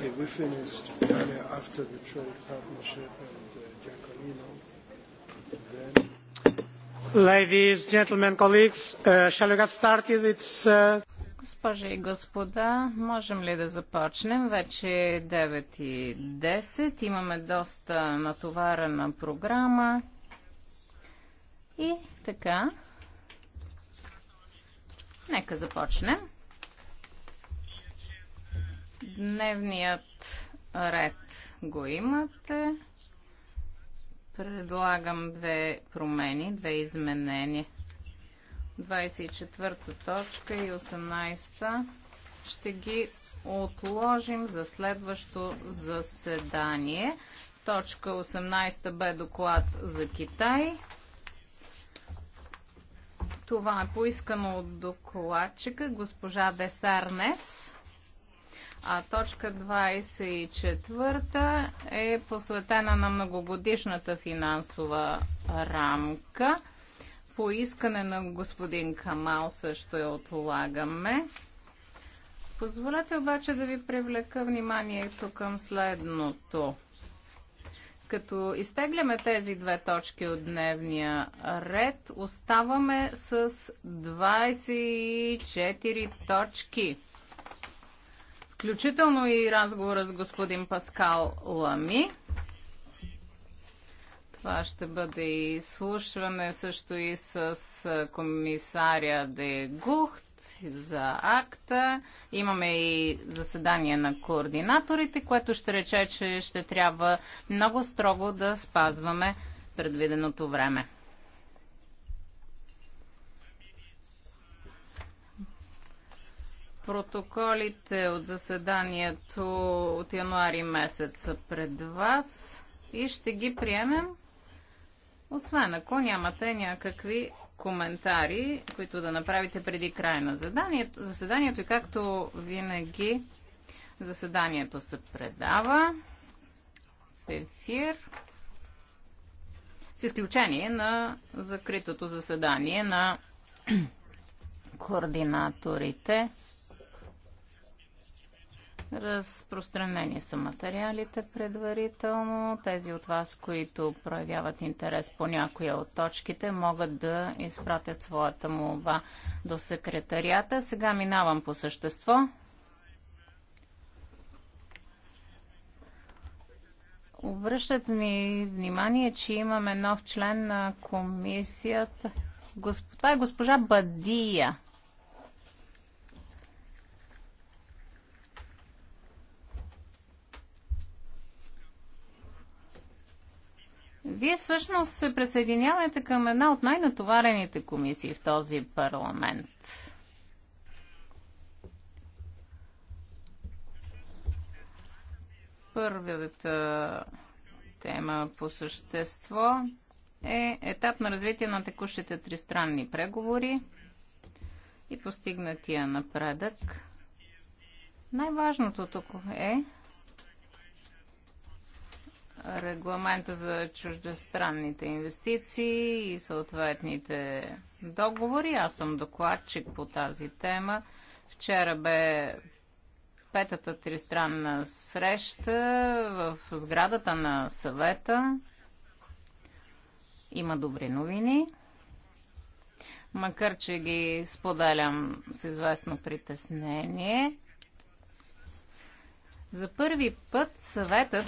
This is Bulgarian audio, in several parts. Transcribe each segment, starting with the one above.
Okay, we finished earlier after the trade partnership and uh, Giacolino. Then... Ladies, gentlemen, colleagues, uh, shall we get started? It's... Uh... Госпожи и господа, можем ли да започнем? Вече е 9 и 10. Имаме доста натоварена програма. И така. Нека започнем. Дневният ред го имате. Предлагам две промени, две изменения. 24-та точка и 18-та ще ги отложим за следващо заседание. Точка 18 бе доклад за Китай. Това е поискано от докладчика госпожа Десарнес. А точка 24 е посветена на многогодишната финансова рамка. По искане на господин Камал също я отлагаме. Позволете обаче да ви привлека вниманието към следното. Като изтегляме тези две точки от дневния ред, оставаме с 24 точки включително и разговора с господин Паскал Лами. Това ще бъде и изслушване също и с комисаря Де Гухт за акта. Имаме и заседание на координаторите, което ще рече, че ще трябва много строго да спазваме предвиденото време. Протоколите от заседанието от януари месец са пред вас и ще ги приемем, освен ако нямате някакви коментари, които да направите преди края на заседанието, заседанието и както винаги заседанието се предава в ефир с изключение на закритото заседание на координаторите. Разпространени са материалите предварително. Тези от вас, които проявяват интерес по някоя от точките, могат да изпратят своята молба до секретарията. Сега минавам по същество. Обръщат ми внимание, че имаме нов член на комисията. Госп... Това е госпожа Бадия. Вие всъщност се присъединявате към една от най-натоварените комисии в този парламент. Първата тема по същество е етап на развитие на текущите тристранни преговори и постигнатия напредък. Най-важното тук е регламента за чуждестранните инвестиции и съответните договори. Аз съм докладчик по тази тема. Вчера бе петата тристранна среща в сградата на съвета. Има добри новини. Макар, че ги споделям с известно притеснение. За първи път съветът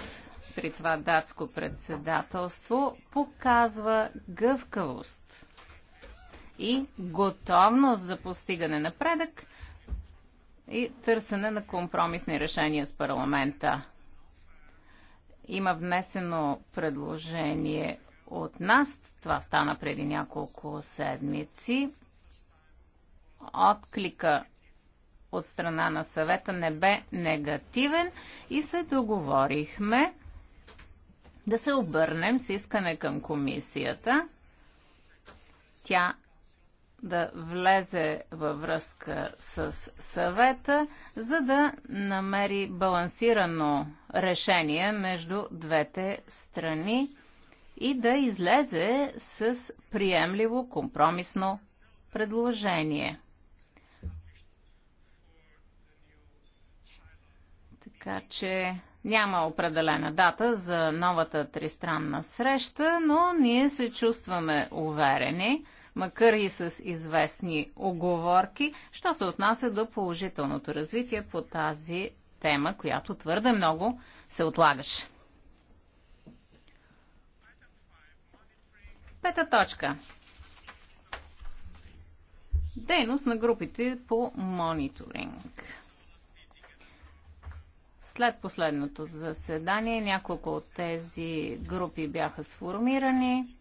при това датско председателство, показва гъвкавост и готовност за постигане на предък и търсене на компромисни решения с парламента. Има внесено предложение от нас, това стана преди няколко седмици. Отклика от страна на съвета не бе негативен и се договорихме да се обърнем с искане към комисията. Тя да влезе във връзка с съвета, за да намери балансирано решение между двете страни и да излезе с приемливо компромисно предложение. Така че няма определена дата за новата тристранна среща, но ние се чувстваме уверени, макар и с известни оговорки, що се отнася до положителното развитие по тази тема, която твърде много се отлагаше. Пета точка. Дейност на групите по мониторинг. След последното заседание няколко от тези групи бяха сформирани.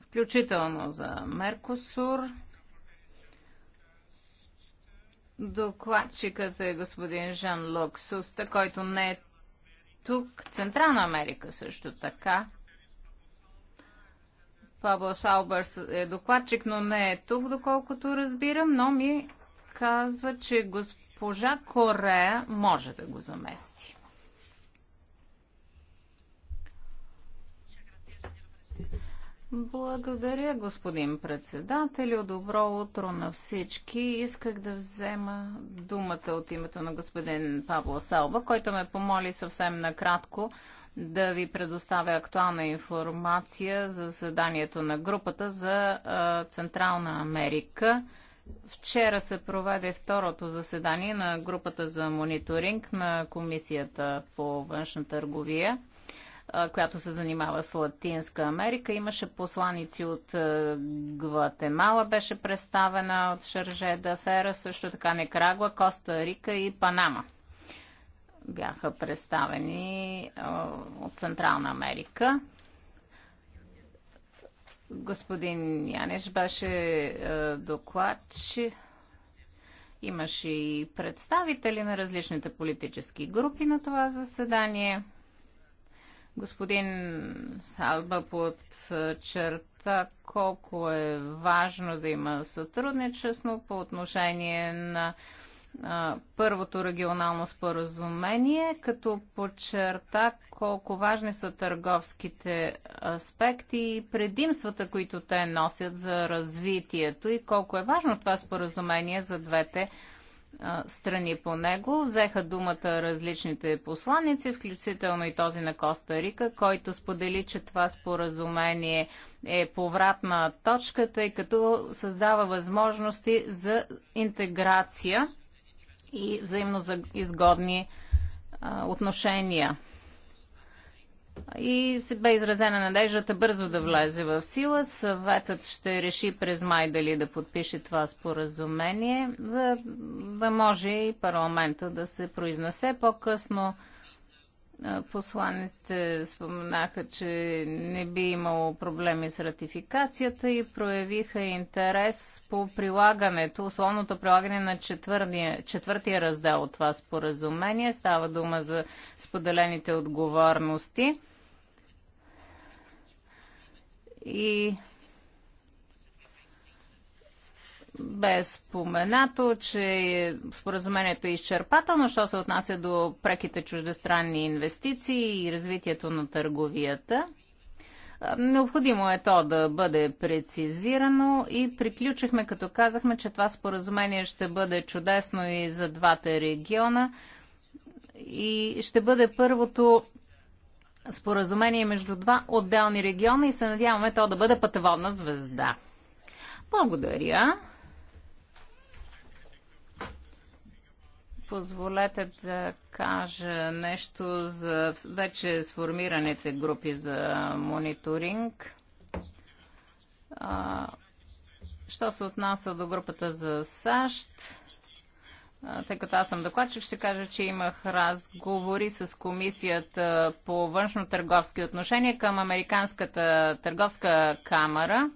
Включително за Меркосур. Докладчикът е господин Жан Лок Суста, който не е тук. Централна Америка също така. Пабло Шаубърс е докладчик, но не е тук, доколкото разбирам, но ми казва, че госпожа Корея може да го замести. Благодаря, господин председател, Добро утро на всички. Исках да взема думата от името на господин Пабло Салба, който ме помоли съвсем накратко да ви предоставя актуална информация за заседанието на групата за Централна Америка. Вчера се проведе второто заседание на групата за мониторинг на Комисията по външна търговия, която се занимава с Латинска Америка. Имаше посланици от Гватемала, беше представена от Шарже Дафера, също така Некрагла, Коста Рика и Панама – бяха представени от Централна Америка. Господин Янеш беше докладчик. Имаше и представители на различните политически групи на това заседание. Господин Салба подчерта колко е важно да има сътрудничество по отношение на първото регионално споразумение, като подчерта колко важни са търговските аспекти и предимствата, които те носят за развитието и колко е важно това споразумение за двете страни по него. Взеха думата различните посланици, включително и този на Коста Рика, който сподели, че това споразумение е повратна точка, тъй като създава възможности за интеграция и взаимно изгодни отношения. И се бе изразена надеждата бързо да влезе в сила. Съветът ще реши през май дали да подпише това споразумение, за да може и парламента да се произнесе по-късно Посланиците споменаха, че не би имало проблеми с ратификацията и проявиха интерес по прилагането, условното прилагане на четвърния, четвъртия раздел от това споразумение. Става дума за споделените отговорности. И бе споменато, че споразумението е изчерпателно, що се отнася до преките чуждестранни инвестиции и развитието на търговията. Необходимо е то да бъде прецизирано и приключихме като казахме, че това споразумение ще бъде чудесно и за двата региона и ще бъде първото споразумение между два отделни региона и се надяваме то да бъде пътеводна звезда. Благодаря. позволете да кажа нещо за вече сформираните групи за мониторинг. А, що се отнася до групата за САЩ, тъй като аз съм докладчик, ще кажа, че имах разговори с комисията по външно-търговски отношения към Американската търговска камера.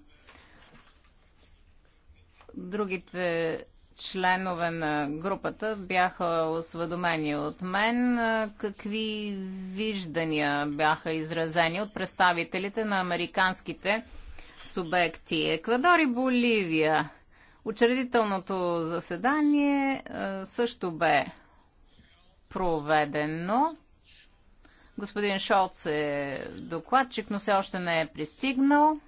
Другите членове на групата бяха осведомени от мен какви виждания бяха изразени от представителите на американските субекти. Еквадор и Боливия. Учредителното заседание също бе проведено. Господин Шолц е докладчик, но все още не е пристигнал.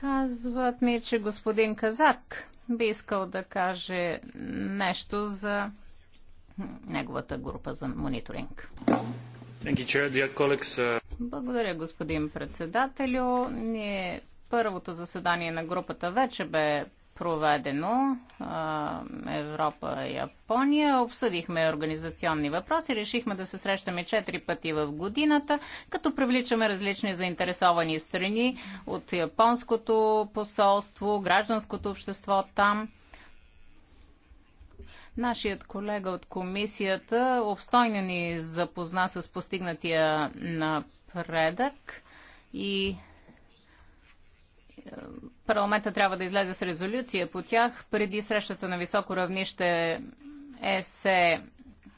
Казват ми, че господин Казак би искал да каже нещо за неговата група за мониторинг. Uh, Благодаря, господин председателю. Ние първото заседание на групата вече бе проведено Европа и Япония. Обсъдихме организационни въпроси, решихме да се срещаме четири пъти в годината, като привличаме различни заинтересовани страни от японското посолство, гражданското общество там. Нашият колега от комисията обстойно ни запозна с постигнатия напредък и парламента трябва да излезе с резолюция по тях преди срещата на високо равнище ЕСЕ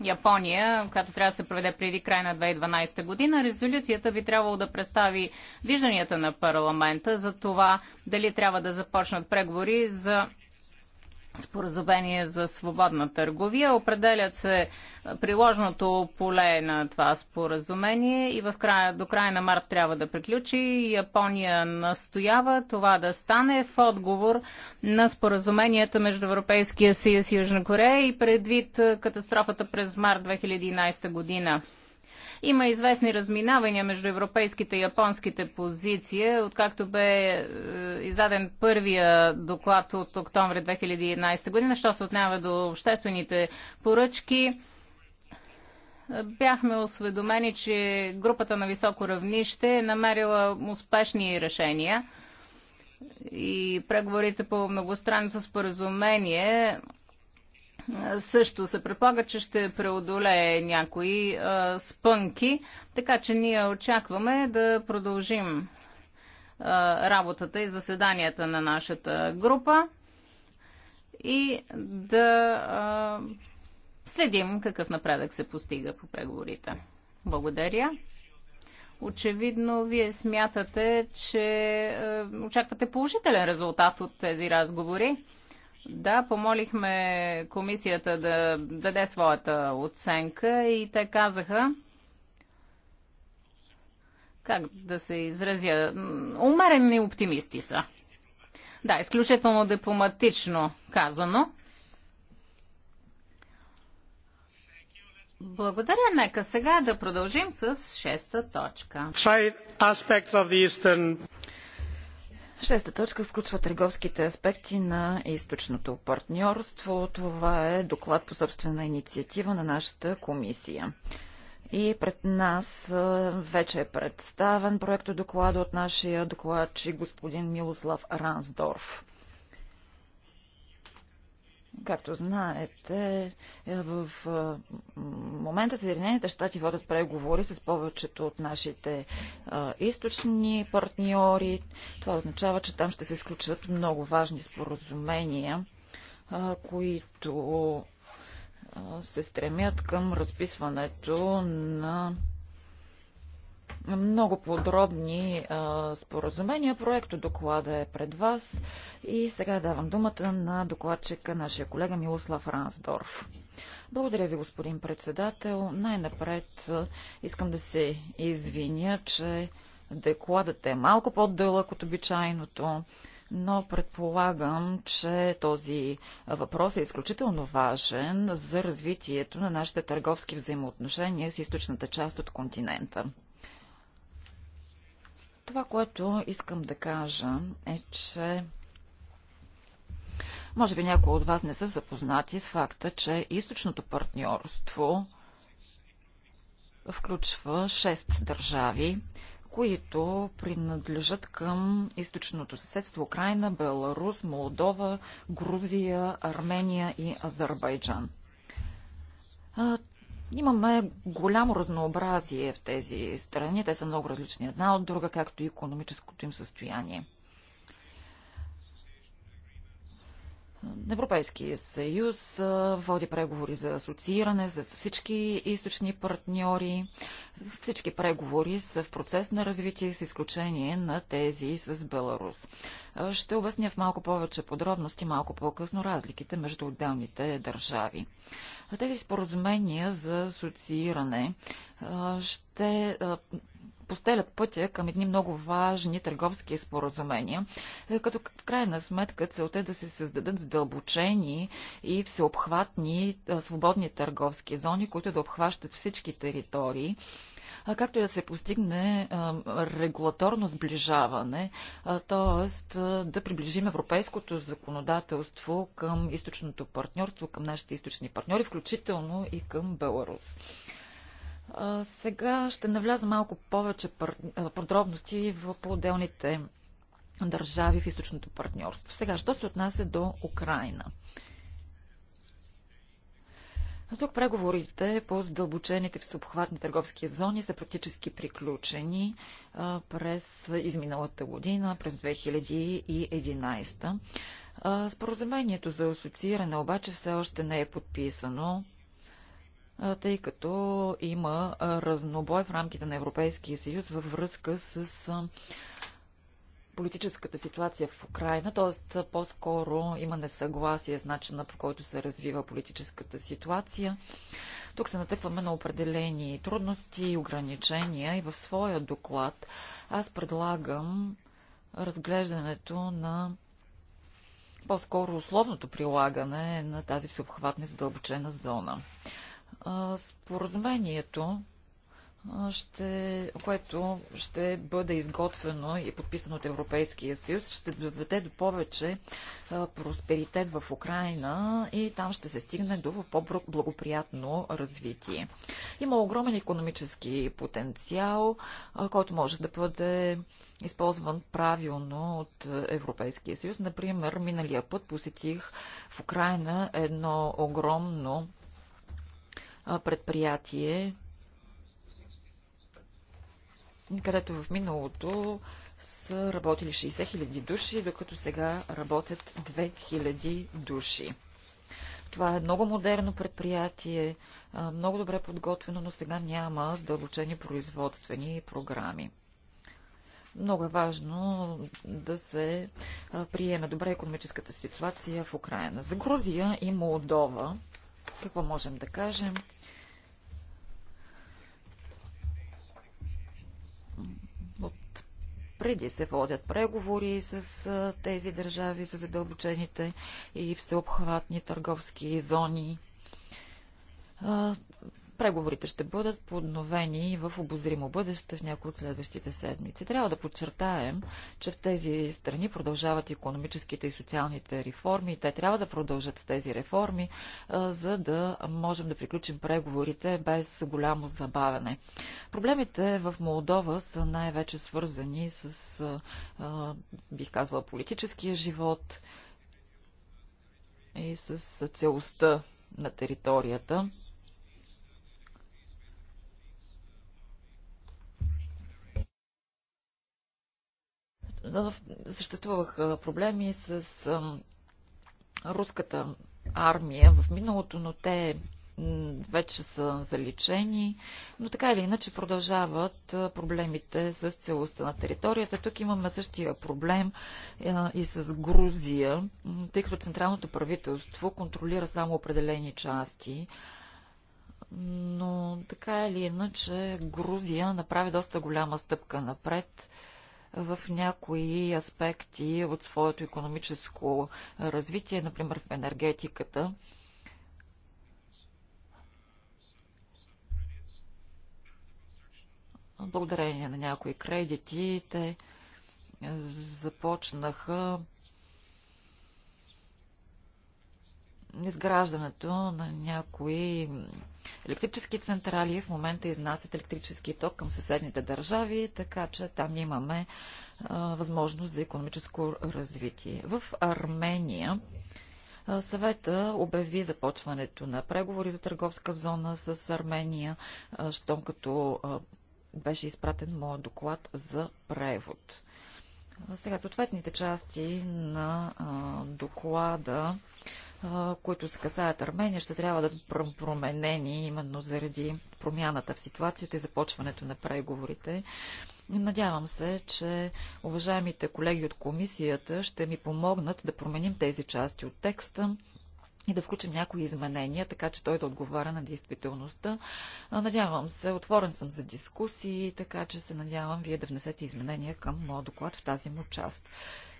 Япония, която трябва да се проведе преди край на 2012 година, резолюцията би трябвало да представи вижданията на парламента за това дали трябва да започнат преговори за споразумение за свободна търговия. Определят се приложното поле на това споразумение и в края, до края на март трябва да приключи. Япония настоява това да стане в отговор на споразуменията между Европейския съюз и Южна Корея и предвид катастрофата през март 2011 година. Има известни разминавания между европейските и японските позиции, откакто бе е, издаден първия доклад от октомври 2011 година, що се отнява до обществените поръчки. Бяхме осведомени, че групата на високо равнище е намерила успешни решения и преговорите по многостранното споразумение също се предполага, че ще преодолее някои а, спънки, така че ние очакваме да продължим а, работата и заседанията на нашата група и да а, следим какъв напредък се постига по преговорите. Благодаря. Очевидно, вие смятате, че очаквате положителен резултат от тези разговори. Да, помолихме комисията да даде своята оценка и те казаха, как да се изразя, умерени оптимисти са. Да, изключително дипломатично казано. Благодаря. Нека сега да продължим с шеста точка. Шеста точка включва търговските аспекти на източното партньорство. Това е доклад по собствена инициатива на нашата комисия. И пред нас вече е представен от доклада от нашия докладчик господин Милослав Рансдорф. Както знаете, е, в е, момента Съединените щати водят преговори с повечето от нашите е, източни партньори. Това означава, че там ще се изключат много важни споразумения, които се стремят към разписването на много подробни а, споразумения. Проекто доклада е пред вас и сега давам думата на докладчика, нашия колега Милослав Рансдорф. Благодаря ви, господин председател. Най-напред искам да се извиня, че докладът е малко по-дълъг от обичайното но предполагам, че този въпрос е изключително важен за развитието на нашите търговски взаимоотношения с източната част от континента. Това, което искам да кажа е, че може би някои от вас не са запознати с факта, че източното партньорство включва 6 държави, които принадлежат към източното съседство Украина, Беларус, Молдова, Грузия, Армения и Азербайджан. Имаме голямо разнообразие в тези страни. Те са много различни една от друга, както и економическото им състояние. Европейския съюз води преговори за асоцииране с всички източни партньори. Всички преговори са в процес на развитие с изключение на тези с Беларус. Ще обясня в малко повече подробности, малко по-късно разликите между отделните държави. Тези споразумения за асоцииране ще постелят пътя към едни много важни търговски споразумения, е, като в крайна сметка целта е да се създадат задълбочени и всеобхватни свободни търговски зони, които да обхващат всички територии както и да се постигне регулаторно сближаване, т.е. да приближим европейското законодателство към източното партньорство, към нашите източни партньори, включително и към Беларус. Сега ще навляза малко повече подробности в по-отделните държави в източното партньорство. Сега, що се отнася до Украина? Но тук преговорите по задълбочените съобхватни търговски зони са практически приключени през изминалата година, през 2011. споразумението за асоцииране обаче все още не е подписано тъй като има разнобой в рамките на Европейския съюз във връзка с политическата ситуация в Украина, т.е. по-скоро има несъгласие с начина по който се развива политическата ситуация. Тук се натъкваме на определени трудности и ограничения и в своя доклад аз предлагам разглеждането на по-скоро условното прилагане на тази всеобхватна и задълбочена зона. Споразумението, ще, което ще бъде изготвено и подписано от Европейския съюз, ще доведе до повече просперитет в Украина и там ще се стигне до по-благоприятно развитие. Има огромен економически потенциал, който може да бъде използван правилно от Европейския съюз. Например, миналия път посетих в Украина едно огромно предприятие, където в миналото са работили 60 000 души, докато сега работят 2 души. Това е много модерно предприятие, много добре подготвено, но сега няма задълбочени производствени програми. Много е важно да се приеме добре економическата ситуация в Украина. За Грузия и Молдова какво можем да кажем? преди се водят преговори с тези държави, с задълбочените и всеобхватни търговски зони. Преговорите ще бъдат подновени в обозримо бъдеще в някои от следващите седмици. Трябва да подчертаем, че в тези страни продължават економическите и социалните реформи. Те трябва да продължат с тези реформи, за да можем да приключим преговорите без голямо забавяне. Проблемите в Молдова са най-вече свързани с, бих казала, политическия живот и с целостта на територията. Съществуваха проблеми с руската армия в миналото, но те вече са заличени, но така или иначе продължават проблемите с целостта на територията. Тук имаме същия проблем и с Грузия, тъй като централното правителство контролира само определени части. Но така или иначе Грузия направи доста голяма стъпка напред в някои аспекти от своето економическо развитие, например в енергетиката. Благодарение на някои кредити те започнаха изграждането на някои електрически централи в момента изнасят електрически ток към съседните държави, така че там имаме а, възможност за економическо развитие. В Армения Съвета обяви започването на преговори за търговска зона с Армения, щом като беше изпратен моят доклад за превод. Сега съответните части на доклада които се касаят Армения, ще трябва да бъдат променени именно заради промяната в ситуацията и започването на преговорите. Надявам се, че уважаемите колеги от комисията ще ми помогнат да променим тези части от текста и да включим някои изменения, така че той да отговаря на действителността. Надявам се, отворен съм за дискусии, така че се надявам вие да внесете изменения към моят доклад в тази му част.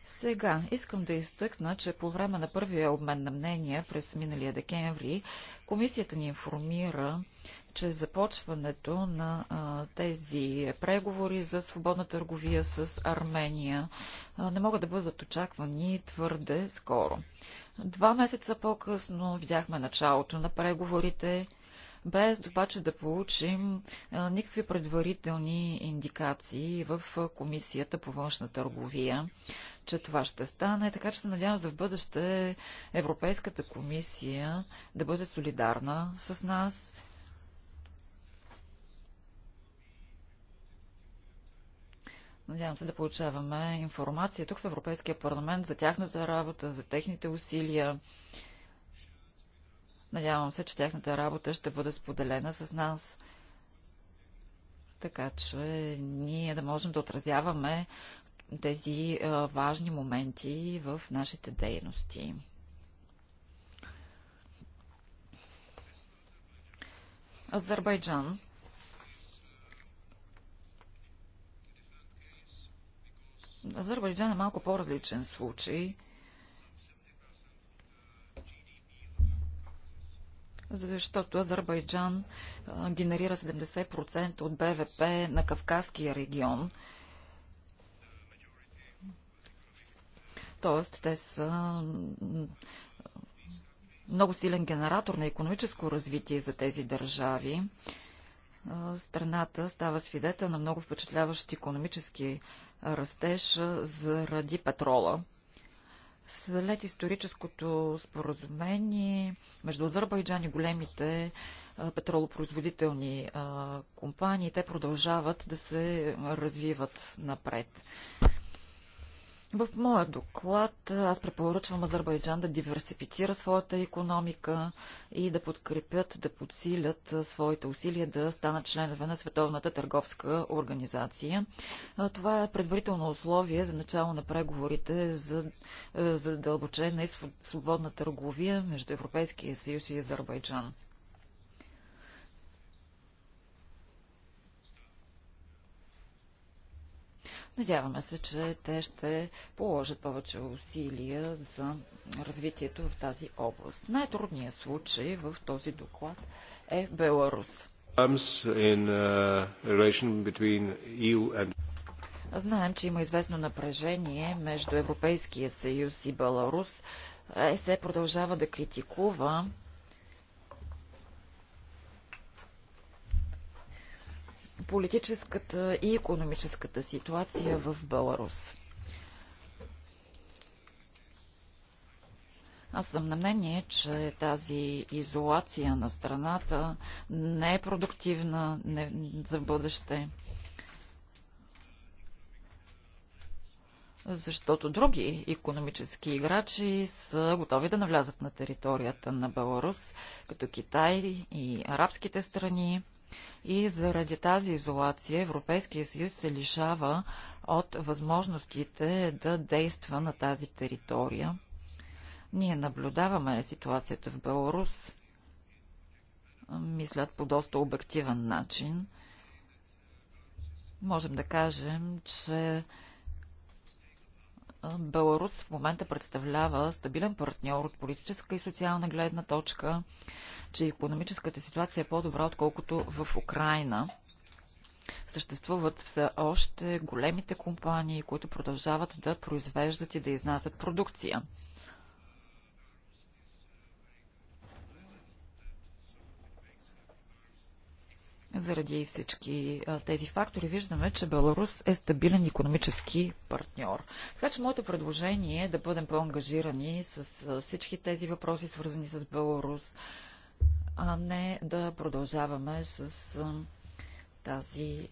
Сега искам да изтъкна, че по време на първия обмен на мнения през миналия декември, комисията ни информира, че започването на а, тези преговори за свободна търговия с Армения а, не могат да бъдат очаквани твърде скоро. Два месеца по-късно видяхме началото на преговорите без обаче да получим никакви предварителни индикации в Комисията по външна търговия, че това ще стане. Така че се надявам за в бъдеще Европейската комисия да бъде солидарна с нас Надявам се да получаваме информация тук в Европейския парламент за тяхната работа, за техните усилия. Надявам се, че тяхната работа ще бъде споделена с нас, така че ние да можем да отразяваме тези важни моменти в нашите дейности. Азербайджан. Азербайджан е малко по-различен случай – защото Азербайджан генерира 70% от БВП на Кавказския регион. Тоест, те са много силен генератор на економическо развитие за тези държави. Страната става свидетел на много впечатляващ економически растеж заради петрола. След историческото споразумение между Азербайджан и големите петролопроизводителни компании, те продължават да се развиват напред. В моя доклад аз препоръчвам Азербайджан да диверсифицира своята економика и да подкрепят, да подсилят своите усилия да станат членове на Световната търговска организация. Това е предварително условие за начало на преговорите за задълбочена и свободна търговия между Европейския съюз и Азербайджан. Надяваме се, че те ще положат повече усилия за развитието в тази област. Най-трудният случай в този доклад е в Беларус. Uh, e Знаем, че има известно напрежение между Европейския съюз и Беларус. ЕСЕ продължава да критикува политическата и економическата ситуация в Беларус. Аз съм на мнение, че тази изолация на страната не е продуктивна не, за бъдеще. Защото други економически играчи са готови да навлязат на територията на Беларус, като Китай и арабските страни. И заради тази изолация Европейския съюз се лишава от възможностите да действа на тази територия. Ние наблюдаваме ситуацията в Беларус, мислят по доста обективен начин. Можем да кажем, че Беларус в момента представлява стабилен партньор от политическа и социална гледна точка, че економическата ситуация е по-добра, отколкото в Украина. Съществуват все още големите компании, които продължават да произвеждат и да изнасят продукция. Заради всички тези фактори виждаме, че Беларус е стабилен економически партньор. Така че моето предложение е да бъдем по-ангажирани с всички тези въпроси, свързани с Беларус, а не да продължаваме с тази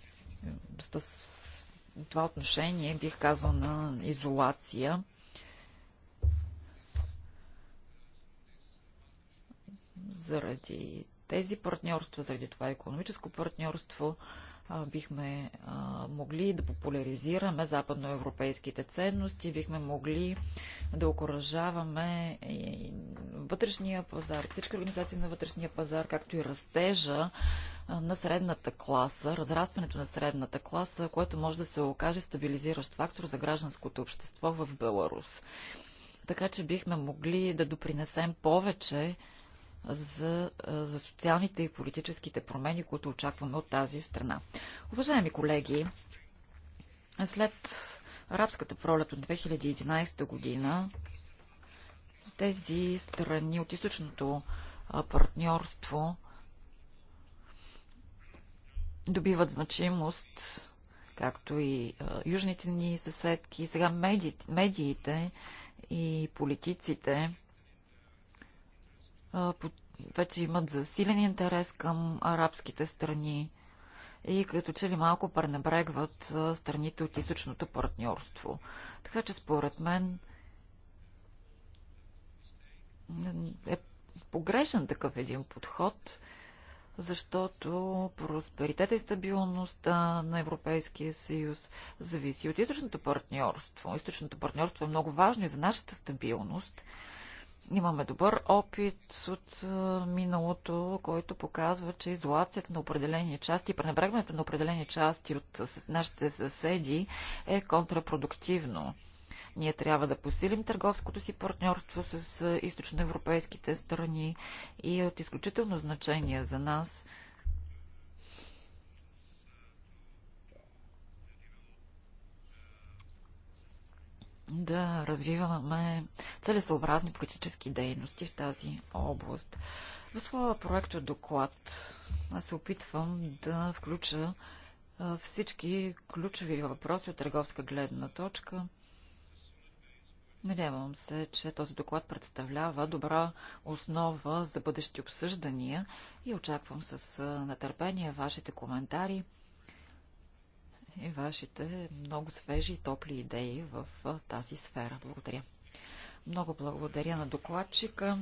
с това отношение, бих казал, на изолация. Заради тези партньорства, заради това економическо партньорство, бихме могли да популяризираме западноевропейските ценности, бихме могли да окоръжаваме вътрешния пазар, всички организации на вътрешния пазар, както и растежа на средната класа, разрастването на средната класа, което може да се окаже стабилизиращ фактор за гражданското общество в Беларус. Така че бихме могли да допринесем повече за, за социалните и политическите промени, които очакваме от тази страна. Уважаеми колеги, след арабската пролет от 2011 година, тези страни от източното партньорство добиват значимост, както и южните ни съседки. Сега медиите, и политиците вече имат засилен интерес към арабските страни и като че ли малко пренебрегват страните от източното партньорство. Така че според мен е погрешен такъв един подход, защото просперитета и стабилността на Европейския съюз зависи от източното партньорство. Източното партньорство е много важно и за нашата стабилност, Имаме добър опит от миналото, който показва, че изолацията на определени части и пренебрегването на определени части от нашите съседи е контрапродуктивно. Ние трябва да посилим търговското си партньорство с източноевропейските страни и е от изключително значение за нас – да развиваме целесообразни политически дейности в тази област. В своя проект доклад аз се опитвам да включа всички ключови въпроси от търговска гледна точка. Надявам се, че този доклад представлява добра основа за бъдещи обсъждания и очаквам с нетърпение вашите коментари и вашите много свежи и топли идеи в тази сфера. Благодаря. Много благодаря на докладчика.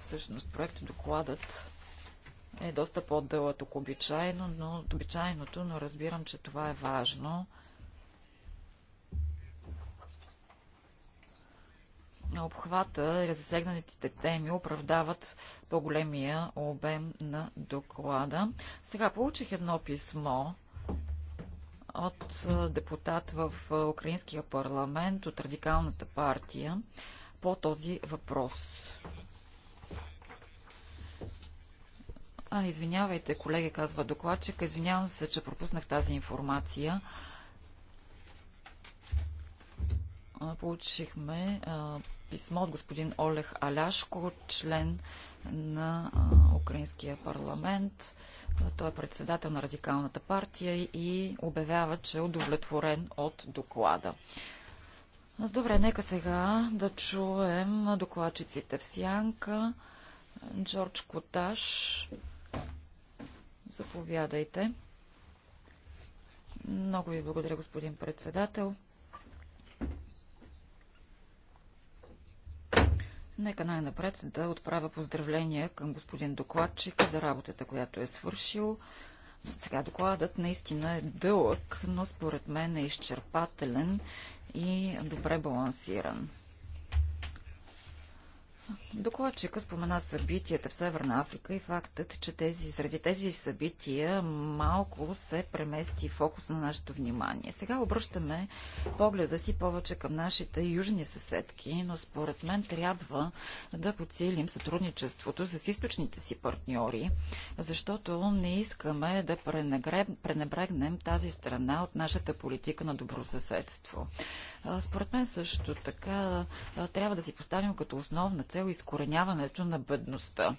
Всъщност проект докладът е доста по-дълъг обичайно, но, обичайното, но разбирам, че това е важно. обхвата и засегнатите теми оправдават по-големия обем на доклада. Сега получих едно писмо от депутат в Украинския парламент от Радикалната партия по този въпрос. А, извинявайте, колеги, казва докладчик. Извинявам се, че пропуснах тази информация. Получихме писмо от господин Олех Аляшко, член на Украинския парламент. Той е председател на Радикалната партия и обявява, че е удовлетворен от доклада. Добре, нека сега да чуем докладчиците в Сянка. Джордж Коташ, заповядайте. Много ви благодаря, господин председател. Нека най-напред да отправя поздравления към господин докладчик за работата, която е свършил. Сега докладът наистина е дълъг, но според мен е изчерпателен и добре балансиран. Докладчика спомена събитията в Северна Африка и фактът, че тези, среди тези събития малко се премести фокус на нашето внимание. Сега обръщаме погледа си повече към нашите южни съседки, но според мен трябва да подсилим сътрудничеството с източните си партньори, защото не искаме да пренебрегнем тази страна от нашата политика на добросъседство. Според мен също така трябва да си поставим като основна цел и изкореняването на бедността.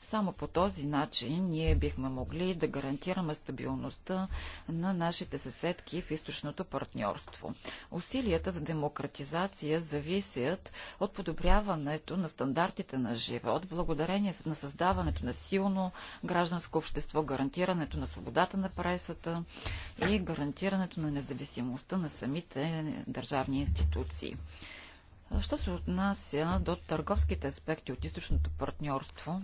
Само по този начин ние бихме могли да гарантираме стабилността на нашите съседки в източното партньорство. Усилията за демократизация зависят от подобряването на стандартите на живот, благодарение на създаването на силно гражданско общество, гарантирането на свободата на пресата и гарантирането на независимостта на самите държавни институции. Що се отнася до търговските аспекти от източното партньорство,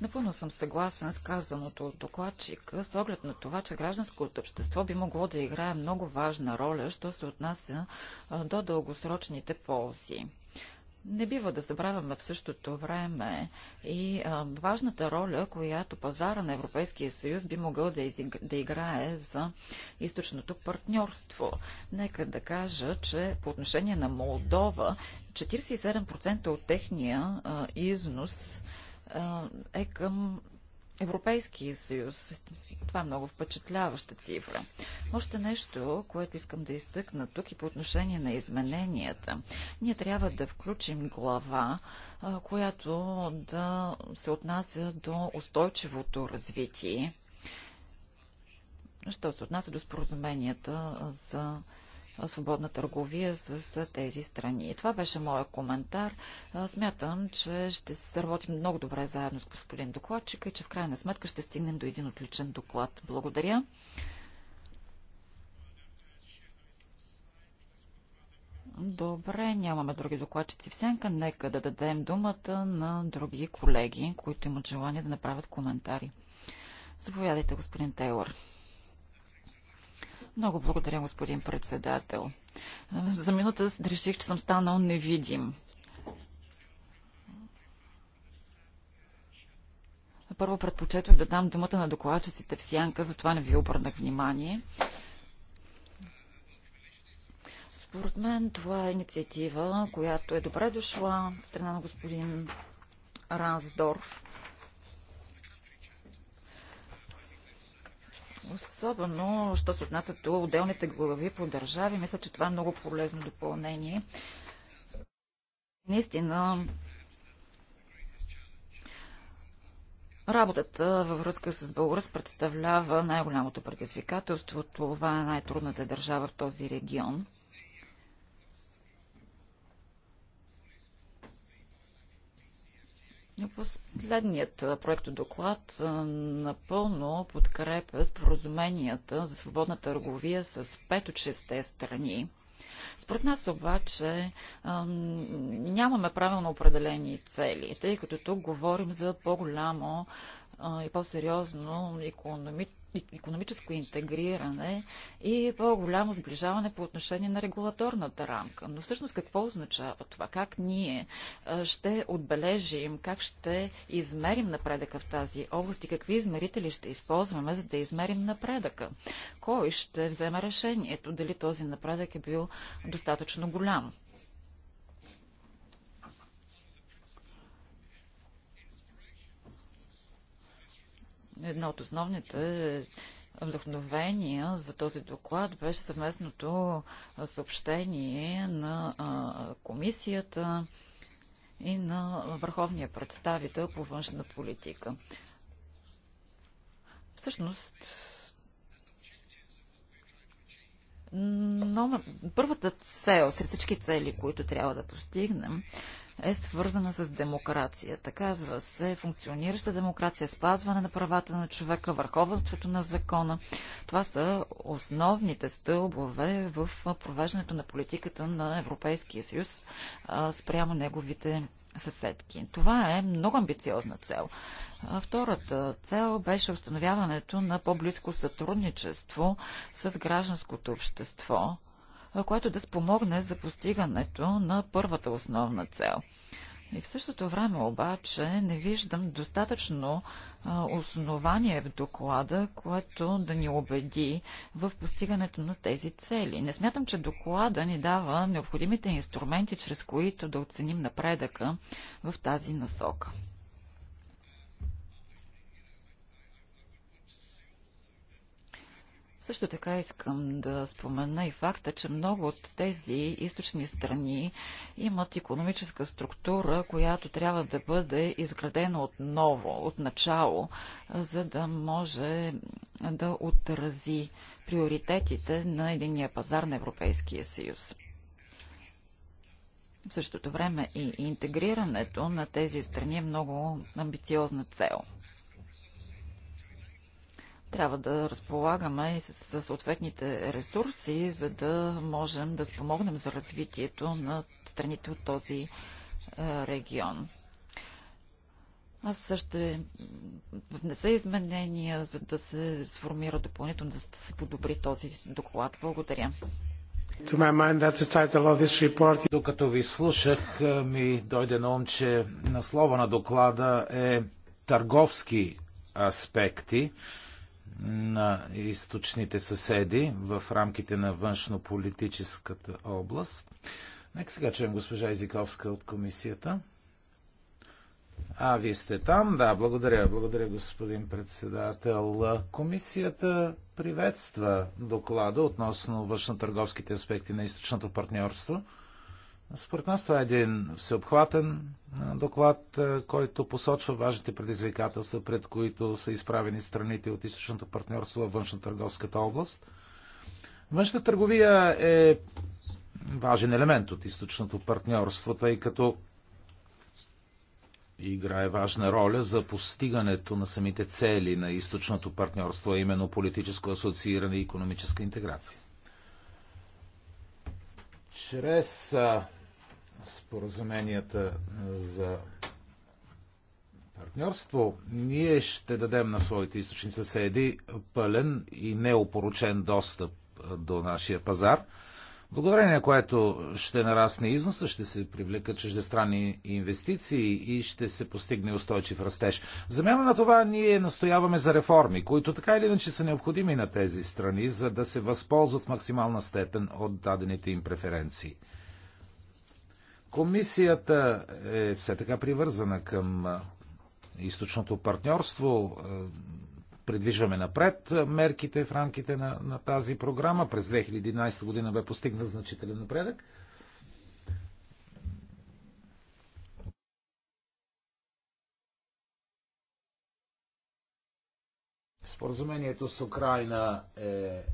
Напълно съм съгласен с казаното от докладчика, с оглед на това, че гражданското общество би могло да играе много важна роля, що се отнася до дългосрочните ползи. Не бива да забравяме в същото време и а, важната роля, която пазара на Европейския съюз би могъл да, изиг... да играе за източното партньорство. Нека да кажа, че по отношение на Молдова 47% от техния а, износ а, е към Европейския съюз. Това е много впечатляваща цифра. Още нещо, което искам да изтъкна тук и по отношение на измененията. Ние трябва да включим глава, която да се отнася до устойчивото развитие. Що се отнася до споразуменията за свободна търговия с тези страни. И това беше моят коментар. Смятам, че ще се работим много добре заедно с господин докладчик и че в крайна сметка ще стигнем до един отличен доклад. Благодаря. Добре, нямаме други докладчици в сянка. Нека да дадем думата на други колеги, които имат желание да направят коментари. Заповядайте, господин Тейлор. Много благодаря, господин председател. За минута реших, че съм станал невидим. Първо предпочетох да дам думата на докладчиците в сянка, затова не ви обърнах внимание. Според мен това е инициатива, която е добре дошла в страна на господин Рансдорф. Особено, що се отнася до отделните глави по държави, мисля, че това е много полезно допълнение. Наистина, Работата във връзка с Беларус представлява най-голямото предизвикателство. Това е най-трудната държава в този регион. Последният проект доклад напълно подкрепя споразуменията за свободна търговия с пет от шесте страни. Според нас обаче нямаме правилно определени цели, тъй като тук говорим за по-голямо и по-сериозно економи економическо интегриране и по-голямо сближаване по отношение на регулаторната рамка. Но всъщност какво означава това? Как ние ще отбележим, как ще измерим напредъка в тази област и какви измерители ще използваме, за да измерим напредъка? Кой ще вземе решението дали този напредък е бил достатъчно голям? Едно от основните е, вдъхновения за този доклад беше съвместното съобщение на комисията и на върховния представител по външна политика. Всъщност, номер, първата цел сред всички цели, които трябва да постигнем, е свързана с демокрацията. Казва се функционираща демокрация, спазване на правата на човека, върховенството на закона. Това са основните стълбове в провеждането на политиката на Европейския съюз спрямо неговите съседки. Това е много амбициозна цел. Втората цел беше установяването на по-близко сътрудничество с гражданското общество което да спомогне за постигането на първата основна цел. И в същото време обаче не виждам достатъчно а, основание в доклада, което да ни убеди в постигането на тези цели. Не смятам, че доклада ни дава необходимите инструменти, чрез които да оценим напредъка в тази насока. Също така искам да спомена и факта, че много от тези източни страни имат економическа структура, която трябва да бъде изградена отново, от начало, за да може да отрази приоритетите на единия пазар на Европейския съюз. В същото време и интегрирането на тези страни е много амбициозна цел – трябва да разполагаме и с съответните ресурси, за да можем да спомогнем за развитието на страните от този е, регион. Аз ще внеса изменения, за да се сформира допълнително, за да се подобри този доклад. Благодаря. Mind, Докато ви слушах, е, ми дойде на ум, че наслова на доклада е търговски аспекти на източните съседи в рамките на външнополитическата област. Нека сега чуем госпожа Изиковска от комисията. А, вие сте там? Да, благодаря. Благодаря, господин председател. Комисията приветства доклада относно външно-търговските аспекти на източното партньорство – според нас това е един всеобхватен доклад, който посочва важните предизвикателства, пред които са изправени страните от източното партньорство във външно-търговската област. Външната търговия е важен елемент от източното партньорство, тъй като играе важна роля за постигането на самите цели на източното партньорство, а именно политическо асоцииране и економическа интеграция. Чрез споразуменията за партньорство, ние ще дадем на своите източни съседи пълен и неопоручен достъп до нашия пазар, благодарение на което ще нарасне износа, ще се привлекат чуждестранни инвестиции и ще се постигне устойчив растеж. замяна на това ние настояваме за реформи, които така или иначе са необходими на тези страни, за да се възползват в максимална степен от дадените им преференции – Комисията е все така привързана към източното партньорство. Предвижваме напред мерките в рамките на, на тази програма. През 2011 година бе постигнат значителен напредък. Споразумението с Украина е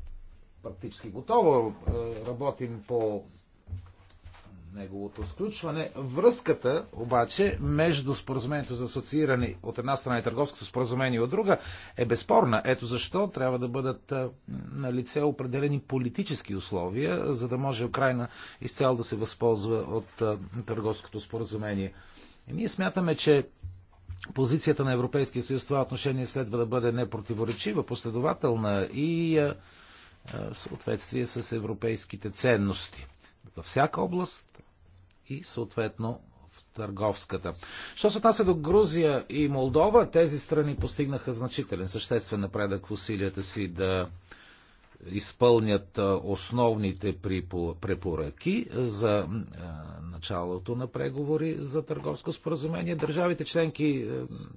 практически готово. Работим по неговото сключване. Връзката обаче между споразумението за асоцииране от една страна и търговското споразумение от друга е безспорна. Ето защо трябва да бъдат на лице определени политически условия, за да може Украина изцяло да се възползва от търговското споразумение. И ние смятаме, че позицията на Европейския съюз в това отношение следва да бъде непротиворечива, последователна и в съответствие с европейските ценности. Във всяка област, и съответно в търговската. Що се отнася до Грузия и Молдова, тези страни постигнаха значителен, съществен напредък в усилията си да изпълнят основните препоръки за началото на преговори за търговско споразумение. Държавите членки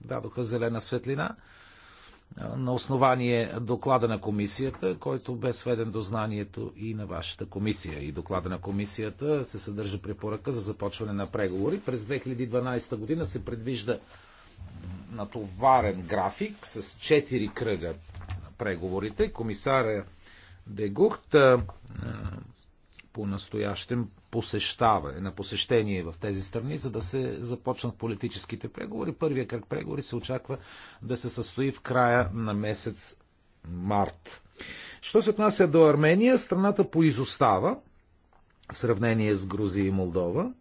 дадоха зелена светлина на основание доклада на комисията, който бе сведен до знанието и на вашата комисия. И доклада на комисията се съдържа препоръка за започване на преговори. През 2012 година се предвижда натоварен график с 4 кръга на преговорите. Комисаря Дегухт по-настоящем посещава, е на посещение в тези страни, за да се започнат политическите преговори. Първия кръг преговори се очаква да се състои в края на месец март. Що се отнася до Армения, страната поизостава в сравнение с Грузия и Молдова.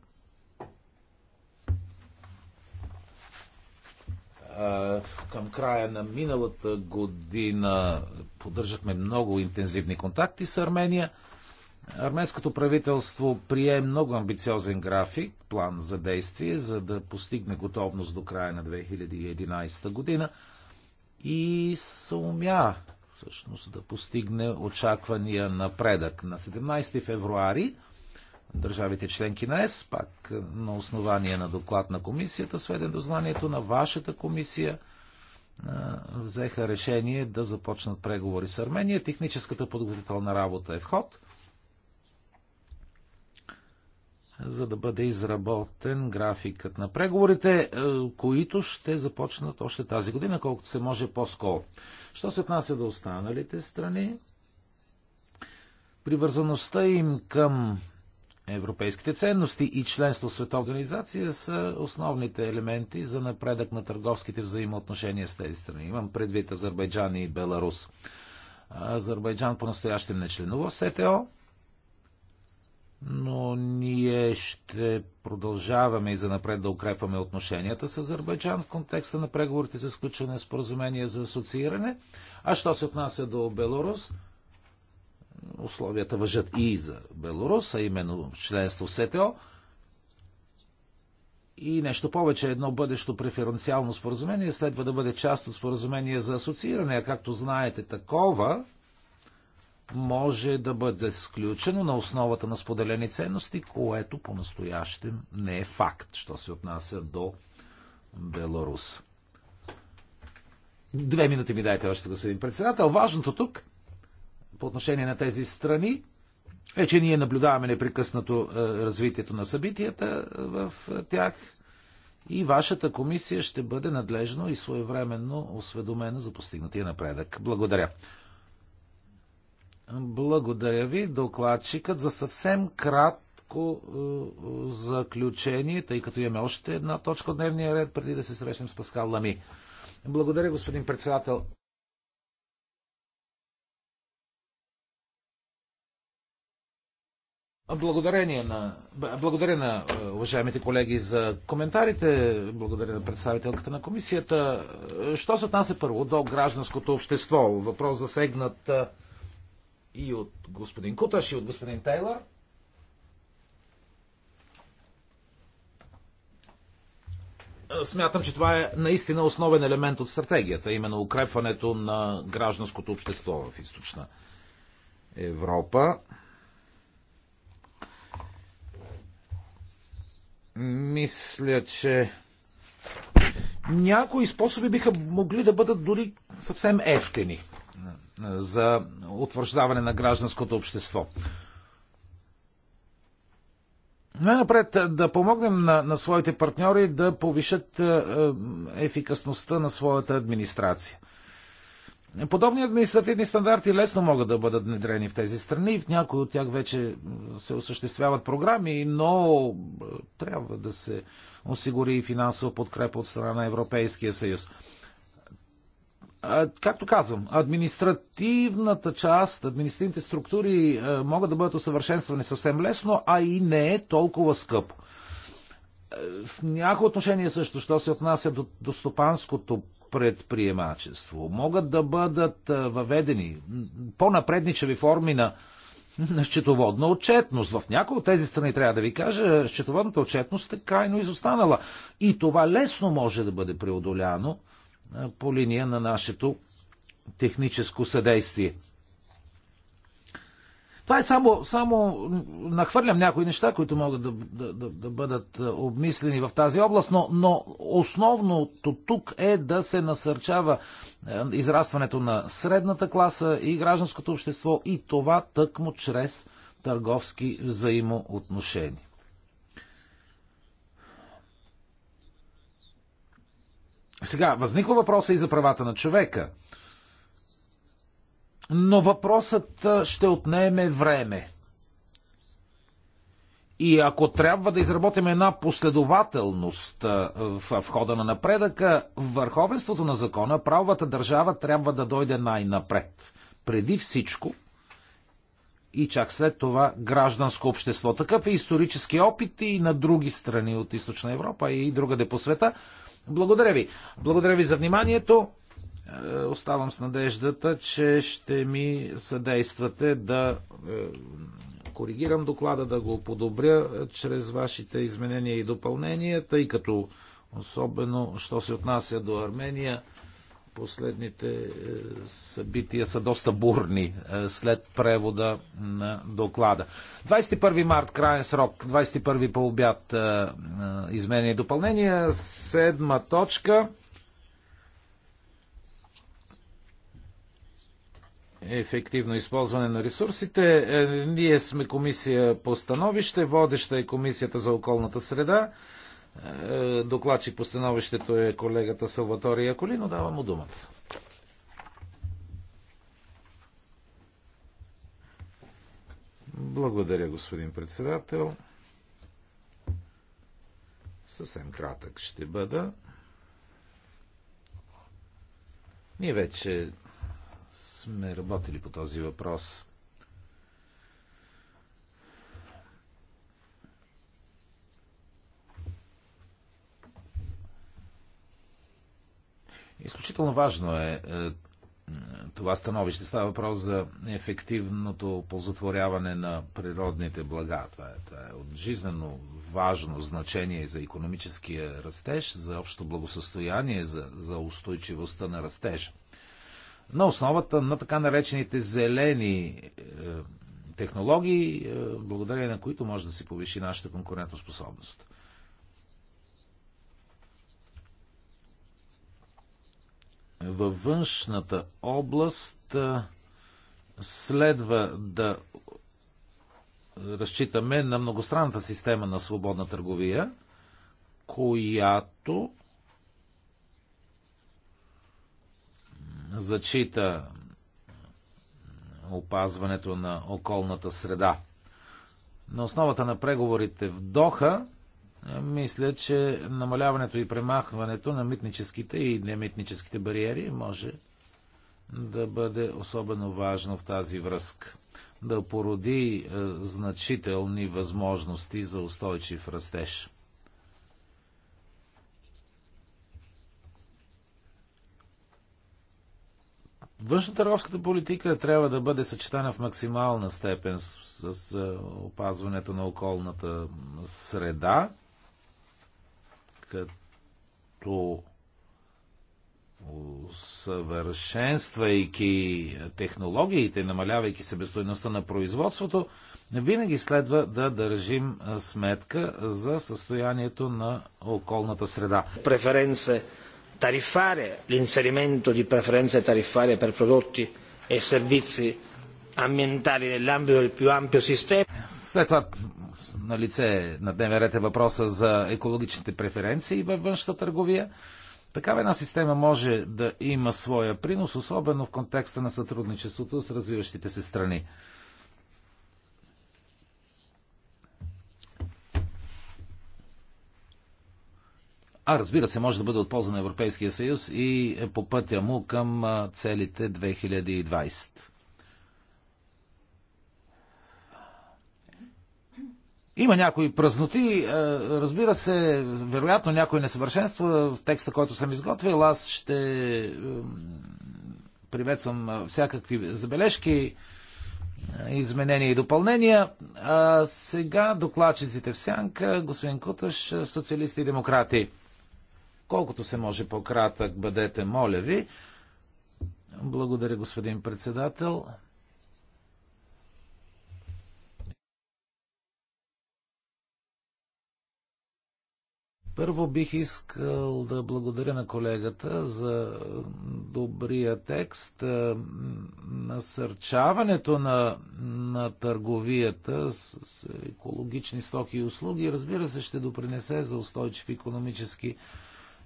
към края на миналата година поддържахме много интензивни контакти с Армения. Арменското правителство прие много амбициозен график, план за действие, за да постигне готовност до края на 2011 година и се умя всъщност да постигне очаквания напредък. На 17 февруари държавите членки на ЕС, пак на основание на доклад на комисията, сведен до знанието на вашата комисия, взеха решение да започнат преговори с Армения. Техническата подготовителна работа е в ход – за да бъде изработен графикът на преговорите, е, които ще започнат още тази година, колкото се може по-скоро. Що се отнася до останалите страни? Привързаността им към европейските ценности и членство в света организация са основните елементи за напредък на търговските взаимоотношения с тези страни. Имам предвид Азербайджан и Беларус. Азербайджан по-настоящем не членува в СТО, но ние ще продължаваме и за напред да укрепваме отношенията с Азербайджан в контекста на преговорите за сключване на споразумение за асоцииране. А що се отнася до Беларус, условията въжат и за Беларус, а именно членство в СТО. И нещо повече, едно бъдещо преференциално споразумение следва да бъде част от споразумение за асоцииране, а както знаете такова, може да бъде сключено на основата на споделени ценности, което по-настоящем не е факт, що се отнася до Беларус. Две минути ми дайте още, господин председател. Важното тук, по отношение на тези страни, е, че ние наблюдаваме непрекъснато е, развитието на събитията е, в е, тях и вашата комисия ще бъде надлежно и своевременно осведомена за постигнатия напредък. Благодаря. Благодаря ви, докладчикът, за съвсем кратко е, заключение, тъй като имаме още една точка от дневния ред, преди да се срещнем с Паскал Лами. Благодаря, господин председател. Благодарение на, благодаря на е, уважаемите колеги за коментарите, благодаря на представителката на комисията. Е, що се отнася първо до гражданското общество? Въпрос засегнат и от господин Куташ, и от господин Тейлър. Смятам, че това е наистина основен елемент от стратегията, именно укрепването на гражданското общество в източна Европа. Мисля, че някои способи биха могли да бъдат дори съвсем ефтени за утвърждаване на гражданското общество. Най-напред е, да помогнем на, на своите партньори да повишат е, е, ефикасността на своята администрация. Подобни административни стандарти лесно могат да бъдат внедрени в тези страни. В някои от тях вече се осъществяват програми, но трябва да се осигури и финансова подкрепа от страна на Европейския съюз. Както казвам, административната част, административните структури могат да бъдат усъвършенствани съвсем лесно, а и не е толкова скъпо. В някои отношения също, що се отнася до, до стопанското предприемачество, могат да бъдат въведени по-напредничеви форми на, на счетоводна отчетност. В някои от тези страни, трябва да ви кажа, счетоводната отчетност е крайно изостанала. И това лесно може да бъде преодоляно по линия на нашето техническо съдействие. Това е само, само нахвърлям някои неща, които могат да, да, да, да бъдат обмислени в тази област, но, но основното тук е да се насърчава израстването на средната класа и гражданското общество и това тъкмо чрез търговски взаимоотношения. Сега, възниква въпроса и за правата на човека. Но въпросът ще отнеме време. И ако трябва да изработим една последователност в хода на напредъка, върховенството на закона, правовата държава трябва да дойде най-напред. Преди всичко и чак след това гражданско общество. Такъв е исторически опит и на други страни от Източна Европа и другаде по света. Благодаря ви. Благодаря ви за вниманието. Е, оставам с надеждата, че ще ми съдействате да е, коригирам доклада, да го подобря е, чрез вашите изменения и допълнения, тъй като особено, що се отнася до Армения, последните е, събития са доста бурни е, след превода на доклада. 21 март, крайен срок, 21 по обяд е, изменение и допълнение. Седма точка. ефективно използване на ресурсите. Ние сме комисия по становище, водеща е комисията за околната среда. Е, докладчик по становището е колегата Салватория Колино. Давам му думата. Благодаря, господин председател. Съвсем кратък ще бъда. Ние вече сме работили по този въпрос. Изключително важно е, е това становище. Става въпрос за ефективното ползотворяване на природните блага. Това е, това е от жизнено важно значение за економическия растеж, за общо благосъстояние, за, за устойчивостта на растежа. На основата на така наречените зелени е, технологии, е, благодарение на които може да се повиши нашата конкурентоспособност. във външната област следва да разчитаме на многостранната система на свободна търговия, която зачита опазването на околната среда. На основата на преговорите в Доха мисля, че намаляването и премахването на митническите и немитническите бариери може да бъде особено важно в тази връзка. Да породи е, значителни възможности за устойчив растеж. Външно-търговската политика трябва да бъде съчетана в максимална степен с, с, с е, опазването на околната среда като усъвършенствайки технологиите, намалявайки себестойността на производството, винаги следва да държим сметка за състоянието на околната среда. Преференце тарифаре, l'inserimento di preferenze tariffarie per prodotti e servizi ambientali nell'ambito del più ampio sistema. След това на лице на дневен ред е въпроса за екологичните преференции във външната търговия. Такава една система може да има своя принос, особено в контекста на сътрудничеството с развиващите се страни. А разбира се, може да бъде от полза на Европейския съюз и е по пътя му към целите 2020. Има някои празноти, е, разбира се, вероятно някои несъвършенства в текста, който съм изготвил. Аз ще приветствам всякакви забележки, е, изменения и допълнения. А сега докладчиците в сянка, господин Куташ, социалисти и демократи. Колкото се може по-кратък бъдете, моля ви. Благодаря, господин председател. Първо бих искал да благодаря на колегата за добрия текст. Е, насърчаването на, на търговията с, с екологични стоки и услуги, разбира се, ще допринесе за устойчив економически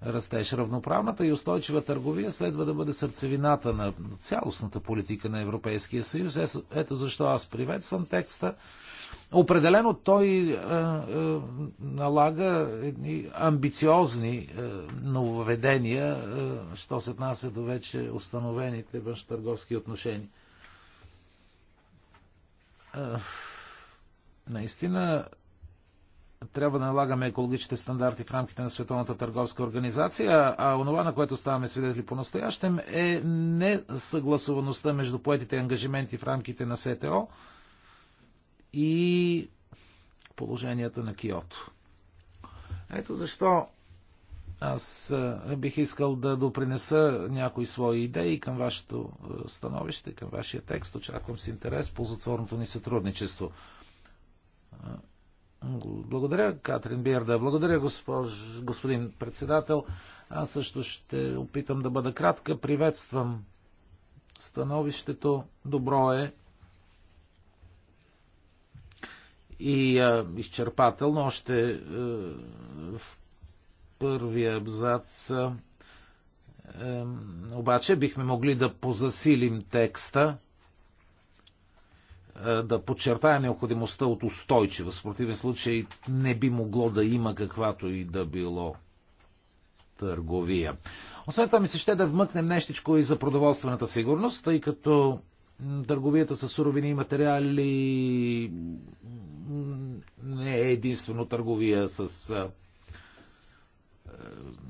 растеж. Равноправната и устойчива търговия следва да бъде сърцевината на цялостната политика на Европейския съюз. Ето защо аз приветствам текста Определено той а, е, а, е, налага едни амбициозни а, е, нововведения, а, що се отнася до вече установените външно-търговски отношения. А, наистина трябва да налагаме екологичните стандарти в рамките на Световната търговска организация, а онова, на което ставаме свидетели по-настоящем, е несъгласуваността между поетите ангажименти в рамките на СТО – и положенията на Киото. Ето защо аз бих искал да допринеса някои свои идеи към вашето становище, към вашия текст. Очаквам с интерес по затворното ни сътрудничество. Благодаря, Катрин Бирда. Благодаря, госпож... господин председател. Аз също ще опитам да бъда кратка. Приветствам становището. Добро е, и а, изчерпателно още а, е, в първия абзац. А, е, а, обаче бихме могли да позасилим текста, а, е, да подчертаем необходимостта от устойчивост. В противен случай не би могло да има каквато и да било търговия. Освен това ми се ще да вмъкнем нещичко и за продоволствената сигурност, тъй като търговията с суровини и материали не е единствено търговия с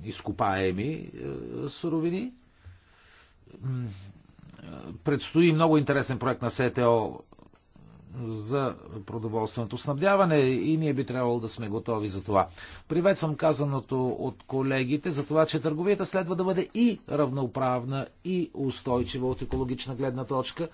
изкопаеми суровини. Предстои много интересен проект на СТО за продоволственото снабдяване и ние би трябвало да сме готови за това. Приветствам казаното от колегите за това, че търговията следва да бъде и равноправна, и устойчива от екологична гледна точка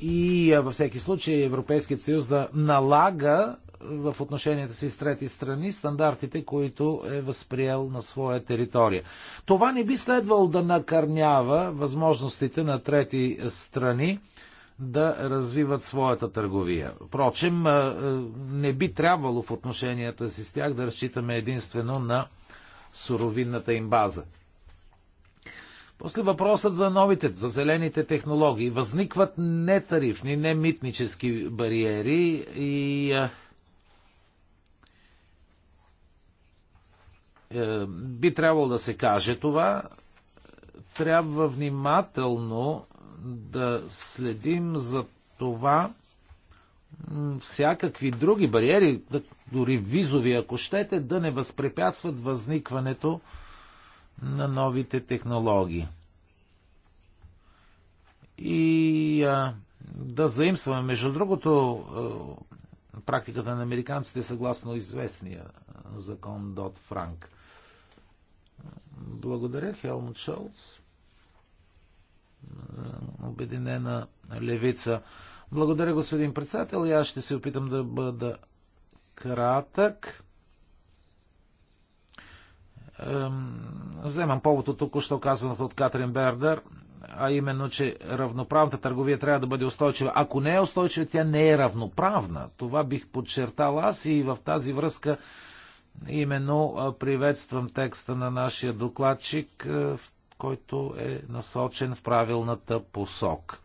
и във всеки случай Европейският съюз да налага в отношенията си с трети страни стандартите, които е възприел на своя територия. Това не би следвало да накърнява възможностите на трети страни да развиват своята търговия. Впрочем, не би трябвало в отношенията си с тях да разчитаме единствено на суровинната им база. После въпросът за новите, за зелените технологии. Възникват нетарифни, немитнически бариери и а, е, би трябвало да се каже това. Трябва внимателно да следим за това всякакви други бариери, дори визови, ако щете, да не възпрепятстват възникването на новите технологии. И а, да заимстваме, между другото, практиката на американците съгласно известния закон Дот Франк. Благодаря, Хелмут Шолц. Обединена левица. Благодаря, господин председател. И аз ще се опитам да бъда кратък. Вземам повод от току-що казаното от Катрин Бердер, а именно, че равноправната търговия трябва да бъде устойчива. Ако не е устойчива, тя не е равноправна. Това бих подчертал аз и в тази връзка именно приветствам текста на нашия докладчик, който е насочен в правилната посок.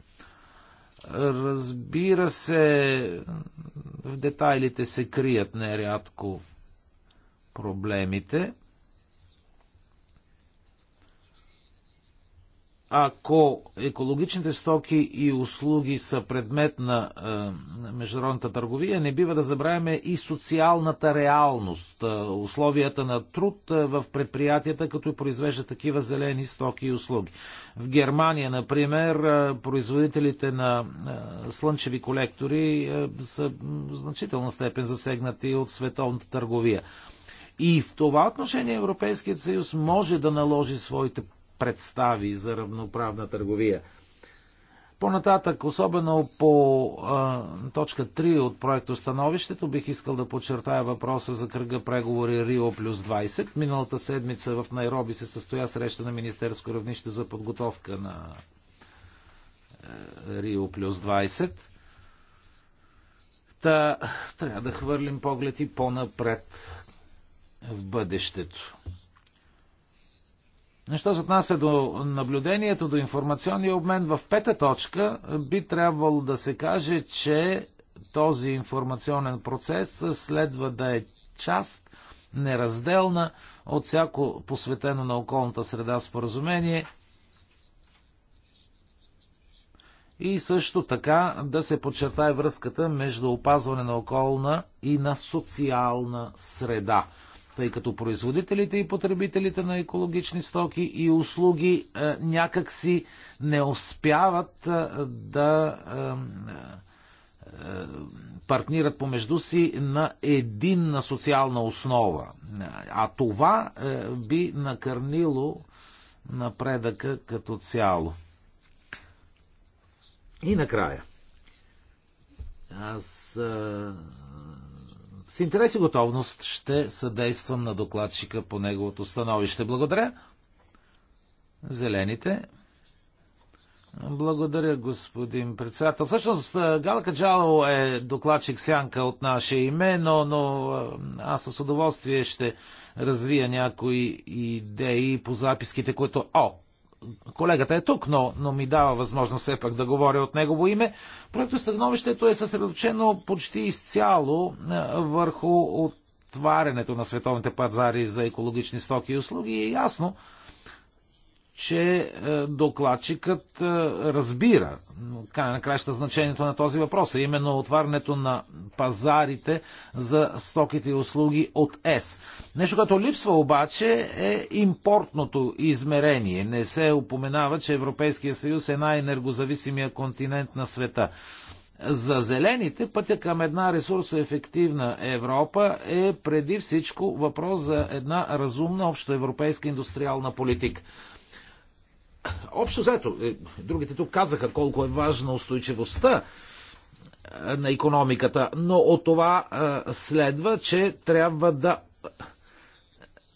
Разбира се, в детайлите се крият нерядко проблемите. ако екологичните стоки и услуги са предмет на е, международната търговия, не бива да забравяме и социалната реалност, е, условията на труд е, в предприятията, като произвеждат такива зелени стоки и услуги. В Германия, например, е, производителите на е, слънчеви колектори е, са в значителна степен засегнати от световната търговия. И в това отношение Европейският съюз може да наложи своите представи за равноправна търговия. По-нататък, особено по а, точка 3 от проекто становището, бих искал да подчертая въпроса за кръга преговори Рио плюс 20. Миналата седмица в Найроби се състоя среща на министерско равнище за подготовка на е, Рио плюс 20. Та, трябва да хвърлим поглед и по-напред в бъдещето. Що се отнася до наблюдението, до информационния обмен, в пета точка би трябвало да се каже, че този информационен процес следва да е част, неразделна от всяко посветено на околната среда споразумение и също така да се подчертае връзката между опазване на околна и на социална среда тъй като производителите и потребителите на екологични стоки и услуги е, някакси не успяват е, да е, партнират помежду си на единна социална основа. А това би накърнило напредъка като цяло. И накрая. Аз с интерес и готовност ще съдействам на докладчика по неговото становище. Благодаря. Зелените. Благодаря, господин председател. Всъщност, Галка Джало е докладчик сянка от наше име, но, но аз с удоволствие ще развия някои идеи по записките, които... О, колегата е тук, но, но ми дава възможност все пак да говоря от негово име. Становището е съсредоточено почти изцяло е, върху отварянето на световните пазари за екологични стоки и услуги. И е ясно, че е, докладчикът е, разбира край на краща значението на този въпрос, а именно отварянето на пазарите за стоките и услуги от ЕС. Нещо, като липсва обаче е импортното измерение. Не се упоменава, че Европейския съюз е най-енергозависимия континент на света. За зелените пътя към една ресурсоефективна Европа е преди всичко въпрос за една разумна общоевропейска индустриална политика. Общо заето, е, другите тук казаха колко е важна устойчивостта е, на економиката, но от това е, следва, че трябва да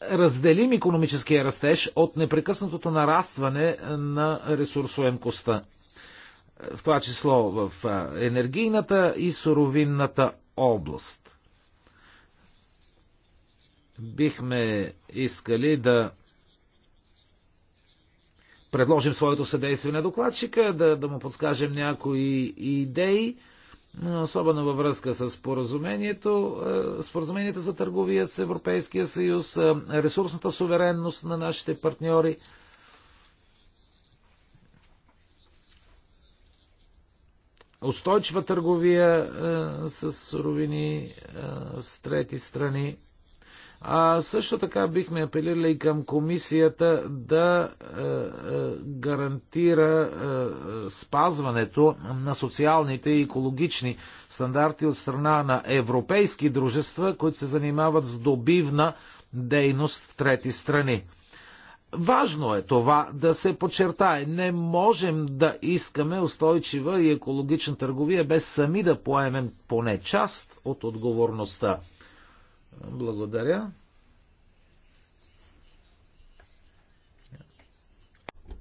разделим економическия растеж от непрекъснатото нарастване на ресурсоемкостта. В това число в енергийната и суровинната област. Бихме искали да предложим своето съдействие на докладчика, да, да му подскажем някои идеи, особено във връзка с споразумението, споразумението за търговия с Европейския съюз, ресурсната суверенност на нашите партньори. Устойчива търговия с суровини с трети страни. А също така бихме апелирали и към комисията да е, е, гарантира е, спазването на социалните и екологични стандарти от страна на европейски дружества, които се занимават с добивна дейност в трети страни. Важно е това да се подчертае. Не можем да искаме устойчива и екологична търговия без сами да поемем поне част от отговорността. Благодаря.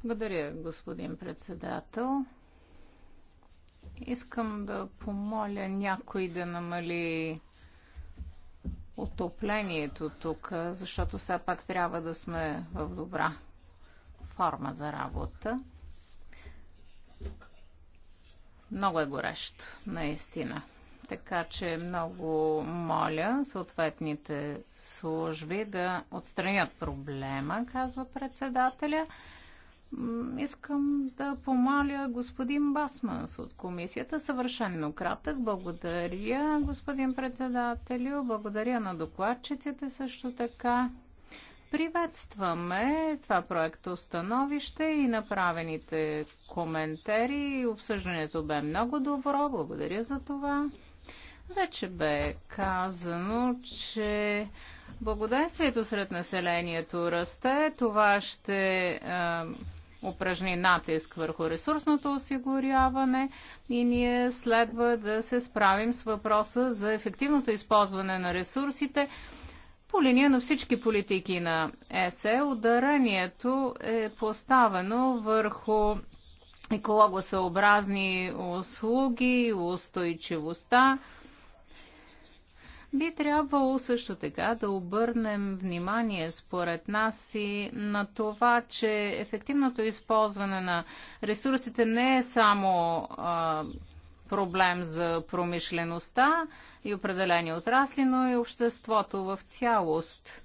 Благодаря, господин председател. Искам да помоля някой да намали отоплението тук, защото все пак трябва да сме в добра форма за работа. Много е горещо, наистина. Така че много моля съответните служби да отстранят проблема, казва председателя. Искам да помоля господин Басманс от комисията. Съвършенно кратък. Благодаря, господин председателю. Благодаря на докладчиците също така. Приветстваме това проекто становище и направените коментари. Обсъждането бе много добро. Благодаря за това. Вече бе казано, че благоденствието сред населението расте. Това ще е, упражни натиск върху ресурсното осигуряване и ние следва да се справим с въпроса за ефективното използване на ресурсите по линия на всички политики на ЕСЕ. Ударението е поставено върху екологосъобразни услуги, устойчивостта би трябвало също така да обърнем внимание, според нас, и на това, че ефективното използване на ресурсите не е само а, проблем за промишлеността и определени отрасли, но и обществото в цялост.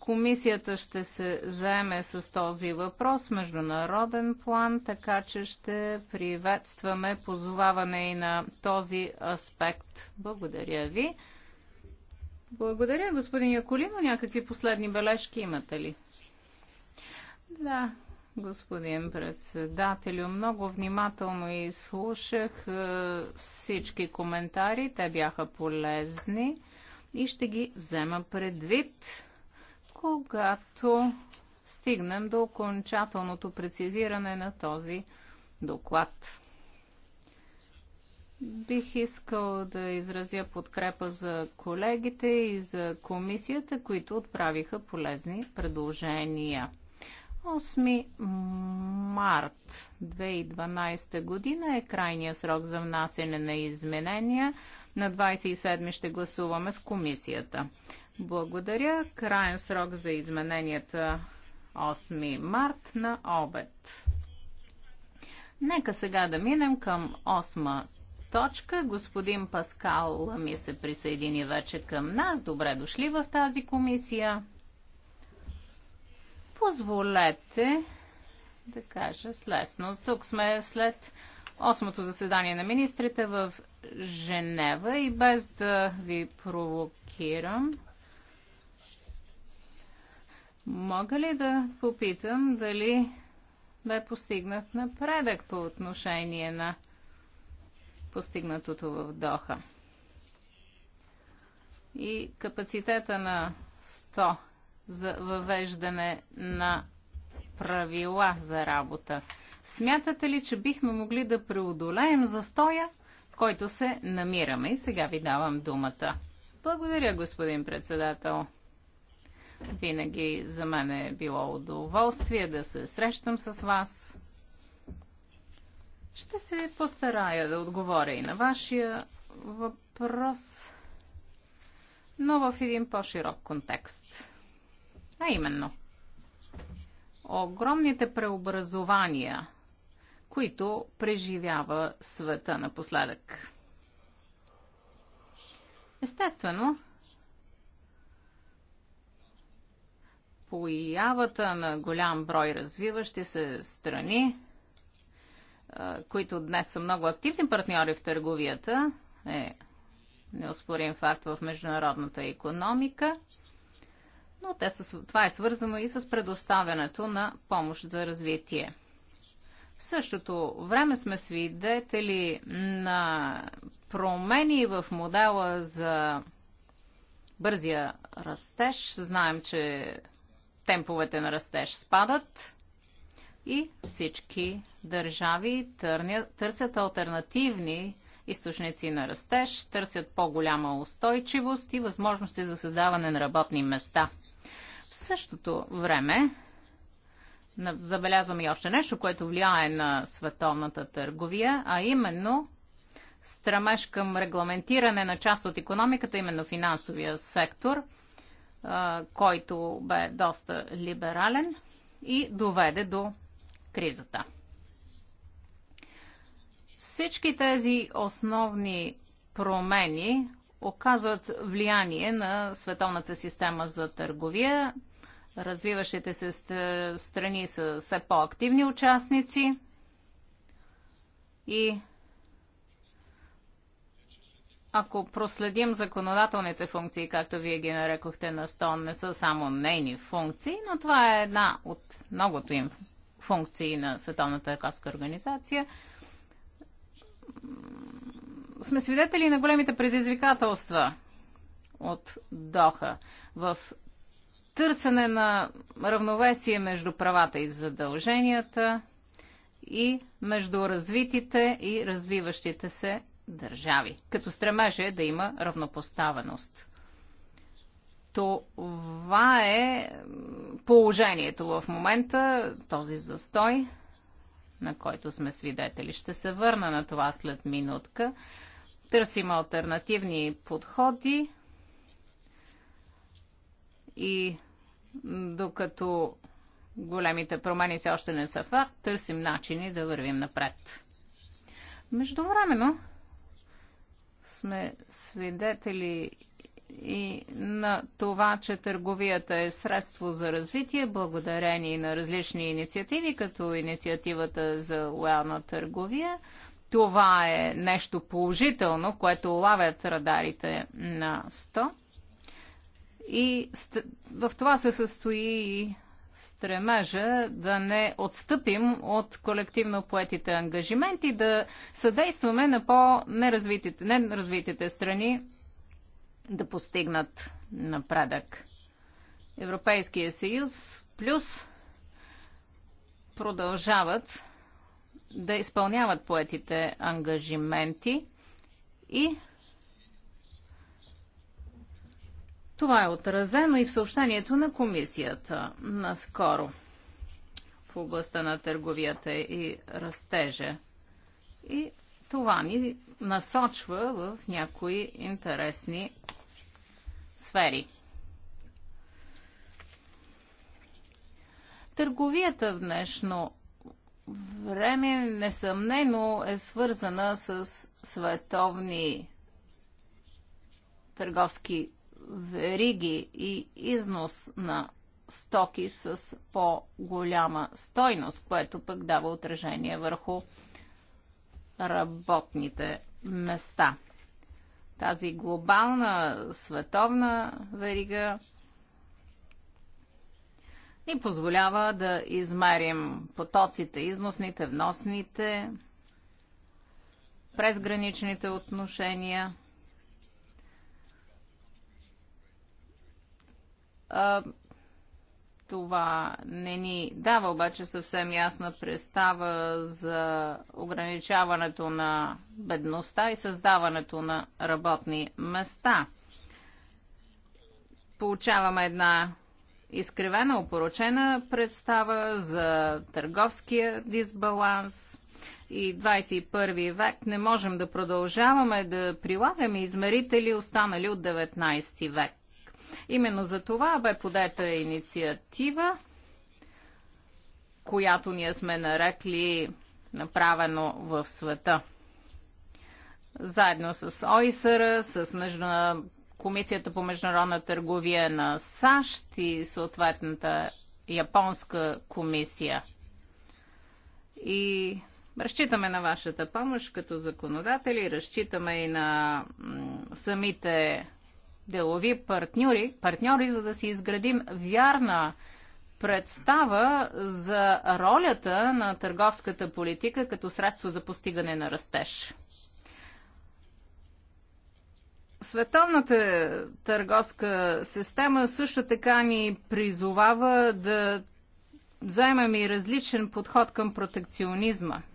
Комисията ще се заеме с този въпрос международен план, така че ще приветстваме позоваване и на този аспект. Благодаря ви. Благодаря, господин Яколино. Някакви последни бележки имате ли? Да, господин председателю. Много внимателно изслушах е, всички коментари. Те бяха полезни и ще ги взема предвид, когато стигнем до окончателното прецизиране на този доклад. Бих искал да изразя подкрепа за колегите и за комисията, които отправиха полезни предложения. 8 март 2012 година е крайния срок за внасене на изменения. На 27 ще гласуваме в комисията. Благодаря. Крайен срок за измененията 8 март на обед. Нека сега да минем към 8 точка. Господин Паскал ми се присъедини вече към нас. Добре дошли в тази комисия. Позволете да кажа слесно. Тук сме след осмото заседание на министрите в Женева и без да ви провокирам, мога ли да попитам дали бе постигнат напредък по отношение на постигнатото в Доха. И капацитета на 100 за въвеждане на правила за работа. Смятате ли, че бихме могли да преодолеем застоя, в който се намираме? И сега ви давам думата. Благодаря, господин председател. Винаги за мен е било удоволствие да се срещам с вас. Ще се постарая да отговоря и на вашия въпрос, но в един по-широк контекст. А именно, огромните преобразования, които преживява света напоследък. Естествено, появата на голям брой развиващи се страни които днес са много активни партньори в търговията, е неоспорим факт в международната економика, но те са, това е свързано и с предоставянето на помощ за развитие. В същото време сме свидетели на промени в модела за бързия растеж. Знаем, че темповете на растеж спадат и всички държави търсят альтернативни източници на растеж, търсят по-голяма устойчивост и възможности за създаване на работни места. В същото време забелязвам и още нещо, което влияе на световната търговия, а именно стремеж към регламентиране на част от економиката, именно финансовия сектор, който бе доста либерален и доведе до кризата. Всички тези основни промени оказват влияние на световната система за търговия. Развиващите се страни са все по-активни участници и ако проследим законодателните функции, както вие ги нарекохте на стон, не са само нейни функции, но това е една от многото им функции на Световната лекарска организация, сме свидетели на големите предизвикателства от Доха в търсене на равновесие между правата и задълженията и между развитите и развиващите се държави, като стремеже да има равнопоставеност. Това е положението в момента, този застой, на който сме свидетели. Ще се върна на това след минутка. Търсим альтернативни подходи и докато големите промени все още не са факт, търсим начини да вървим напред. Междувременно сме свидетели и на това, че търговията е средство за развитие, благодарение на различни инициативи, като инициативата за лоялна търговия. Това е нещо положително, което лавят радарите на 100. И в това се състои и стремежа да не отстъпим от колективно поетите ангажименти, да съдействаме на по-неразвитите страни да постигнат напредък. Европейския съюз плюс продължават да изпълняват поетите ангажименти и това е отразено и в съобщението на комисията наскоро в областта на търговията и растежа. И това ни насочва в някои интересни сфери. Търговията в днешно време несъмнено е свързана с световни търговски вериги и износ на стоки с по-голяма стойност, което пък дава отражение върху работните места. Тази глобална световна верига ни позволява да измерим потоците, износните, вносните, презграничните отношения – това не ни дава обаче съвсем ясна представа за ограничаването на бедността и създаването на работни места. Получаваме една изкривена, опорочена представа за търговския дисбаланс и 21 век не можем да продължаваме да прилагаме измерители, останали от 19 век. Именно за това бе подета инициатива, която ние сме нарекли направено в света. Заедно с ОИСР, с междуна... Комисията по международна търговия на САЩ и съответната японска комисия. И разчитаме на вашата помощ като законодатели, разчитаме и на самите делови партньори, партньори, за да си изградим вярна представа за ролята на търговската политика като средство за постигане на растеж. Световната търговска система също така ни призовава да вземем и различен подход към протекционизма –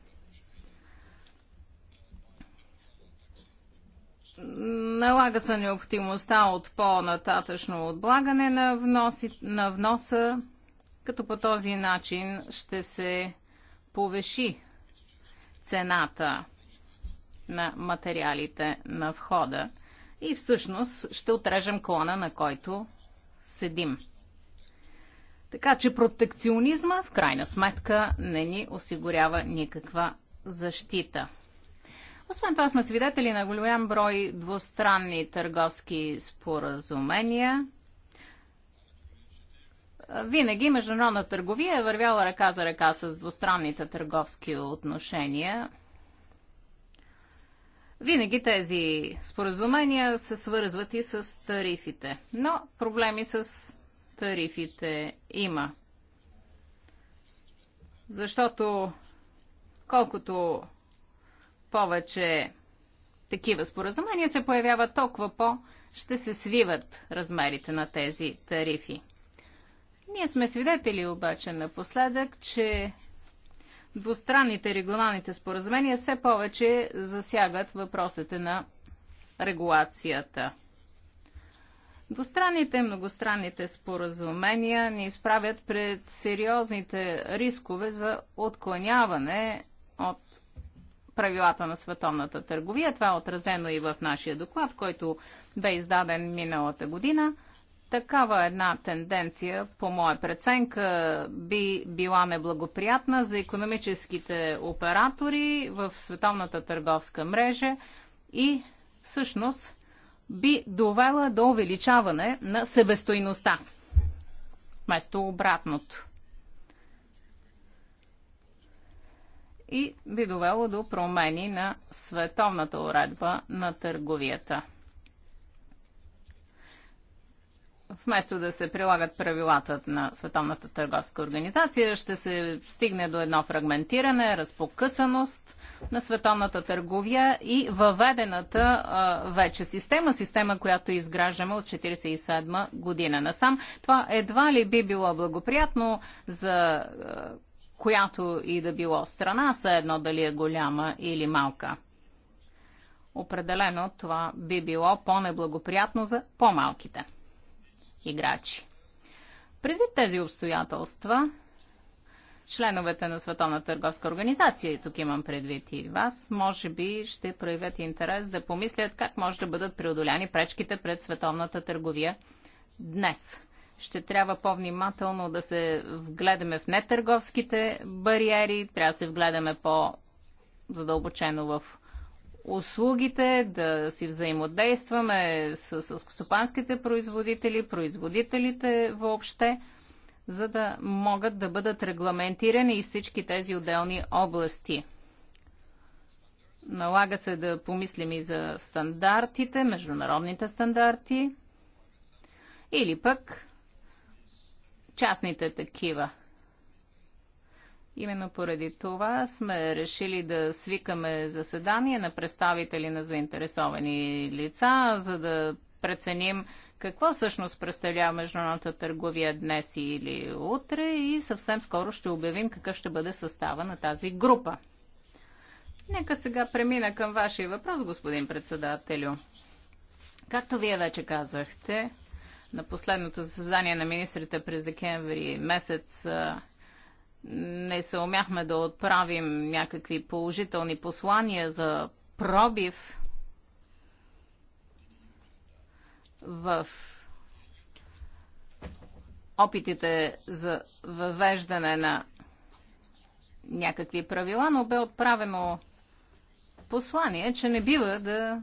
налага се необходимостта от по-нататъчно отблагане на, вноси, на вноса, като по този начин ще се повеши цената на материалите на входа и всъщност ще отрежем клона, на който седим. Така че протекционизма в крайна сметка не ни осигурява никаква защита. Освен това сме свидетели на голям брой двустранни търговски споразумения. Винаги международна търговия е вървяла ръка за ръка с двустранните търговски отношения. Винаги тези споразумения се свързват и с тарифите. Но проблеми с тарифите има. Защото колкото повече такива споразумения се появяват, толкова по ще се свиват размерите на тези тарифи. Ние сме свидетели обаче напоследък, че двустранните регионалните споразумения все повече засягат въпросите на регулацията. Двустранните и многостранните споразумения ни изправят пред сериозните рискове за отклоняване от правилата на световната търговия. Това е отразено и в нашия доклад, който бе издаден миналата година. Такава една тенденция, по моя преценка, би била неблагоприятна за економическите оператори в световната търговска мрежа и всъщност би довела до увеличаване на себестойността. Вместо обратното. и би довело до промени на световната уредба на търговията. Вместо да се прилагат правилата на Световната търговска организация, ще се стигне до едно фрагментиране, разпокъсаност на световната търговия и въведената а, вече система, система, която изграждаме от 1947 година насам. Това едва ли би било благоприятно за а, която и да било страна, са едно дали е голяма или малка. Определено това би било по-неблагоприятно за по-малките играчи. Преди тези обстоятелства, членовете на Световна търговска организация, и тук имам предвид и вас, може би ще проявят интерес да помислят как може да бъдат преодоляни пречките пред световната търговия днес ще трябва по-внимателно да се вгледаме в нетърговските бариери, трябва да се вгледаме по-задълбочено в услугите, да си взаимодействаме с, с стопанските производители, производителите въобще, за да могат да бъдат регламентирани и всички тези отделни области. Налага се да помислим и за стандартите, международните стандарти, или пък частните такива. Именно поради това сме решили да свикаме заседание на представители на заинтересовани лица, за да преценим какво всъщност представлява международната търговия днес или утре и съвсем скоро ще обявим какъв ще бъде състава на тази група. Нека сега премина към вашия въпрос, господин председателю. Както вие вече казахте, на последното заседание на министрите през декември месец не се умяхме да отправим някакви положителни послания за пробив в опитите за въвеждане на някакви правила, но бе отправено послание, че не бива да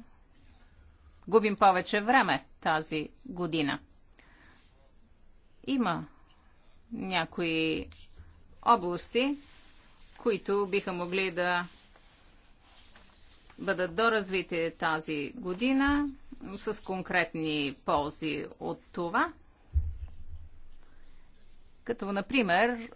губим повече време тази година. Има някои области, които биха могли да бъдат доразвити тази година с конкретни ползи от това. Като, например,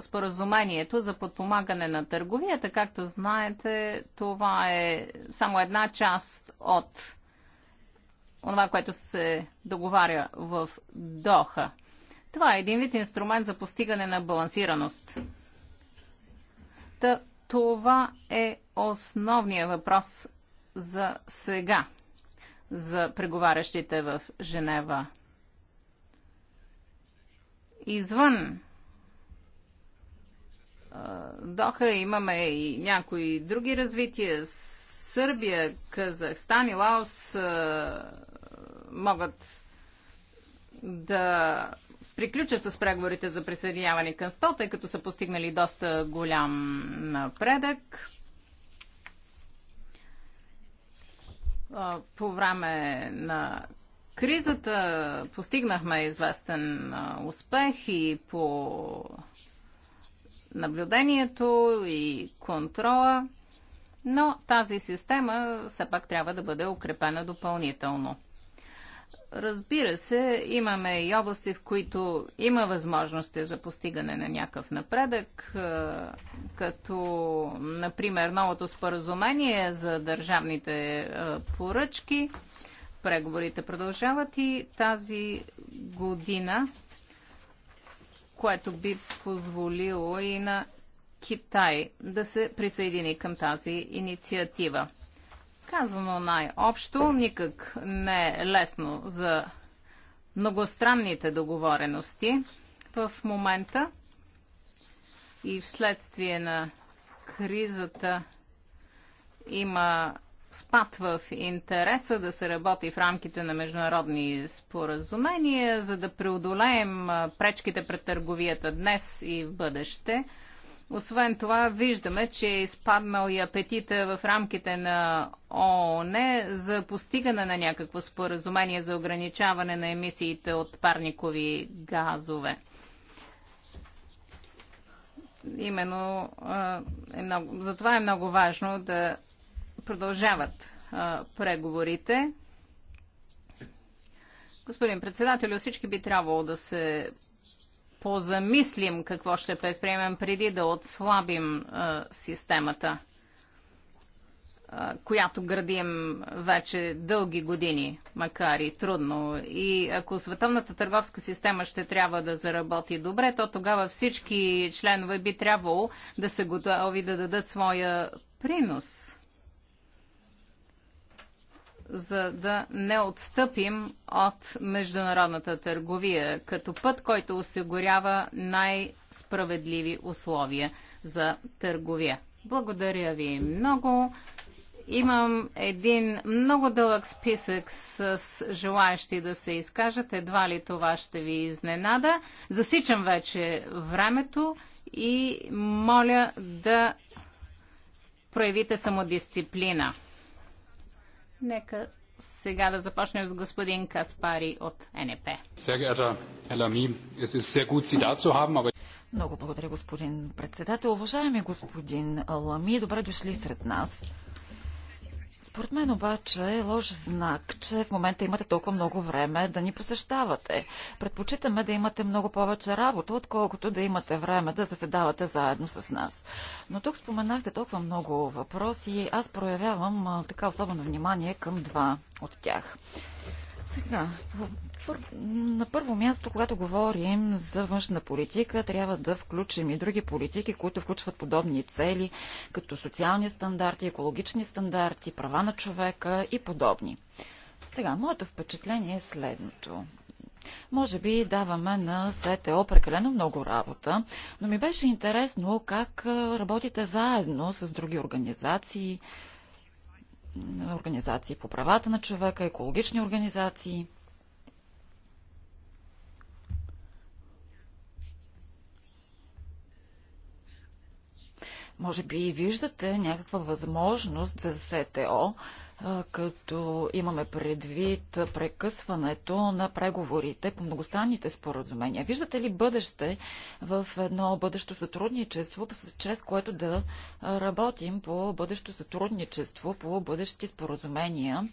споразумението за подпомагане на търговията, както знаете, това е само една част от това, което се договаря в Доха – това е един вид инструмент за постигане на балансираност. Та, това е основният въпрос за сега за преговарящите в Женева. Извън Доха имаме и някои други развития. Сърбия, Казахстан и Лаос могат да приключат с преговорите за присъединяване към 100, тъй като са постигнали доста голям напредък. По време на кризата постигнахме известен успех и по наблюдението и контрола, но тази система все пак трябва да бъде укрепена допълнително. Разбира се, имаме и области, в които има възможности за постигане на някакъв напредък, като, например, новото споразумение за държавните поръчки. Преговорите продължават и тази година, което би позволило и на Китай да се присъедини към тази инициатива. Казано най-общо, никак не е лесно за многостранните договорености в момента и вследствие на кризата има спад в интереса да се работи в рамките на международни споразумения, за да преодолеем пречките пред търговията днес и в бъдеще – освен това, виждаме, че е изпаднал и апетита в рамките на ООН за постигане на някакво споразумение за ограничаване на емисиите от парникови газове. Именно е много, затова е много важно да продължават а, преговорите. Господин председател, всички би трябвало да се позамислим какво ще предприемем преди да отслабим системата, която градим вече дълги години, макар и трудно. И ако световната търговска система ще трябва да заработи добре, то тогава всички членове би трябвало да са готови да дадат своя принос за да не отстъпим от международната търговия като път, който осигурява най-справедливи условия за търговия. Благодаря ви много. Имам един много дълъг списък с желаящи да се изкажат. Едва ли това ще ви изненада. Засичам вече времето и моля да проявите самодисциплина. Нека сега да започнем с господин Каспари от НП. Много благодаря, господин председател. Уважаеми господин Лами, добре дошли сред нас. Според мен обаче е лош знак, че в момента имате толкова много време да ни посещавате. Предпочитаме да имате много повече работа, отколкото да имате време да заседавате заедно с нас. Но тук споменахте толкова много въпроси и аз проявявам така особено внимание към два от тях. Сега, на първо място, когато говорим за външна политика, трябва да включим и други политики, които включват подобни цели, като социални стандарти, екологични стандарти, права на човека и подобни. Сега, моето впечатление е следното. Може би даваме на СТО прекалено много работа, но ми беше интересно как работите заедно с други организации, организации по правата на човека, екологични организации. Може би виждате някаква възможност за СТО като имаме предвид прекъсването на преговорите по многостранните споразумения. Виждате ли бъдеще в едно бъдещо сътрудничество, чрез което да работим по бъдещо сътрудничество, по бъдещи споразумения,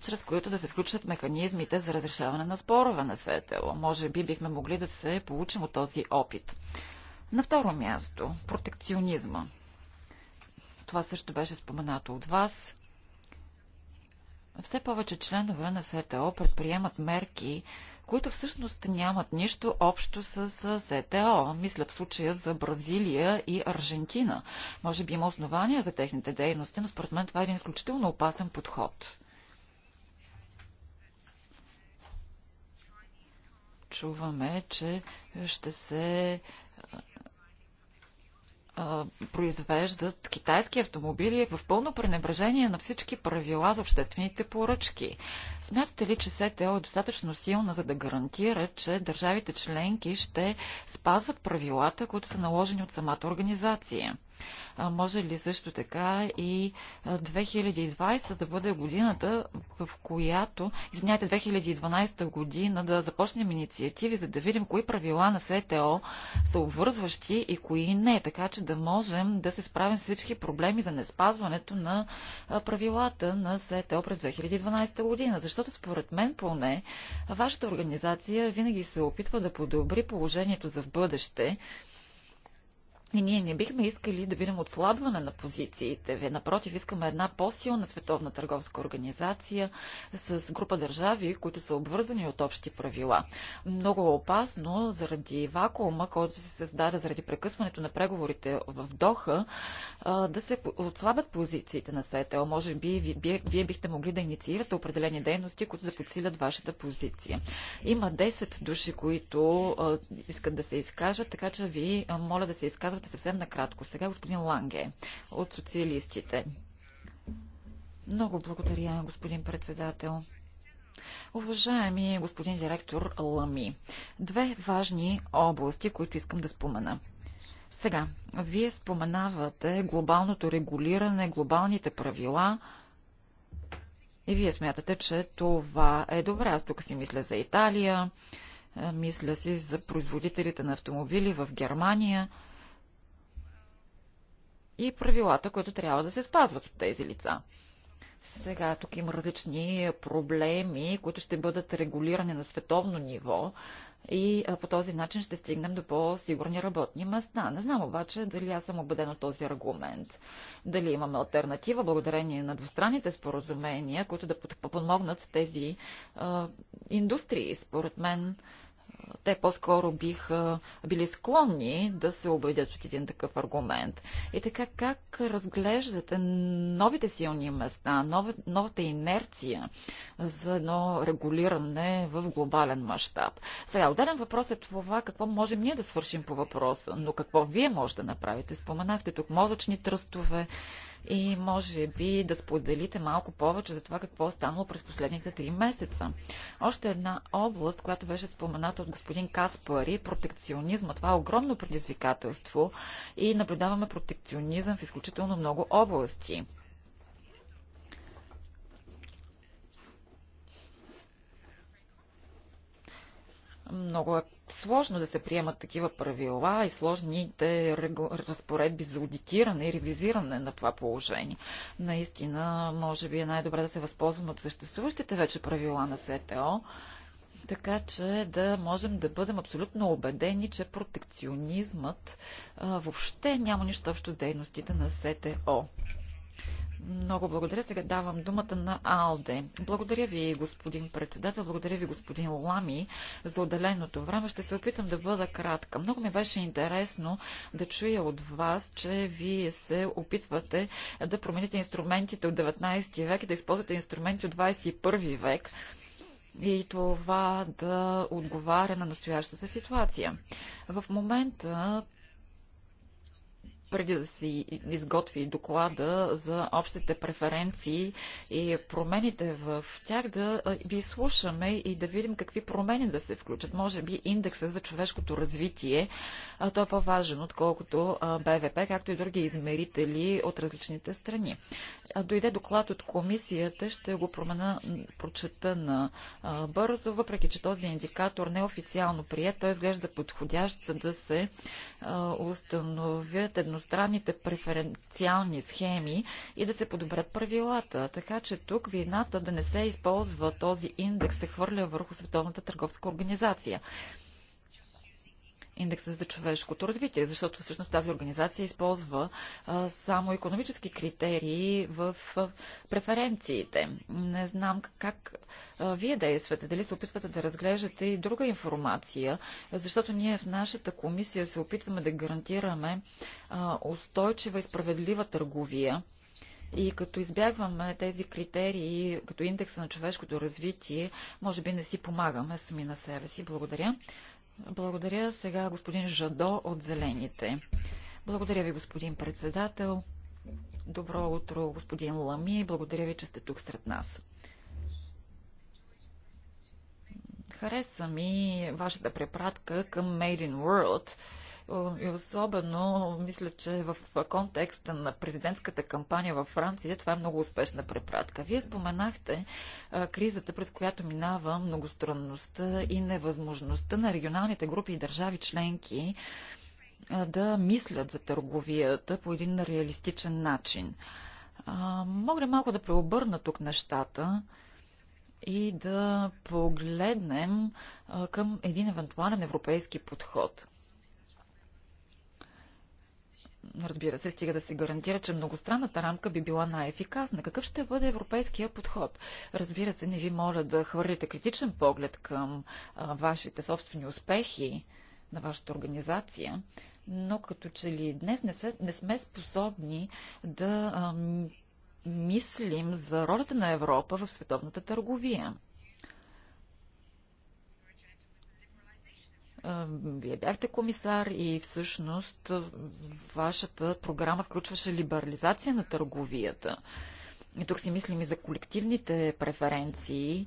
чрез които да се включат механизмите за разрешаване на спорове на СЕТЕЛ. Може би бихме могли да се получим от този опит. На второ място, протекционизма това също беше споменато от вас. Все повече членове на СТО предприемат мерки, които всъщност нямат нищо общо с СТО. Мисля в случая за Бразилия и Аржентина. Може би има основания за техните дейности, но според мен това е един изключително опасен подход. Чуваме, че ще се произвеждат китайски автомобили в пълно пренебрежение на всички правила за обществените поръчки. Смятате ли, че СТО е достатъчно силна, за да гарантира, че държавите членки ще спазват правилата, които са наложени от самата организация? А, може ли също така и 2020 да бъде годината, в която, извиняйте, 2012 година да започнем инициативи, за да видим кои правила на СТО са обвързващи и кои не, така че да можем да се справим с всички проблеми за неспазването на правилата на СТО през 2012 година. Защото според мен поне вашата организация винаги се опитва да подобри положението за в бъдеще, и ние не бихме искали да видим отслабване на позициите ви. Напротив, искаме една по-силна световна търговска организация с група държави, които са обвързани от общи правила. Много е опасно заради вакуума, който се създаде заради прекъсването на преговорите в Доха, да се отслабят позициите на СЕТЕЛ. Може би вие, вие бихте могли да инициирате определени дейности, които да подсилят вашата позиция. Има 10 души, които искат да се изкажат, така че ви моля да се изказват изказвате съвсем накратко. Сега господин Ланге от социалистите. Много благодаря, господин председател. Уважаеми господин директор Лами, две важни области, които искам да спомена. Сега, вие споменавате глобалното регулиране, глобалните правила, и вие смятате, че това е добре. Аз тук си мисля за Италия, мисля си за производителите на автомобили в Германия и правилата, които трябва да се спазват от тези лица. Сега тук има различни проблеми, които ще бъдат регулирани на световно ниво и по този начин ще стигнем до по-сигурни работни места. Не знам обаче дали аз съм убеден от този аргумент. Дали имаме альтернатива благодарение на двустранните споразумения, които да подпомогнат тези а, индустрии. Според мен те по-скоро биха били склонни да се убедят от един такъв аргумент. И така, как разглеждате новите силни места, новата инерция за едно регулиране в глобален мащаб? Сега, отделен въпрос е това какво можем ние да свършим по въпроса, но какво вие може да направите? Споменахте тук мозъчни тръстове, и може би да споделите малко повече за това какво е станало през последните три месеца. Още една област, която беше спомената от господин Каспари, протекционизма. Това е огромно предизвикателство и наблюдаваме протекционизъм в изключително много области. Много е сложно да се приемат такива правила и сложните разпоредби за аудитиране и ревизиране на това положение. Наистина, може би е най-добре да се възползваме от съществуващите вече правила на СТО, така че да можем да бъдем абсолютно убедени, че протекционизмът а, въобще няма нищо общо с дейностите на СТО. Много благодаря. Сега давам думата на Алде. Благодаря ви, господин председател. Благодаря ви, господин Лами, за отделеното време. Ще се опитам да бъда кратка. Много ми беше интересно да чуя от вас, че вие се опитвате да промените инструментите от 19 век и да използвате инструменти от 21 век и това да отговаря на настоящата ситуация. В момента преди да си изготви доклада за общите преференции и промените в тях, да ви слушаме и да видим какви промени да се включат. Може би индекса за човешкото развитие, а той е по-важен, отколкото БВП, както и други измерители от различните страни. Дойде доклад от комисията, ще го промена, прочета на бързо, въпреки че този индикатор не е официално прият, той изглежда подходящ, за да се установят едно едностранните преференциални схеми и да се подобрят правилата. Така че тук вината да не се използва този индекс се хвърля върху Световната търговска организация индекса за човешкото развитие, защото всъщност тази организация използва а, само економически критерии в преференциите. Не знам как а, вие действате, дали се опитвате да разглеждате и друга информация, защото ние в нашата комисия се опитваме да гарантираме а, устойчива и справедлива търговия. И като избягваме тези критерии, като индекса на човешкото развитие, може би не си помагаме сами на себе си. Благодаря. Благодаря. Сега господин Жадо от Зелените. Благодаря ви, господин председател. Добро утро, господин Лами. Благодаря ви, че сте тук сред нас. Хареса ми вашата препратка към Made in World – е, и особено, мисля, че в контекста на президентската кампания във Франция, това е много успешна препратка. Вие споменахте е, кризата, през която минава многостранността и невъзможността на регионалните групи и държави членки е, да мислят за търговията по един реалистичен начин. мога ли малко да преобърна тук нещата? и да погледнем към един евентуален европейски подход. Разбира се, стига да се гарантира, че многостранната рамка би била най-ефикасна. Какъв ще бъде европейския подход? Разбира се, не ви моля да хвърлите критичен поглед към а, вашите собствени успехи на вашата организация, но като че ли днес не, се, не сме способни да а, мислим за ролята на Европа в световната търговия. Вие бяхте комисар и всъщност вашата програма включваше либерализация на търговията. И тук си мислим и за колективните преференции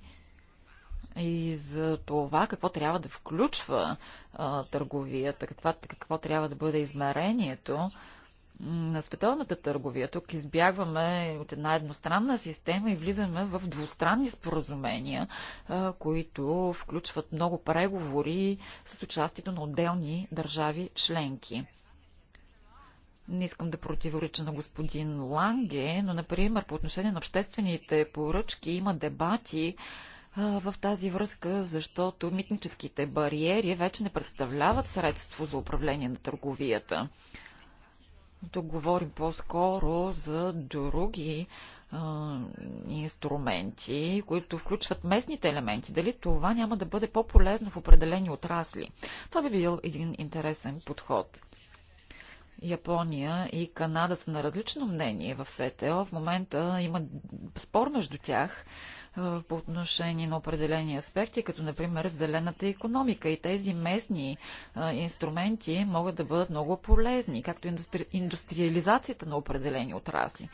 и за това какво трябва да включва а, търговията, каква, какво трябва да бъде измерението на световната търговия. Тук избягваме от една едностранна система и влизаме в двустранни споразумения, които включват много преговори с участието на отделни държави членки. Не искам да противореча на господин Ланге, но, например, по отношение на обществените поръчки има дебати, в тази връзка, защото митническите бариери вече не представляват средство за управление на търговията. Тук говорим по-скоро за други а, инструменти, които включват местните елементи. Дали това няма да бъде по-полезно в определени отрасли? Това би бил един интересен подход. Япония и Канада са на различно мнение в СТО. В момента има спор между тях по отношение на определени аспекти, като например зелената економика. И тези местни инструменти могат да бъдат много полезни, както индустри... индустриализацията на определени отрасли.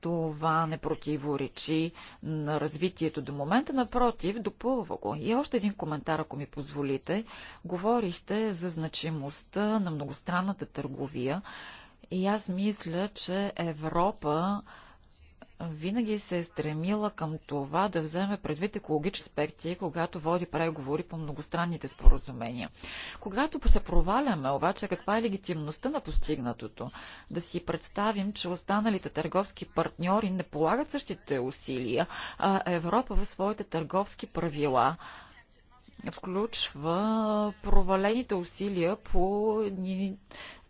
Това не противоречи на развитието до момента, напротив, допълва го. И още един коментар, ако ми позволите. Говорихте за значимостта на многостранната търговия и аз мисля, че Европа винаги се е стремила към това да вземе предвид екологични аспекти, когато води преговори по многостранните споразумения. Когато се проваляме обаче каква е легитимността на постигнатото, да си представим, че останалите търговски партньори не полагат същите усилия, а Европа в своите търговски правила включва провалените усилия по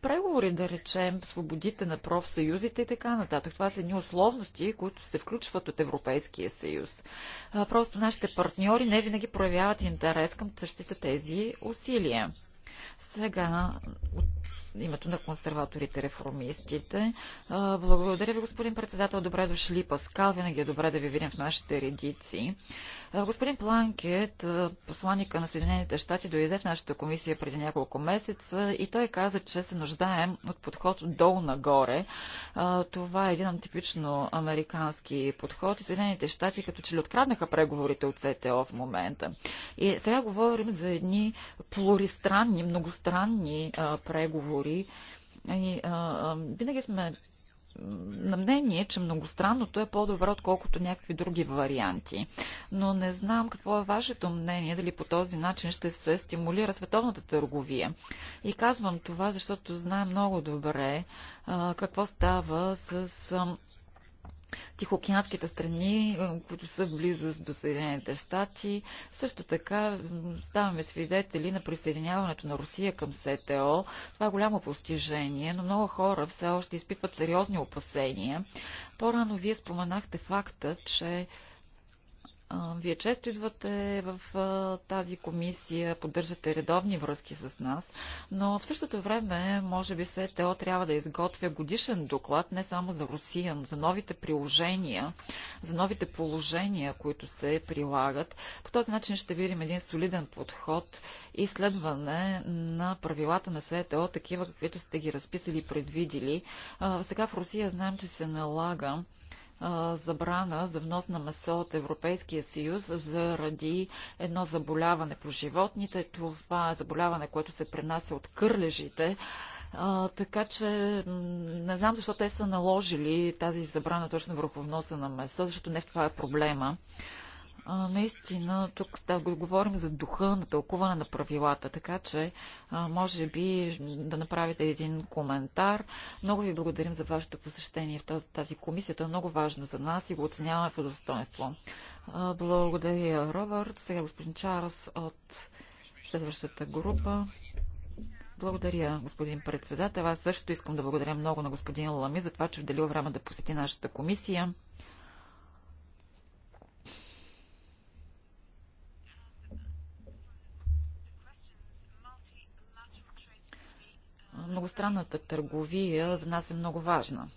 преговори, да речем, свободите на профсъюзите и така нататък. Това са едни условности, които се включват от Европейския съюз. Просто нашите партньори не винаги проявяват интерес към същите тези усилия. Сега от името на консерваторите, реформистите. Благодаря ви, господин председател. Добре дошли, Паскал. Винаги е добре да ви видим в нашите редици. Господин Планкет, посланника на Съединените щати, дойде в нашата комисия преди няколко месеца и той каза, че се нуждаем от подход долу нагоре. Това е един типично американски подход и Съединените щати като че ли откраднаха преговорите от СТО в момента. И сега говорим за едни плуристранни, многостранни а, преговори. И, а, винаги сме на мнение, че многостранното е по-добро, отколкото някакви други варианти. Но не знам какво е вашето мнение, дали по този начин ще се стимулира световната търговия. И казвам това, защото знае много добре а, какво става с а, Тихоокеанските страни, е, които са в близост до Съединените щати. Също така ставаме свидетели на присъединяването на Русия към СТО. Това е голямо постижение, но много хора все още изпитват сериозни опасения. По-рано вие споменахте факта, че вие често идвате в тази комисия, поддържате редовни връзки с нас, но в същото време, може би се ТО трябва да изготвя годишен доклад не само за Русия, но за новите приложения, за новите положения, които се прилагат. По този начин ще видим един солиден подход и следване на правилата на СТО, такива каквито сте ги разписали и предвидили. Сега в Русия знаем, че се налага забрана за внос на месо от Европейския съюз заради едно заболяване по животните. Това е заболяване, което се пренася от кърлежите. А, така че не знам защо те са наложили тази забрана точно върху вноса на месо, защото не в това е проблема а, наистина тук да говорим за духа на тълкуване на правилата, така че а, може би да направите един коментар. Много ви благодарим за вашето посещение в тази, тази комисия. Това е много важно за нас и го оценяваме по достоинство. А, благодаря, Робърт. Сега господин Чарлз от следващата група. Благодаря, господин председател. Аз също искам да благодаря много на господин Лами за това, че отделил време да посети нашата комисия. многостранната търговия за нас е много важна.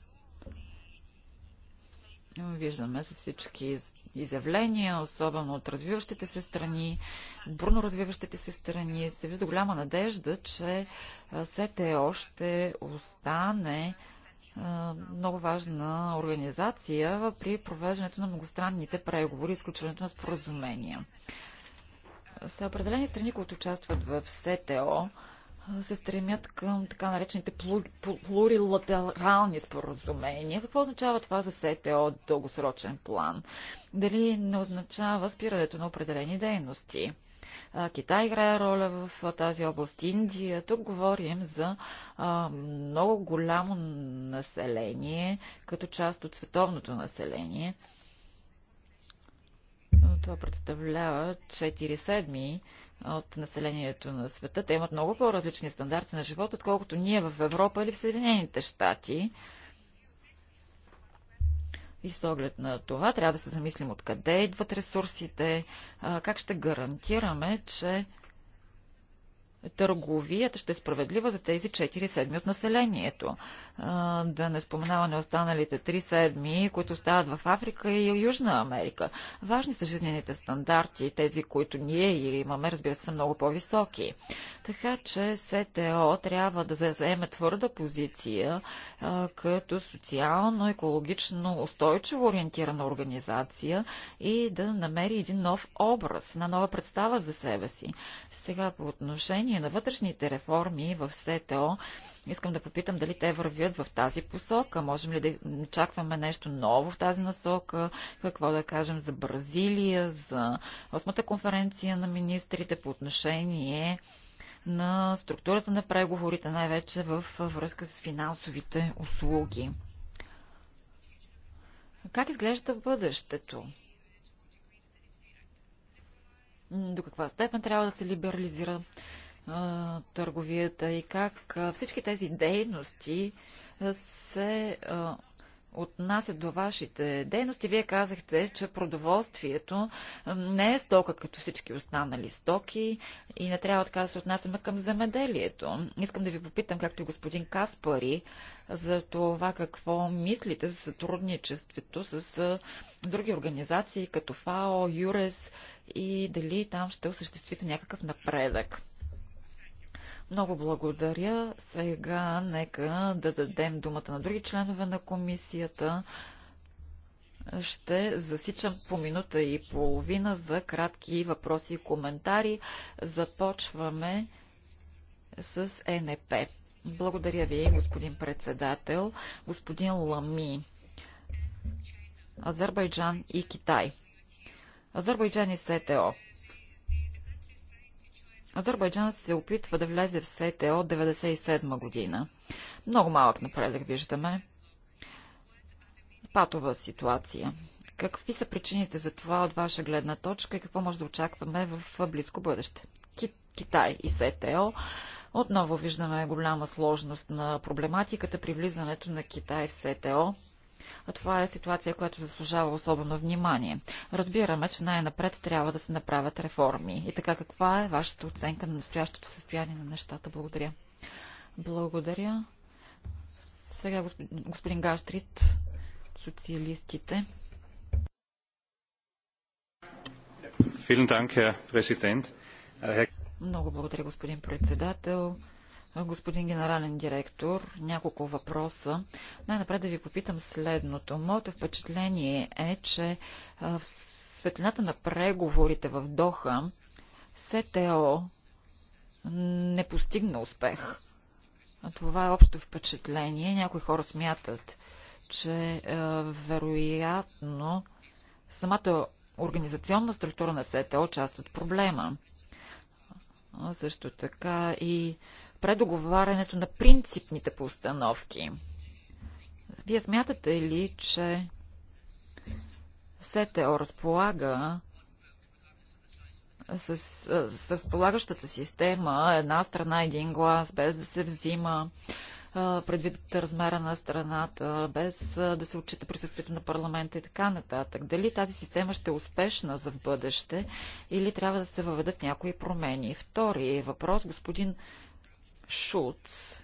Виждаме с всички изявления, особено от развиващите се страни, бурно развиващите се страни, се вижда голяма надежда, че СТО ще остане много важна организация при провеждането на многостранните преговори и изключването на споразумения. С определени страни, които участват в СТО, се стремят към така наречените плурилатерални споразумения. Какво означава това за от дългосрочен план? Дали не означава спирането на определени дейности? Китай играе роля в тази област, Индия. Тук говорим за а, много голямо население, като част от световното население. Това представлява 4 седми от населението на света. Те имат много по-различни стандарти на живот, отколкото ние в Европа или в Съединените щати. И с оглед на това трябва да се замислим откъде идват ресурсите, как ще гарантираме, че търговията ще е справедлива за тези 4 седми от населението. Да не споменаваме останалите 3 седми, които стават в Африка и Южна Америка. Важни са жизнените стандарти, тези, които ние имаме, разбира се, са много по-високи. Така че СТО трябва да заеме твърда позиция като социално, екологично, устойчиво ориентирана организация и да намери един нов образ, на нова представа за себе си. Сега по отношение отношение на вътрешните реформи в СТО, искам да попитам дали те вървят в тази посока. Можем ли да очакваме нещо ново в тази насока? Какво да кажем за Бразилия, за 8-та конференция на министрите по отношение на структурата на преговорите, най-вече в връзка с финансовите услуги. Как изглежда бъдещето? До каква степен трябва да се либерализира търговията и как всички тези дейности се отнасят до вашите дейности. Вие казахте, че продоволствието не е стока като всички останали стоки и не трябва така да се отнасяме към земеделието. Искам да ви попитам, както и господин Каспари, за това какво мислите за сътрудничеството с други организации като ФАО, ЮРЕС и дали там ще осъществите някакъв напредък. Много благодаря. Сега нека да дадем думата на други членове на комисията. Ще засичам по минута и половина за кратки въпроси и коментари. Започваме с НП. Благодаря ви, господин председател. Господин Лами, Азербайджан и Китай. Азербайджан и СТО. Азербайджан се опитва да влезе в СТО от 1997 година. Много малък напредък виждаме. Патова ситуация. Какви са причините за това от ваша гледна точка и какво може да очакваме в близко бъдеще? Китай и СТО. Отново виждаме голяма сложност на проблематиката при влизането на Китай в СТО. А това е ситуация, която заслужава особено внимание. Разбираме, че най-напред трябва да се направят реформи. И така, каква е вашата оценка на настоящото състояние на нещата? Благодаря. Благодаря. Сега господин Гаштрит, социалистите. Много благодаря, господин председател господин генерален директор, няколко въпроса. Най-напред да ви попитам следното. Моето впечатление е, че в светлината на преговорите в Доха, СТО не постигна успех. Това е общо впечатление. Някои хора смятат, че вероятно самата организационна структура на СТО е част от проблема. също така и предоговарянето на принципните постановки. Вие смятате ли, че СТО разполага с, с разполагащата система една страна, един глас, без да се взима предвид размера на страната, без да се отчита присъствието на парламента и така нататък. Дали тази система ще е успешна за в бъдеще или трябва да се въведат някои промени? Втори въпрос, господин Шулц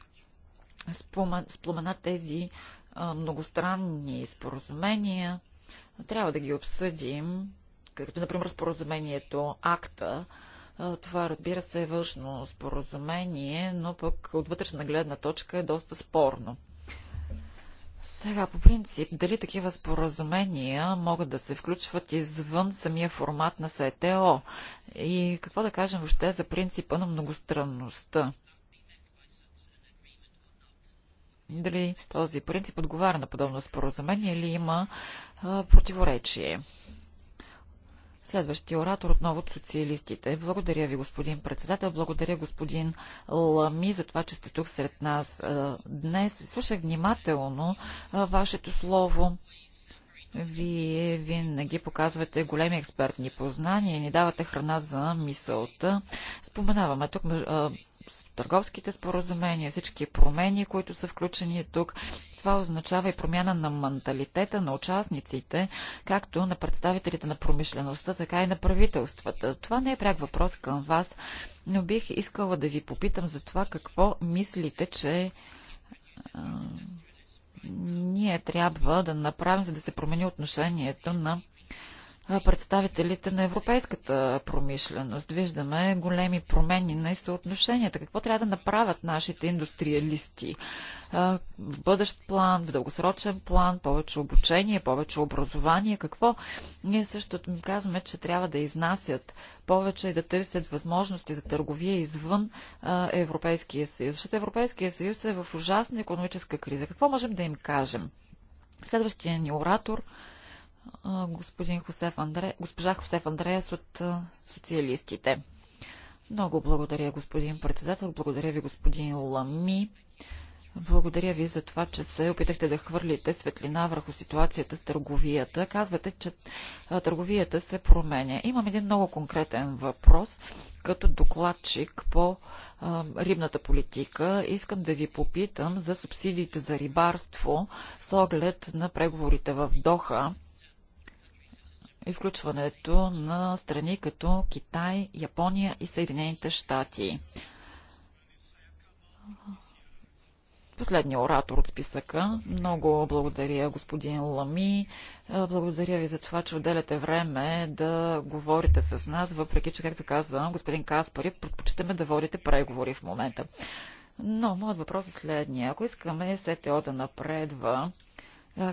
спомена, тези многостранни споразумения. Трябва да ги обсъдим, като например споразумението АКТА. това, разбира се, е външно споразумение, но пък от вътрешна гледна точка е доста спорно. Сега, по принцип, дали такива споразумения могат да се включват извън самия формат на СТО? И какво да кажем въобще за принципа на многостранността? дали този принцип отговаря на подобно споразумение или има а, противоречие. Следващия оратор отново от социалистите. Благодаря ви, господин председател. Благодаря, господин Лами, за това, че сте тук сред нас а, днес. Слушах внимателно а, вашето слово. Вие винаги показвате големи експертни познания и ни давате храна за мисълта. Споменаваме тук търговските споразумения, всички промени, които са включени тук. Това означава и промяна на менталитета на участниците, както на представителите на промишлеността, така и на правителствата. Това не е пряк въпрос към вас, но бих искала да ви попитам за това какво мислите, че ние трябва да направим, за да се промени отношението на представителите на европейската промишленост. Виждаме големи промени на съотношенията. Какво трябва да направят нашите индустриалисти? В бъдещ план, в дългосрочен план, повече обучение, повече образование, какво? Ние също казваме, че трябва да изнасят повече и да търсят възможности за търговия извън Европейския съюз. Защото Европейския съюз е в ужасна економическа криза. Какво можем да им кажем? Следващия ни оратор – господин Хосеф Андре... госпожа Хосеф Андреас от социалистите. Много благодаря, господин председател. Благодаря ви, господин Лами. Благодаря ви за това, че се опитахте да хвърлите светлина върху ситуацията с търговията. Казвате, че търговията се променя. Имам един много конкретен въпрос. Като докладчик по рибната политика, искам да ви попитам за субсидиите за рибарство с оглед на преговорите в Доха и включването на страни като Китай, Япония и Съединените щати. Последният оратор от списъка. Много благодаря, господин Лами. Благодаря ви за това, че отделяте време да говорите с нас, въпреки че, както каза господин Каспари, предпочитаме да водите преговори в момента. Но моят въпрос е следния. Ако искаме СТО да напредва,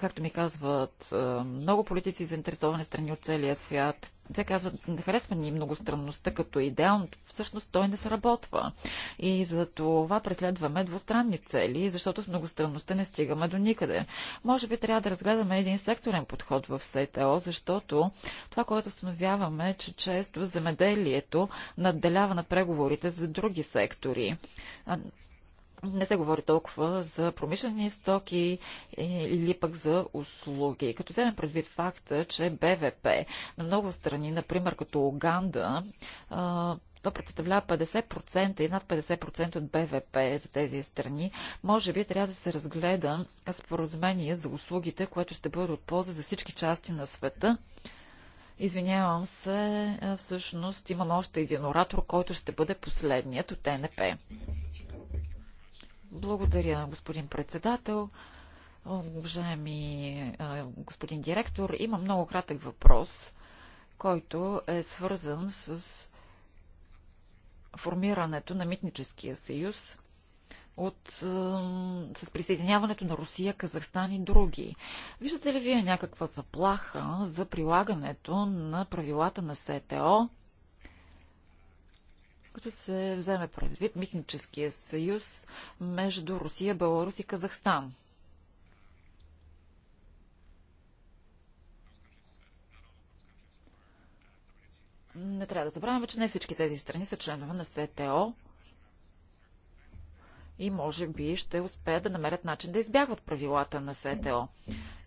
Както ми казват много политици заинтересовани страни от целия свят, те казват, не харесва ни многостранността като идеал, но всъщност той не сработва. И за това преследваме двустранни цели, защото с многостранността не стигаме до никъде. Може би трябва да разгледаме един секторен подход в СТО, защото това, което установяваме, е, че често земеделието надделява на преговорите за други сектори не се говори толкова за промишлени стоки или пък за услуги. Като вземем предвид факта, че БВП на много страни, например като Уганда, то представлява 50% и над 50% от БВП за тези страни. Може би трябва да се разгледа споразумение за услугите, което ще бъде от полза за всички части на света. Извинявам се, всъщност имам още един оратор, който ще бъде последният от НП. Благодаря, господин председател. Уважаеми господин директор, има много кратък въпрос, който е свързан с формирането на митническия съюз от, с присъединяването на Русия, Казахстан и други. Виждате ли вие някаква заплаха за прилагането на правилата на СТО като се вземе предвид митническия съюз между Русия, Беларус и Казахстан. Не трябва да забравяме, че не всички тези страни са членове на СТО и може би ще успеят да намерят начин да избягват правилата на СТО.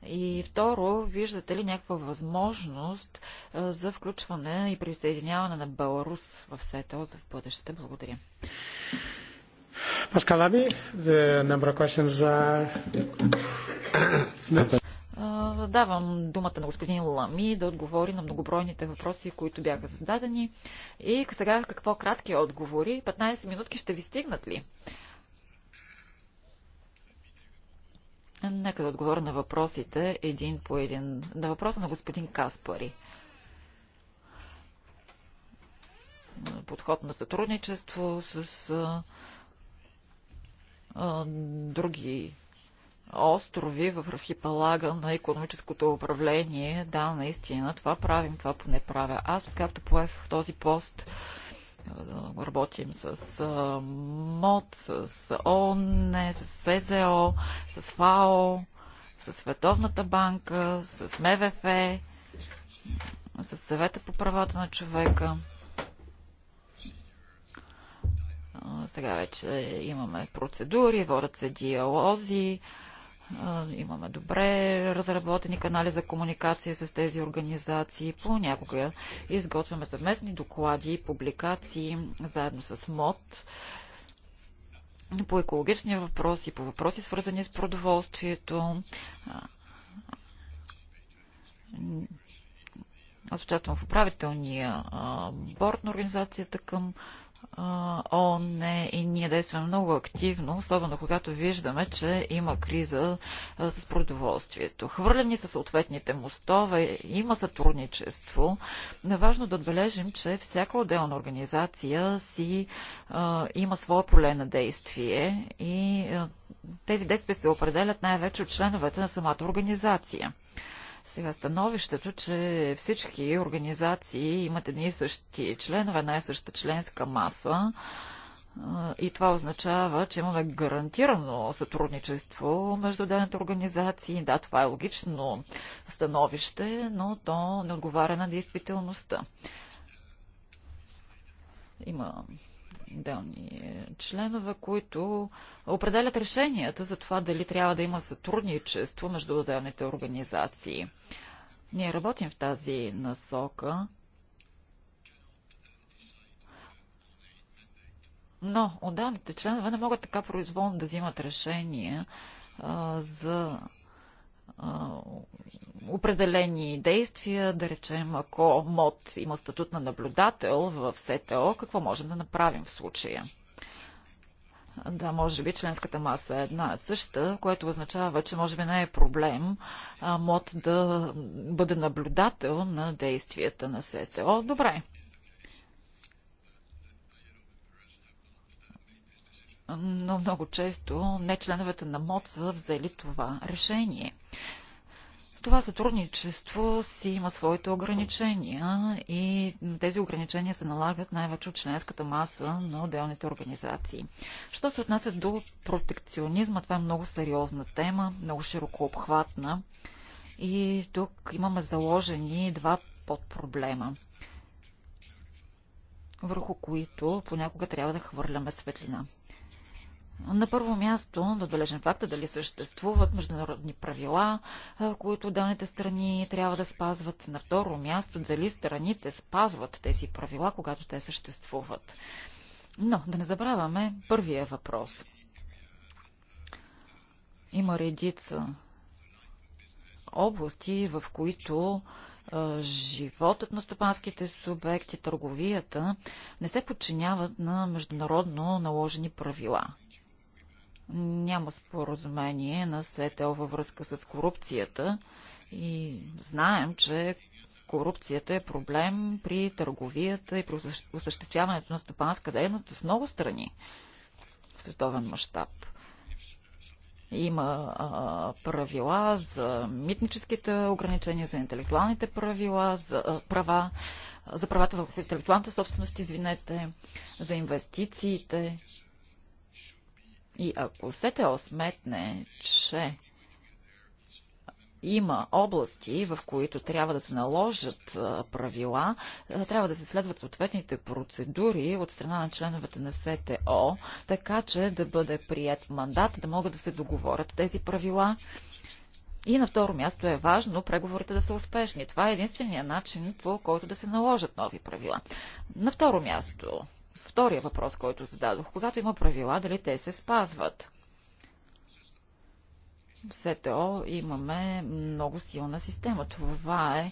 И второ, виждате ли някаква възможност за включване и присъединяване на Беларус в СТО за в бъдеще? Благодаря. Pascal number question за... Давам думата на господин Лами да отговори на многобройните въпроси, които бяха зададени. И сега какво кратки отговори? 15 минутки ще ви стигнат ли? Uh, Нека да отговоря на въпросите един по един. На въпроса на господин Каспари. Подход на сътрудничество с а, а, други острови в архипелага на економическото управление. Да, наистина, това правим, това поне правя. Аз, както поех този пост, Работим с МОД, с ООН, с СЗО, с ФАО, с Световната банка, с МВФ, с Съвета по правата на човека. Сега вече имаме процедури, водят се диалози Имаме добре разработени канали за комуникация с тези организации. Понякога изготвяме съвместни доклади и публикации заедно с МОД по екологични въпроси, по въпроси свързани с продоволствието. Аз участвам в управителния борт на организацията към ООН и ние действаме много активно, особено когато виждаме, че има криза с продоволствието. Хвърляни са съответните мостове, има сътрудничество, Не е важно да отбележим, че всяка отделна организация си а, има свое поле на действие и а, тези действия се определят най-вече от членовете на самата организация. Сега становището, че всички организации имат едни и същи членове, най съща членска маса, и това означава, че имаме гарантирано сътрудничество между отделните организации. Да, това е логично становище, но то не отговаря на действителността. Има отделни е, членове, които определят решенията за това дали трябва да има сътрудничество между отделните организации. Ние работим в тази насока. Но отделните членове не могат така произволно да взимат решения за определени действия, да речем, ако МОД има статут на наблюдател в СТО, какво можем да направим в случая? Да, може би членската маса е една съща, което означава, че може би не е проблем МОД да бъде наблюдател на действията на СТО. Добре. но много често не членовете на МОД са взели това решение. Това сътрудничество си има своите ограничения и тези ограничения се налагат най-вече от членската маса на отделните организации. Що се отнася до протекционизма, това е много сериозна тема, много широко обхватна и тук имаме заложени два подпроблема върху които понякога трябва да хвърляме светлина. На първо място, да отбележим факта дали съществуват международни правила, които данните страни трябва да спазват. На второ място, дали страните спазват тези правила, когато те съществуват. Но да не забравяме първия въпрос. Има редица области, в които животът на стопанските субекти, търговията не се подчиняват на международно наложени правила няма споразумение на СТО във връзка с корупцията и знаем, че корупцията е проблем при търговията и при осъществяването на стопанска дейност в много страни в световен мащаб. Има а, правила за митническите ограничения, за интелектуалните правила, за а, права, за правата в интелектуалната собственост, извинете, за инвестициите. И ако СТО сметне, че има области, в които трябва да се наложат правила, трябва да се следват съответните процедури от страна на членовете на СТО, така че да бъде прият мандат, да могат да се договорят тези правила. И на второ място е важно преговорите да са успешни. Това е единствения начин, по който да се наложат нови правила. На второ място втория въпрос, който зададох. Когато има правила, дали те се спазват? В СТО имаме много силна система. Това е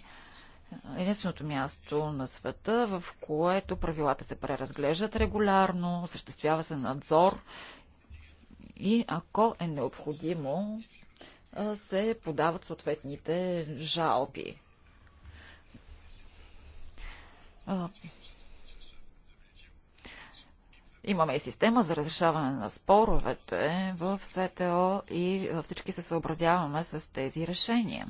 единственото място на света, в което правилата се преразглеждат регулярно, осъществява се надзор и ако е необходимо, се подават съответните жалби. Имаме и система за разрешаване на споровете в СТО и всички се съобразяваме с тези решения.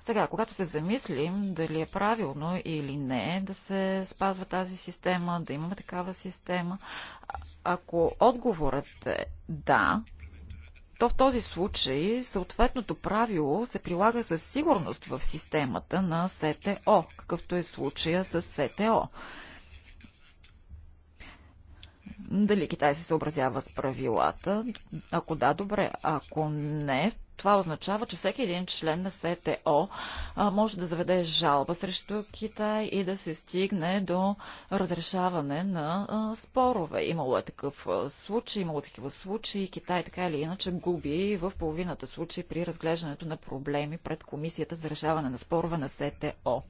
Сега, когато се замислим дали е правилно или не да се спазва тази система, да имаме такава система, ако отговорът е да, то в този случай съответното правило се прилага със сигурност в системата на СТО, какъвто е случая с СТО дали Китай се съобразява с правилата. Ако да, добре. Ако не, това означава, че всеки един член на СТО а, може да заведе жалба срещу Китай и да се стигне до разрешаване на а, спорове. Имало е такъв а, случай, имало такива случаи. Китай така или иначе губи в половината случаи при разглеждането на проблеми пред Комисията за решаване на спорове на СТО.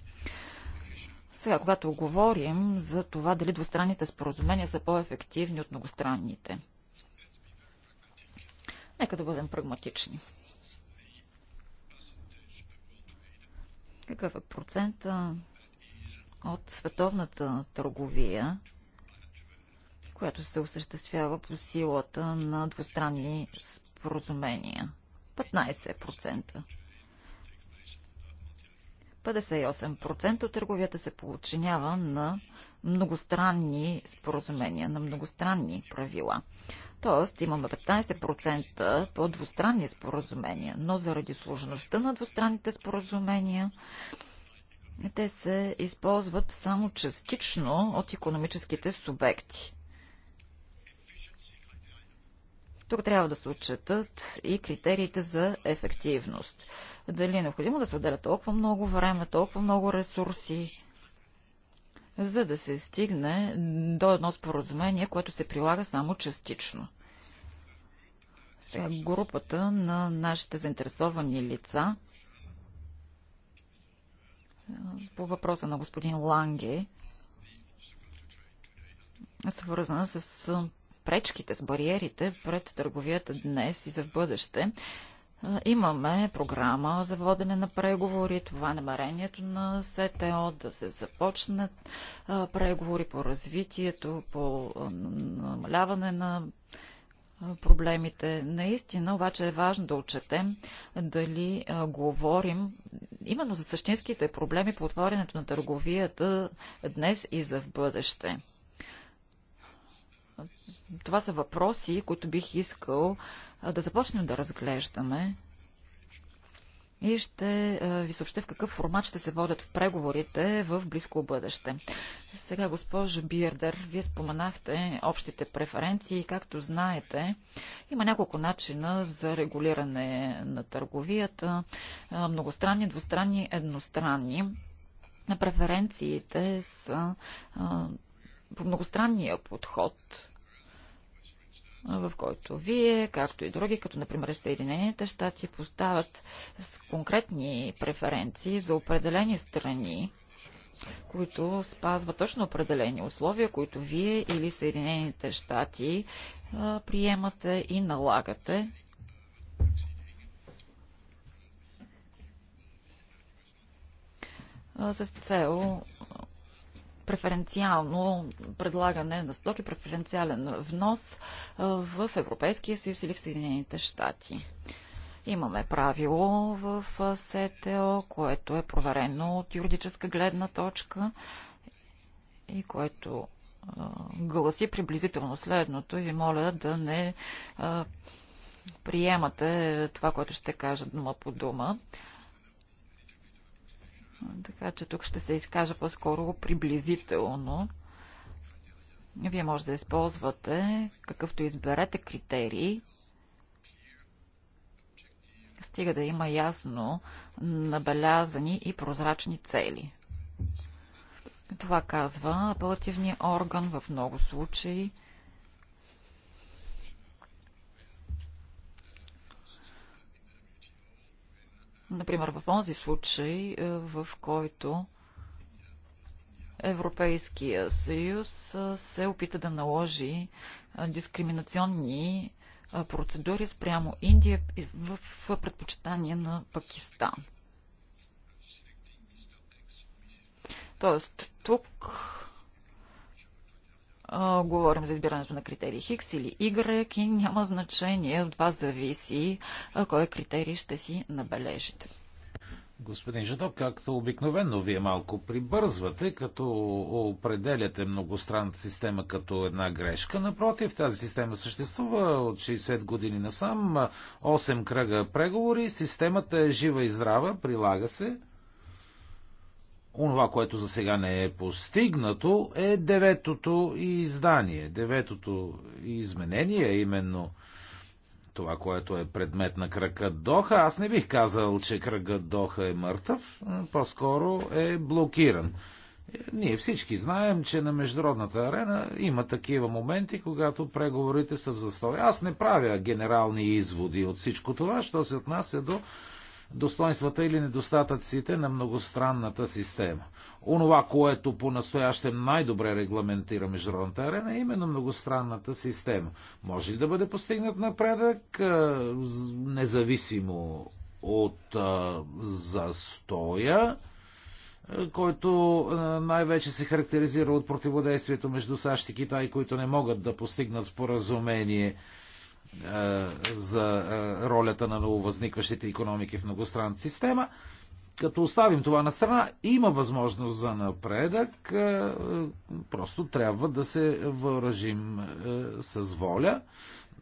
Сега, когато говорим за това дали двустранните споразумения са по-ефективни от многостранните, нека да бъдем прагматични. Какъв е процента от световната търговия, която се осъществява по силата на двустранни споразумения? 15%. 58% от търговията се получинява на многостранни споразумения, на многостранни правила. Тоест имаме 15% по двустранни споразумения, но заради сложността на двустранните споразумения те се използват само частично от економическите субекти. Тук трябва да се отчетат и критериите за ефективност. Дали е необходимо да се отделя толкова много време, толкова много ресурси, за да се стигне до едно споразумение, което се прилага само частично. групата на нашите заинтересовани лица по въпроса на господин Ланге свързана с пречките, с бариерите пред търговията днес и за в бъдеще. Имаме програма за водене на преговори. Това е намерението на СТО да се започнат преговори по развитието, по намаляване на проблемите. Наистина обаче е важно да отчетем дали а, говорим именно за същинските проблеми по отворенето на търговията днес и за в бъдеще. Това са въпроси, които бих искал да започнем да разглеждаме и ще ви съобщя в какъв формат ще се водят преговорите в близко бъдеще. Сега, госпожо Бирдер, вие споменахте общите преференции. Както знаете, има няколко начина за регулиране на търговията. Многостранни, двустранни, едностранни. На преференциите са по многостранния подход, в който вие, както и други, като например Съединените щати, поставят с конкретни преференции за определени страни, които спазват точно определени условия, които вие или Съединените щати приемате и налагате. с цел преференциално предлагане на стоки, преференциален внос в Европейския съюз или в Съединените щати. Имаме правило в СТО, което е проверено от юридическа гледна точка и което гласи приблизително следното и ви моля да не приемате това, което ще кажа дума по дума. Така че тук ще се изкажа по-скоро приблизително. Вие може да използвате какъвто изберете критерии, стига да има ясно набелязани и прозрачни цели. Това казва апелативния орган в много случаи – Например, в онзи случай, е, в който Европейския съюз е, се опита да наложи е, дискриминационни процедури спрямо Индия в предпочитание на Пакистан. Тоест, тук а, говорим за избирането на критерии Хикс или Y и няма значение. От вас зависи а, кой критерий ще си набележите. Господин Жадок, както обикновено, вие малко прибързвате, като определяте многостранната система като една грешка. Напротив, тази система съществува от 60 години насам, 8 кръга преговори, системата е жива и здрава, прилага се Онова, което за сега не е постигнато, е деветото издание, деветото изменение, е именно това, което е предмет на кръга Доха. Аз не бих казал, че кръгът Доха е мъртъв, по-скоро е блокиран. Е, ние всички знаем, че на международната арена има такива моменти, когато преговорите са в застой. Аз не правя генерални изводи от всичко това, що се отнася до достоинствата или недостатъците на многостранната система. Онова, което по настояще най-добре регламентира международната арена, е именно многостранната система. Може ли да бъде постигнат напредък, независимо от застоя? който най-вече се характеризира от противодействието между САЩ и Китай, които не могат да постигнат споразумение е, за е, ролята на нововъзникващите економики в многостранна система. Като оставим това на страна, има възможност за напредък, е, просто трябва да се въоръжим с воля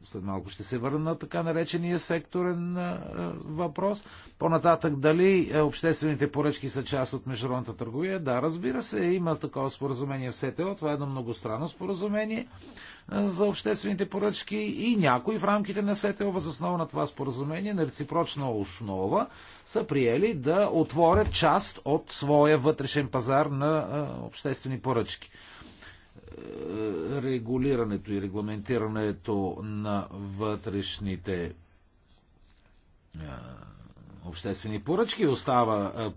след малко ще се върна на така наречения секторен въпрос. По-нататък, дали е, обществените поръчки са част от международната търговия? Да, разбира се, има такова споразумение в СТО. Това е едно многостранно споразумение за обществените поръчки и някои в рамките на СТО възоснова на това споразумение на реципрочна основа са приели да отворят част от своя вътрешен пазар на обществени поръчки. Е, регулирането и регламентирането на вътрешните е, обществени поръчки остава е,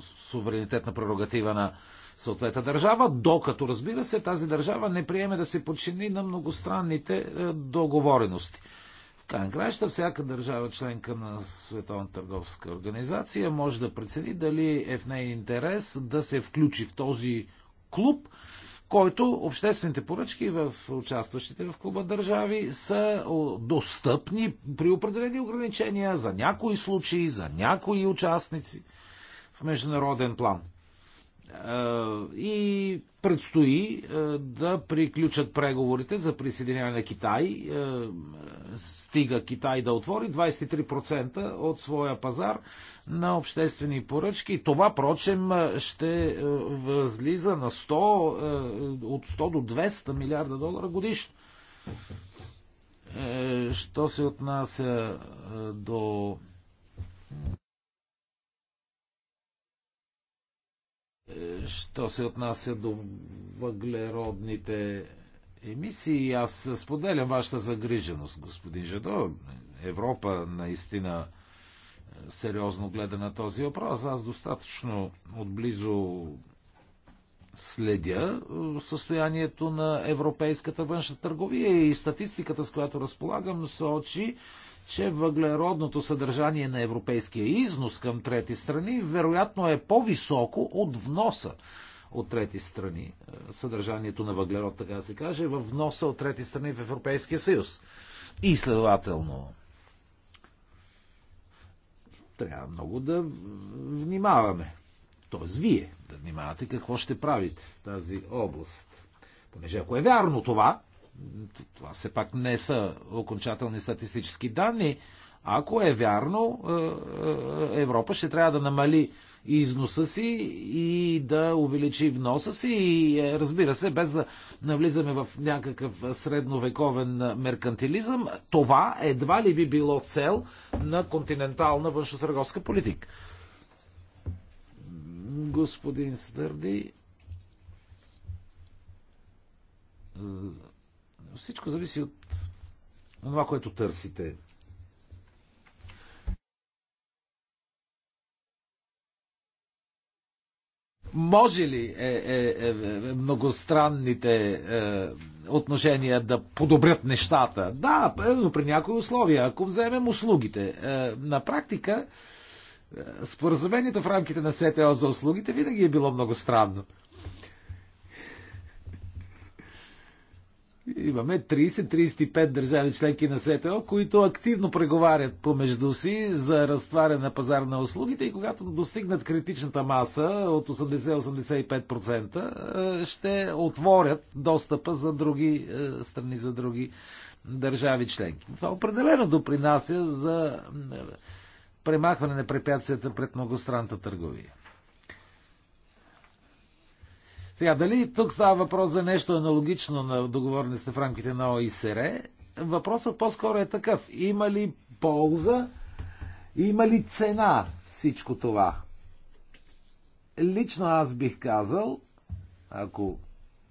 суверенитетна прерогатива на съответна държава, докато, разбира се, тази държава не приеме да се подчини на многостранните договорености. В крайна краща, всяка държава членка на Световна търговска организация може да прецени дали е в нейния интерес да се включи в този клуб, който обществените поръчки в участващите в клуба държави са достъпни при определени ограничения за някои случаи, за някои участници в международен план и предстои да приключат преговорите за присъединяване на Китай. Стига Китай да отвори 23% от своя пазар на обществени поръчки. Това, прочем, ще възлиза на 100, от 100 до 200 милиарда долара годишно. Е, що се отнася до Що се отнася до въглеродните емисии, аз споделям вашата загриженост, господин Жадо. Европа наистина е, сериозно гледа на този въпрос. Аз достатъчно отблизо следя е, състоянието на европейската външна търговия и статистиката, с която разполагам, сочи, че въглеродното съдържание на европейския износ към трети страни вероятно е по-високо от вноса от трети страни. Е, съдържанието на въглерод, така се каже, във вноса от трети страни в Европейския съюз. И следователно, трябва много да внимаваме. Тоест, вие да внимавате какво ще правите в тази област. Понеже ако е вярно това, това все пак не са окончателни статистически данни. Ако е вярно, е, е, Европа ще трябва да намали износа си и да увеличи вноса си и е, разбира се, без да навлизаме в някакъв средновековен меркантилизъм, това едва ли би било цел на континентална външно-търговска политика. Господин Стърди, всичко зависи от това, което търсите. Може ли е, е, е, е многостранните е, отношения да подобрят нещата? Да, е, но при някои условия. Ако вземем услугите, е, на практика е, споразумението в рамките на СТО за услугите винаги е било многостранно. странно. Имаме 30-35 държави членки на СТО, които активно преговарят помежду си за разтваряне на пазар на услугите и когато достигнат критичната маса от 80-85%, е, ще отворят достъпа за други е, страни, за други държави членки. Това определено допринася за е, премахване на препятствията пред многостранната търговия. Сега, дали тук става въпрос за нещо аналогично на договорниците в рамките на ОИСР, въпросът по-скоро е такъв. Има ли полза, има ли цена всичко това? Лично аз бих казал, ако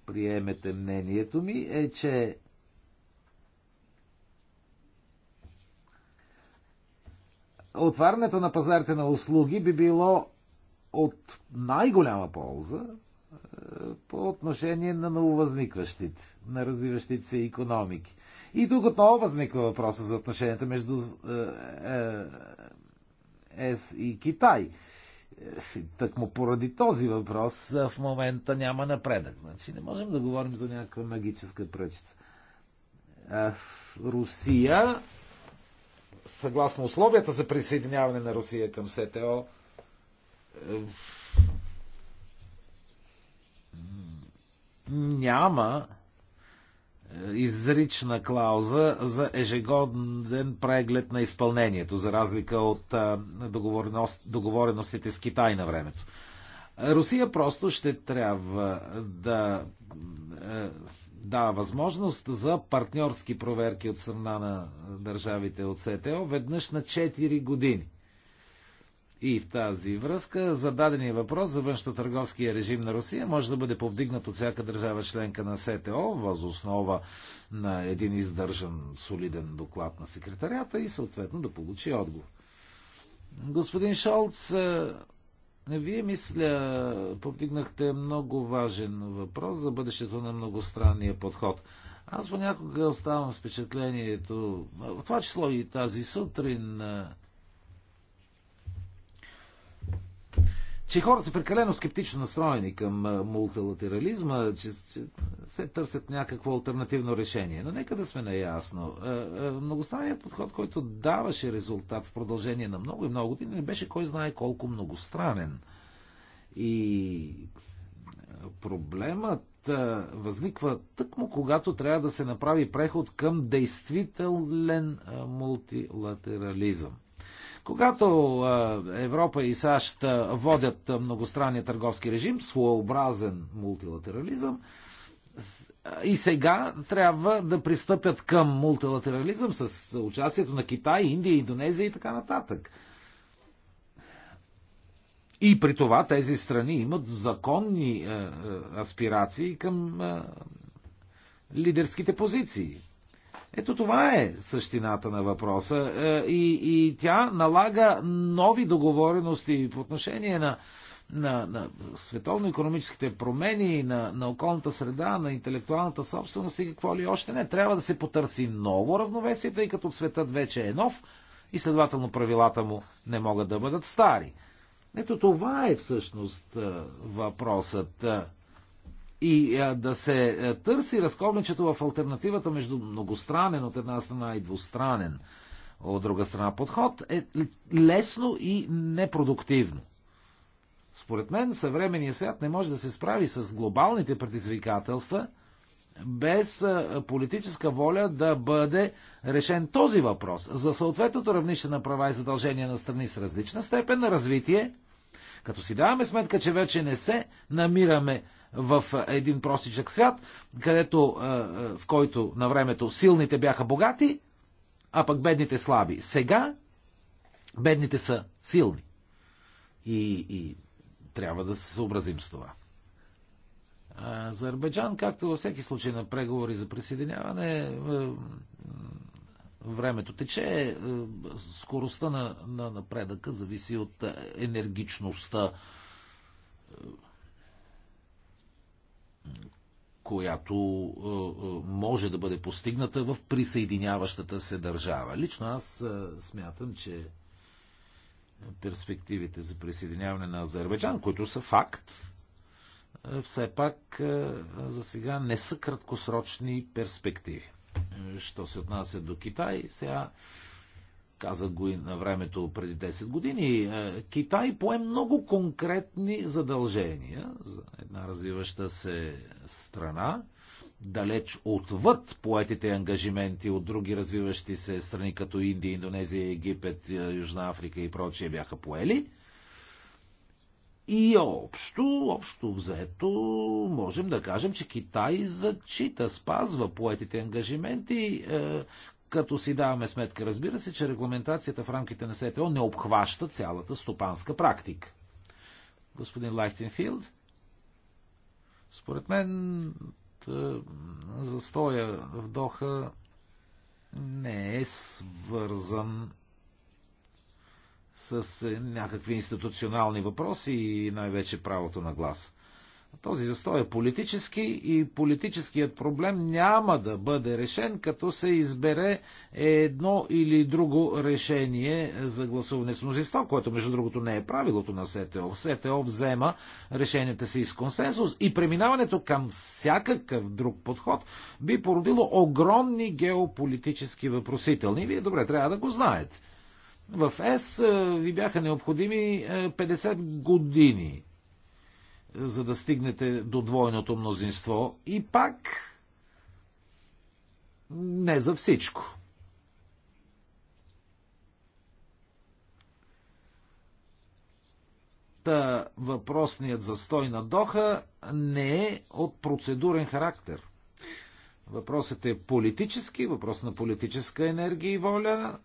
приемете мнението ми, е, че отварянето на пазарите на услуги би било от най-голяма полза по отношение на нововъзникващите, на развиващите се економики. И тук отново възниква въпроса за отношенията между ЕС и Китай. Так му поради този въпрос в момента няма напредък. Значи не можем да говорим за някаква магическа пръчица. Русия, съгласно условията за присъединяване на Русия към СТО, няма е, изрична клауза за ежегоден преглед на изпълнението, за разлика от е, договореностите с Китай на времето. Русия просто ще трябва да е, дава възможност за партньорски проверки от страна на държавите от СТО веднъж на 4 години. И в тази връзка зададения въпрос за външно-търговския режим на Русия може да бъде повдигнат от всяка държава членка на СТО, възоснова на един издържан солиден доклад на секретарята и съответно да получи отговор. Господин Шолц, е, вие мисля, повдигнахте много важен въпрос за бъдещето на многостранния подход. Аз понякога оставам впечатлението, в това число и тази сутрин, е, че хората са прекалено скептично настроени към мултилатерализма, че, че се търсят някакво альтернативно решение. Но нека да сме наясно. Многостранният подход, който даваше резултат в продължение на много и много години, не беше кой знае колко многостранен. И проблемът възниква тъкмо когато трябва да се направи преход към действителен мултилатерализъм. Когато Европа и САЩ водят многостранния търговски режим, своеобразен мултилатерализъм, и сега трябва да пристъпят към мултилатерализъм с участието на Китай, Индия, Индонезия и така нататък. И при това тези страни имат законни аспирации към лидерските позиции. Ето това е същината на въпроса. Е, и, и тя налага нови договорености по отношение на, на, на световно-економическите промени, на, на околната среда, на интелектуалната собственост и какво ли още не. Трябва да се потърси ново равновесие, тъй като светът вече е нов и следователно правилата му не могат да бъдат стари. Ето това е всъщност е, въпросът. Е, и да се търси разковничето в альтернативата между многостранен от една страна и двустранен от друга страна подход е лесно и непродуктивно. Според мен съвременният свят не може да се справи с глобалните предизвикателства без политическа воля да бъде решен този въпрос за съответното равнище на права и задължения на страни с различна степен на развитие, като си даваме сметка, че вече не се намираме в един простичък свят, където, в който на времето силните бяха богати, а пък бедните слаби. Сега бедните са силни. И, и трябва да се съобразим с това. Азербайджан, както във всеки случай на преговори за присъединяване, е, времето тече, е, скоростта на, на напредъка зависи от е, енергичността която е, е, може да бъде постигната в присъединяващата се държава. Лично аз е, смятам, че перспективите за присъединяване на Азербайджан, които са факт, все пак за сега не са краткосрочни перспективи. Що се отнася до Китай, сега каза го и на времето преди 10 години, е, Китай пое много конкретни задължения за една развиваща се страна, далеч отвъд поетите ангажименти от други развиващи се страни, като Индия, Индонезия, Египет, е, Южна Африка и прочие бяха поели. И общо, общо взето, можем да кажем, че Китай зачита, спазва поетите ангажименти, е, като си даваме сметка, разбира се, че регламентацията в рамките на СТО не обхваща цялата стопанска практика. Господин Лайхтенфилд, според мен застоя в Доха не е свързан с е, някакви институционални въпроси и най-вече правото на глас. Този застой е политически и политическият проблем няма да бъде решен, като се избере едно или друго решение за гласуване с мнозинство, което между другото не е правилото на СТО. СТО взема решенията си с консенсус и преминаването към всякакъв друг подход би породило огромни геополитически въпросителни. Вие добре трябва да го знаете. В ЕС е, ви бяха необходими 50 е, години за да стигнете до двойното мнозинство. И пак не за всичко. Та въпросният застой на Доха не е от процедурен характер. Въпросът е политически, въпрос на политическа енергия и воля,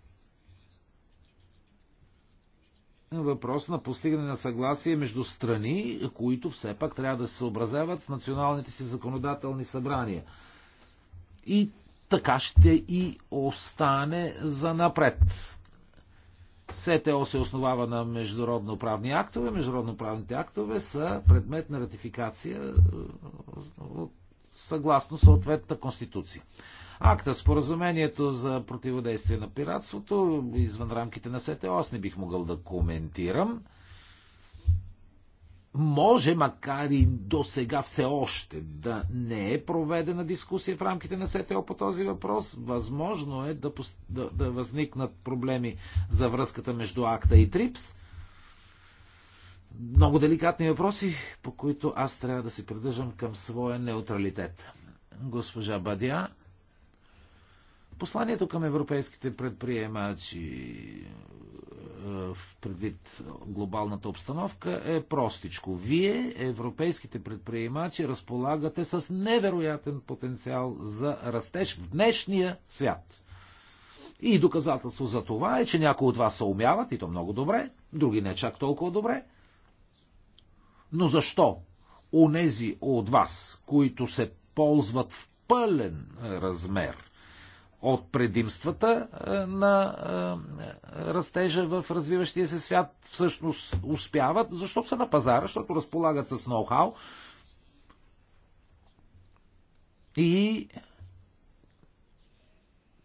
въпрос на постигане на съгласие между страни, които все пак трябва да се съобразяват с националните си законодателни събрания. И така ще и остане за напред. СТО се основава на международно-правни актове. Международно-правните актове са предмет на ратификация е, съгласно съответната конституция акта. Споразумението за противодействие на пиратството извън рамките на СТО аз не бих могъл да коментирам. Може, макар и до сега все още да не е проведена дискусия в рамките на СТО по този въпрос, възможно е да, да, да възникнат проблеми за връзката между акта и ТРИПС – много деликатни въпроси, по които аз трябва да се придържам към своя неутралитет. Госпожа Бадя, Посланието към европейските предприемачи е, в предвид глобалната обстановка е простичко. Вие, европейските предприемачи, разполагате с невероятен потенциал за растеж в днешния свят. И доказателство за това е, че някои от вас се умяват, и то много добре, други не чак толкова добре. Но защо онези от вас, които се ползват в пълен размер – от предимствата е, на е, е, растежа в развиващия се свят всъщност успяват, защото са на пазара, защото разполагат с ноу-хау и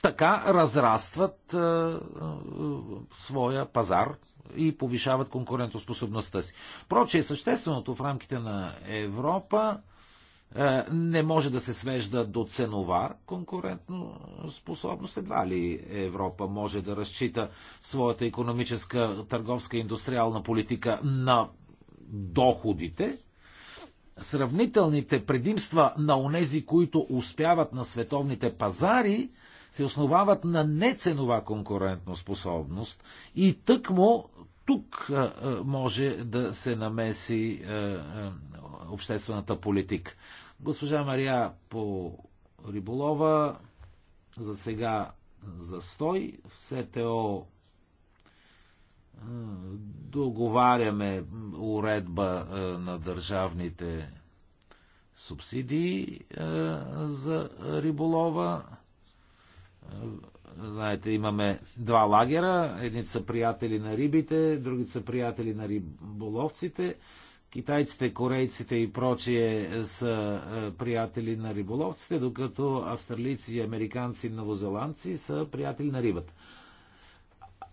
така разрастват своя пазар и повишават конкурентоспособността си. Проче, същественото в рамките на Европа е, не може да се свежда до ценова конкурентно способност. Едва ли Европа може да разчита своята економическа, търговска, и индустриална политика на доходите, сравнителните предимства на онези, които успяват на световните пазари, се основават на неценова конкурентно способност и тъкмо тук е, е, може да се намеси обществената политика. Госпожа Мария по риболова за сега застой. В СТО договаряме уредба на държавните субсидии за риболова. Знаете, имаме два лагера. Едни са приятели на рибите, други са приятели на риболовците. Китайците, корейците и прочие са е, приятели на риболовците, докато австралийци, американци, и новозеландци са приятели на рибата.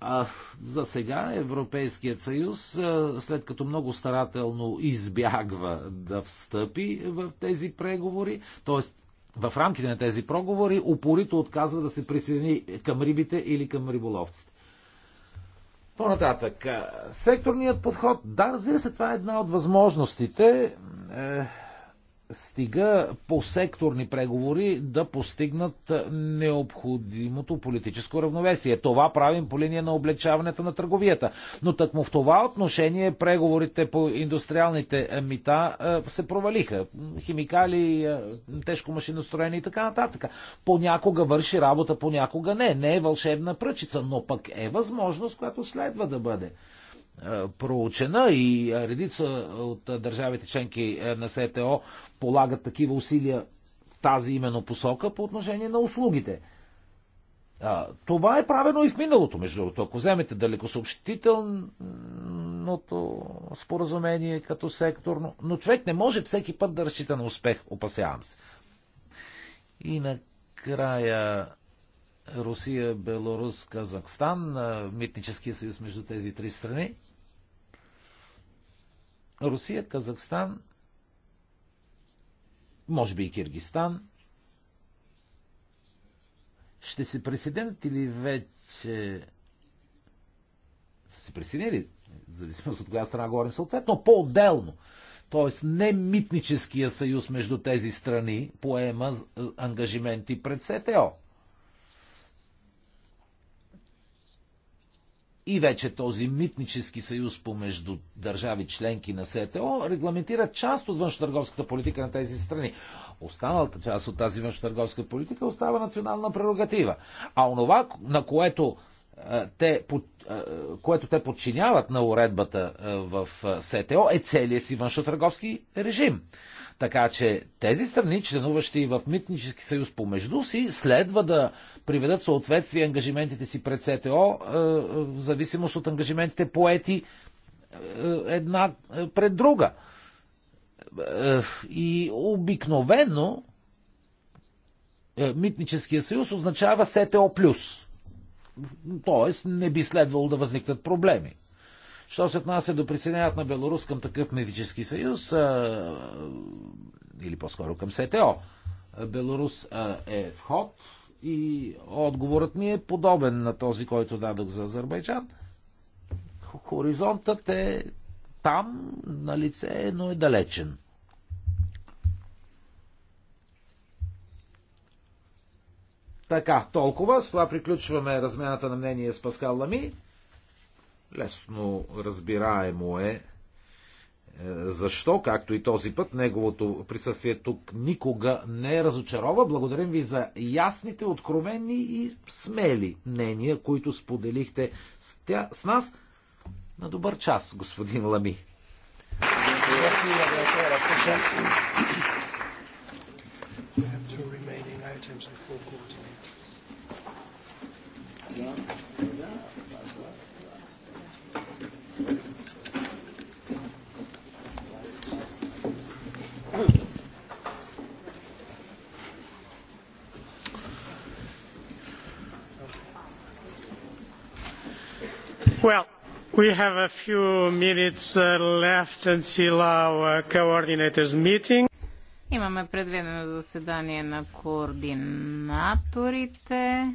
А за сега Европейският съюз, е, след като много старателно избягва да встъпи в тези преговори, т.е. в рамките на тези проговори, упорито отказва да се присъедини към рибите или към риболовците. По-нататък, секторният подход, да, разбира се, това е една от възможностите. Е, стига по секторни преговори да постигнат необходимото политическо равновесие. Това правим по линия на облегчаването на търговията. Но такмо в това отношение преговорите по индустриалните мита е, се провалиха. Химикали, е, тежко машиностроение и така нататък. Понякога върши работа, понякога не. Не е вълшебна пръчица, но пък е възможност, която следва да бъде е, проучена и редица от държавите членки на СТО полагат такива усилия в тази именно посока по отношение на услугите. Това е правено и в миналото, между другото. Ако вземете далекосъобщителното споразумение като секторно, но човек не може всеки път да разчита на успех, опасявам се. И накрая Русия, Беларус, Казахстан, митническия съюз между тези три страни. Русия, Казахстан, може би и Киргистан. Ще се присъединят или вече са се присъединили, в зависимост от коя страна говорим съответно, по-отделно. Тоест не митническия съюз между тези страни поема ангажименти пред СТО. и вече този митнически съюз помежду държави членки на СТО регламентира част от външно-търговската политика на тези страни. Останалата част от тази външно-търговска политика остава национална прерогатива. А онова, на което те, което те подчиняват на уредбата в СТО, е целият си външно-търговски режим. Така че тези страни, членуващи в Митнически съюз помежду си, следва да приведат съответствие ангажиментите си пред СТО, в зависимост от ангажиментите поети една пред друга. И обикновено е, Митническия съюз означава СТО+. Тоест, не би следвало да възникнат проблеми. Що се отнася до присъединяването на Беларус към такъв медически съюз, а, или по-скоро към СТО, Беларус а, е вход и отговорът ми е подобен на този, който дадох за Азербайджан. Хоризонтът е там, на лице, но е далечен. Така, толкова. С това приключваме размяната на мнение с Паскал Лами. Лесно разбираемо е, е защо, както и този път, неговото присъствие тук никога не разочарова. Благодарим ви за ясните, откровени и смели мнения, които споделихте с, тя, с нас на добър час, господин Лами. Merci, We have a few minutes uh, left until our coordinators meeting. Имаме предвидено заседание на координаторите.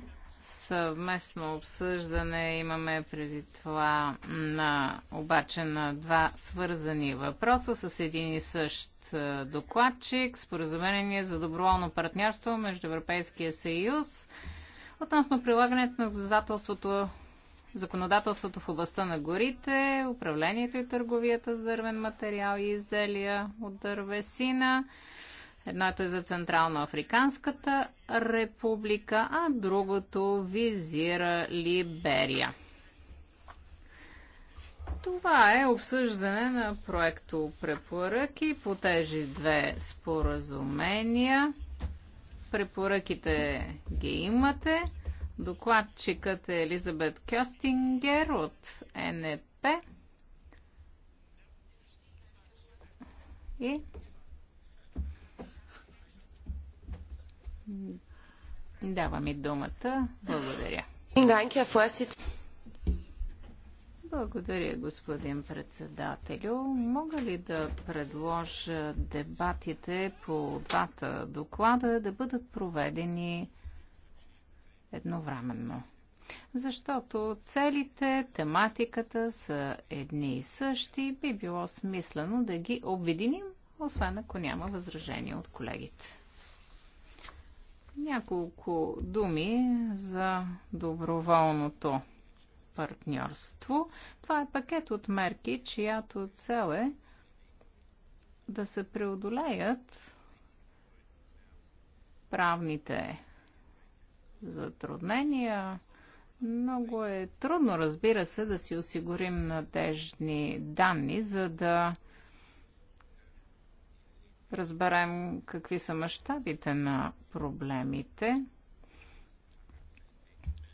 Съвместно обсъждане имаме преди това на, обаче на два свързани въпроса с един и същ е, докладчик. Споразумение за доброволно партньорство между Европейския съюз относно прилагането на доказателството законодателството в областта на горите, управлението и търговията с дървен материал и изделия от дървесина. Едното е за Централно-Африканската република, а другото визира Либерия. Това е обсъждане на проекто препоръки по тези две споразумения. Препоръките ги имате. Докладчикът е Елизабет Кьостингер от НЕП. И дава ми думата. Благодаря. Благодаря, господин председателю. Мога ли да предложа дебатите по двата доклада да бъдат проведени едновременно. Защото целите, тематиката са едни и същи, би било смислено да ги обединим, освен ако няма възражение от колегите. Няколко думи за доброволното партньорство. Това е пакет от мерки, чиято цел е да се преодолеят правните затруднения. Много е трудно, разбира се, да си осигурим надежни данни, за да разберем какви са мащабите на проблемите.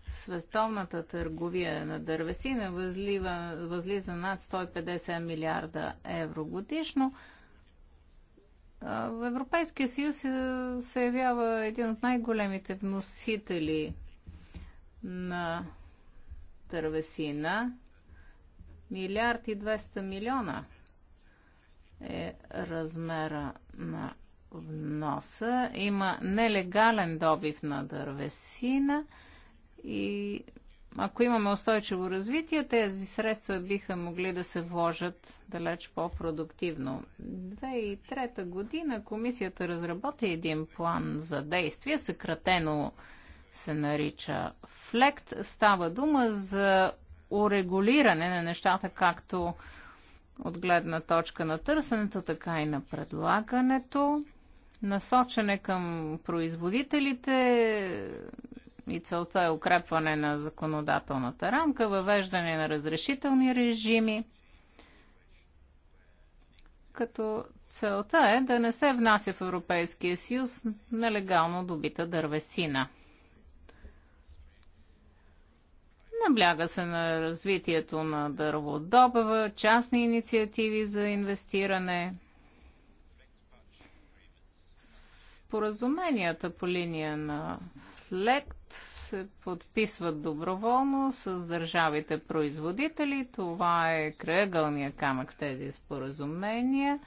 Световната търговия на дървесина възлива, възлиза над 150 милиарда евро годишно. В Европейския съюз е, се явява един от най-големите вносители на дървесина. Милиард и 200 милиона е размера на вноса. Има нелегален добив на дървесина и ако имаме устойчиво развитие, тези средства биха могли да се вложат далеч по-продуктивно. 2003 година комисията разработи един план за действие, съкратено се нарича ФЛЕКТ. Става дума за урегулиране на нещата, както от гледна точка на търсенето, така и на предлагането, насочене към производителите, и целта е укрепване на законодателната рамка, въвеждане на разрешителни режими, като целта е да не се внася в Европейския съюз нелегално добита дървесина. Набляга се на развитието на дърводобива, частни инициативи за инвестиране. Споразуменията по линия на след се подписват доброволно с държавите производители. Това е кръгълния камък в тези споразумения,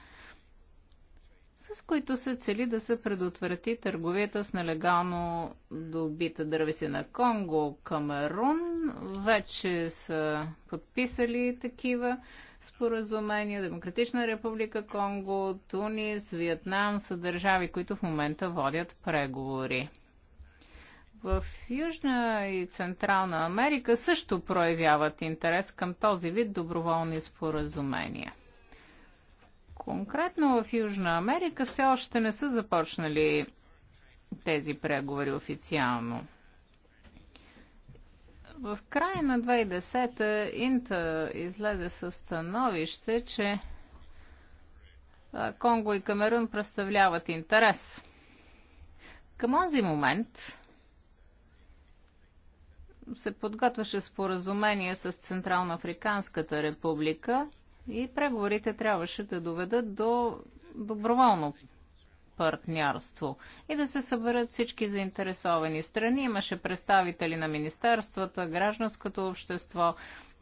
с които се цели да се предотврати търговията с нелегално добита дървесина. Конго, Камерун вече са подписали такива споразумения. Демократична република Конго, Тунис, Виетнам са държави, които в момента водят преговори в Южна и Централна Америка също проявяват интерес към този вид доброволни споразумения. Конкретно в Южна Америка все още не са започнали тези преговори официално. В края на 2010-та Инта излезе със становище, че Конго и Камерун представляват интерес. Към този момент се подготвяше споразумение с Централно Африканската република и преговорите трябваше да доведат до доброволно партньорство и да се съберат всички заинтересовани страни. Имаше представители на министерствата, гражданското общество,